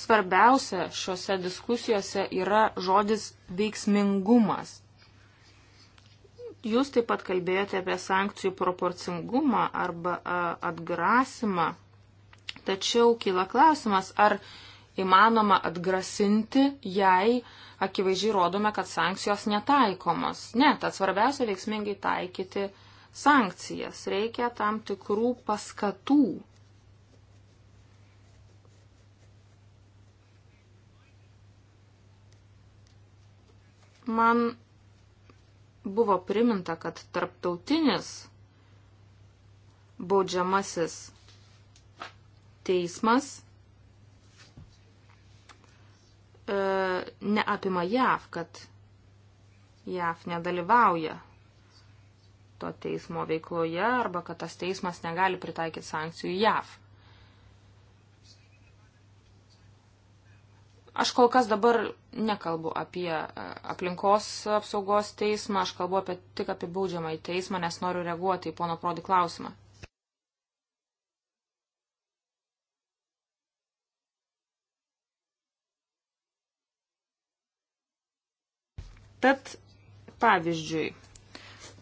svarbiausia šiuose diskusijose yra žodis veiksmingumas. Jūs taip pat kalbėjote apie sankcijų proporcingumą arba atgrasimą, tačiau kyla klausimas, ar įmanoma atgrasinti, jei akivaizdžiai rodome, kad sankcijos netaikomos. Ne, tad svarbiausia veiksmingai taikyti sankcijas. Reikia tam tikrų paskatų Man buvo priminta, kad tarptautinis baudžiamasis teismas e, neapima JAV, kad JAV nedalyvauja to teismo veikloje arba kad tas teismas negali pritaikyti sankcijų JAV. Aš kol kas dabar nekalbu apie e, aplinkos apsaugos teismą, aš kalbu apie, tik apie baudžiamą į teismą, nes noriu reaguoti į pono Prodi klausimą. Tad, pavyzdžiui,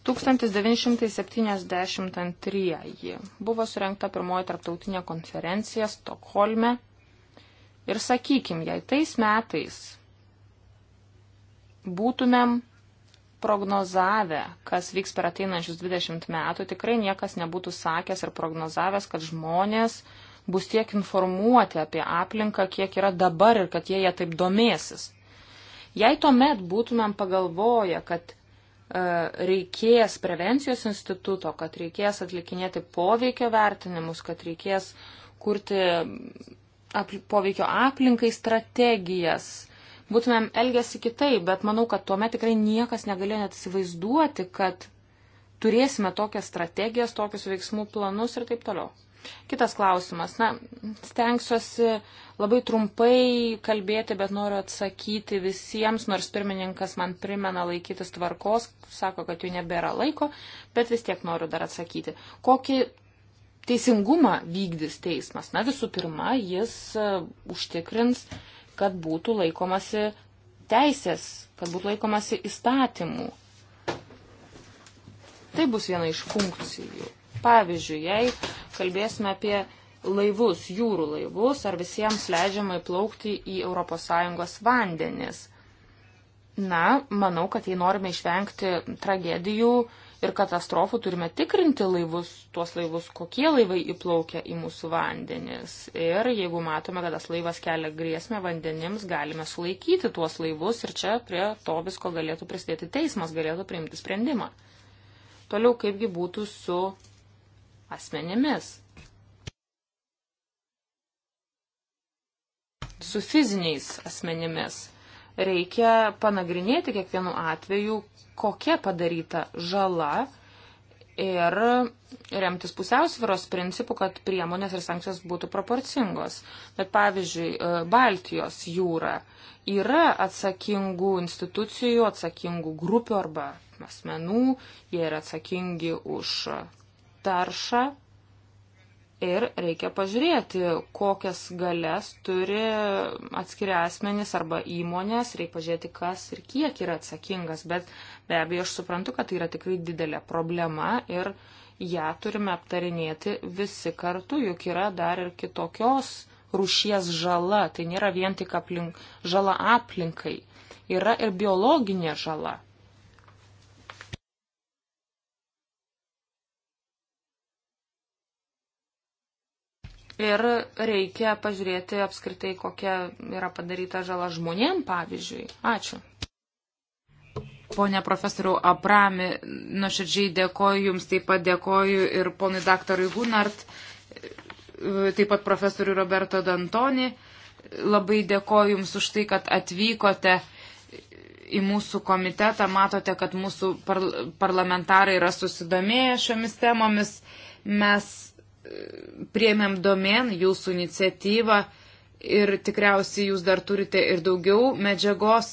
1972 buvo surinkta pirmoji tarptautinė konferencija Stokholme Ir sakykim, jei tais metais būtumėm prognozavę, kas vyks per ateinančius 20 metų, tikrai niekas nebūtų sakęs ir prognozavęs, kad žmonės bus tiek informuoti apie aplinką, kiek yra dabar ir kad jie ją taip domėsis. Jei tuomet būtumėm pagalvoję, kad e, reikės prevencijos instituto, kad reikės atlikinėti poveikio vertinimus, kad reikės kurti poveikio aplinkai strategijas. Būtumėm elgesi kitaip, bet manau, kad tuomet tikrai niekas negalėjo net įsivaizduoti, kad turėsime tokias strategijas, tokius veiksmų planus ir taip toliau. Kitas klausimas. Na, stengsiuosi labai trumpai kalbėti, bet noriu atsakyti visiems, nors pirmininkas man primena laikytis tvarkos, sako, kad jų nebėra laiko, bet vis tiek noriu dar atsakyti. Kokį teisingumą vykdys teismas. Na visų pirma, jis e, užtikrins, kad būtų laikomasi teisės, kad būtų laikomasi įstatymų. Tai bus viena iš funkcijų. Pavyzdžiui, jei kalbėsime apie laivus, jūrų laivus, ar visiems leidžiama įplaukti į ES vandenis. Na, manau, kad jei norime išvengti tragedijų, ir katastrofų turime tikrinti laivus, tuos laivus, kokie laivai įplaukia į mūsų vandenis. Ir jeigu matome, kad tas laivas kelia grėsmę vandenims, galime sulaikyti tuos laivus ir čia prie to visko galėtų prisidėti teismas, galėtų priimti sprendimą. Toliau kaipgi būtų su asmenimis. Su fiziniais asmenimis reikia panagrinėti kiekvienu atveju, kokia padaryta žala ir remtis pusiausviros principu, kad priemonės ir sankcijos būtų proporcingos. Bet pavyzdžiui, e, Baltijos jūra yra atsakingų institucijų, atsakingų grupių arba asmenų, jie yra atsakingi už taršą ir reikia pažiūrėti, kokias galės turi atskiri asmenys arba įmonės, reikia pažiūrėti, kas ir kiek yra atsakingas, bet be abejo aš suprantu, kad tai yra tikrai didelė problema ir ją turime aptarinėti visi kartu, juk yra dar ir kitokios rūšies žala, tai nėra vien tik aplink, žala aplinkai, yra ir biologinė žala. Ir reikia pažiūrėti apskritai, kokia yra padaryta žala žmonėm, pavyzdžiui. Ačiū. Pone profesoriau Aprami, nuoširdžiai dėkoju Jums, taip pat dėkoju ir ponui daktarui Gunart, taip pat profesoriui Roberto Dantoni. Labai dėkoju Jums už tai, kad atvykote į mūsų komitetą, matote, kad mūsų par parlamentarai yra susidomėję šiomis temomis. Mes priemėm domen jūsų iniciatyvą ir tikriausiai jūs dar turite ir daugiau medžiagos.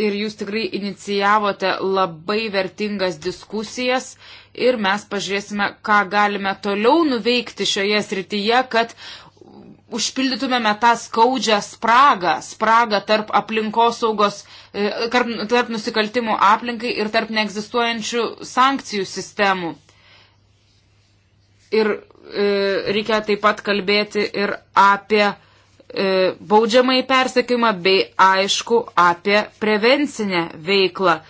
Ir jūs tikrai inicijavote labai vertingas diskusijas ir mes pažiūrėsime, ką galime toliau nuveikti šioje srityje, kad užpildytumėme tą skaudžią spragą, spragą tarp aplinkosaugos, e, tarp, tarp nusikaltimų aplinkai ir tarp neegzistuojančių sankcijų sistemų. Ir e, reikia taip pat kalbėti ir apie e, baudžiamąjį persekimą bei aišku apie prevencinę veiklą.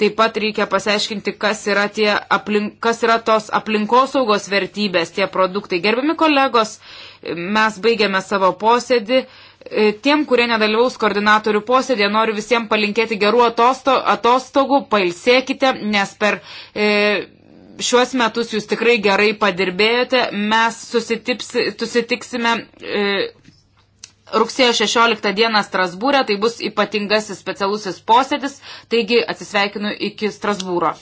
Taip pat reikia pasiaiškinti, kas yra, tie aplink, kas yra tos aplinkosaugos vertybės, tie produktai. Gerbiami kolegos, e, Mes baigiame savo posėdį. E, tiem, kurie nedalyvaus koordinatorių posėdėje, noriu visiems palinkėti gerų atostogų, pailsėkite, nes per e, šiuos metus jūs tikrai gerai padirbėjote. Mes susitiksime e, rugsėjo 16 dieną Strasbūrė, tai bus ypatingasis specialusis posėdis, taigi atsisveikinu iki Strasbūro.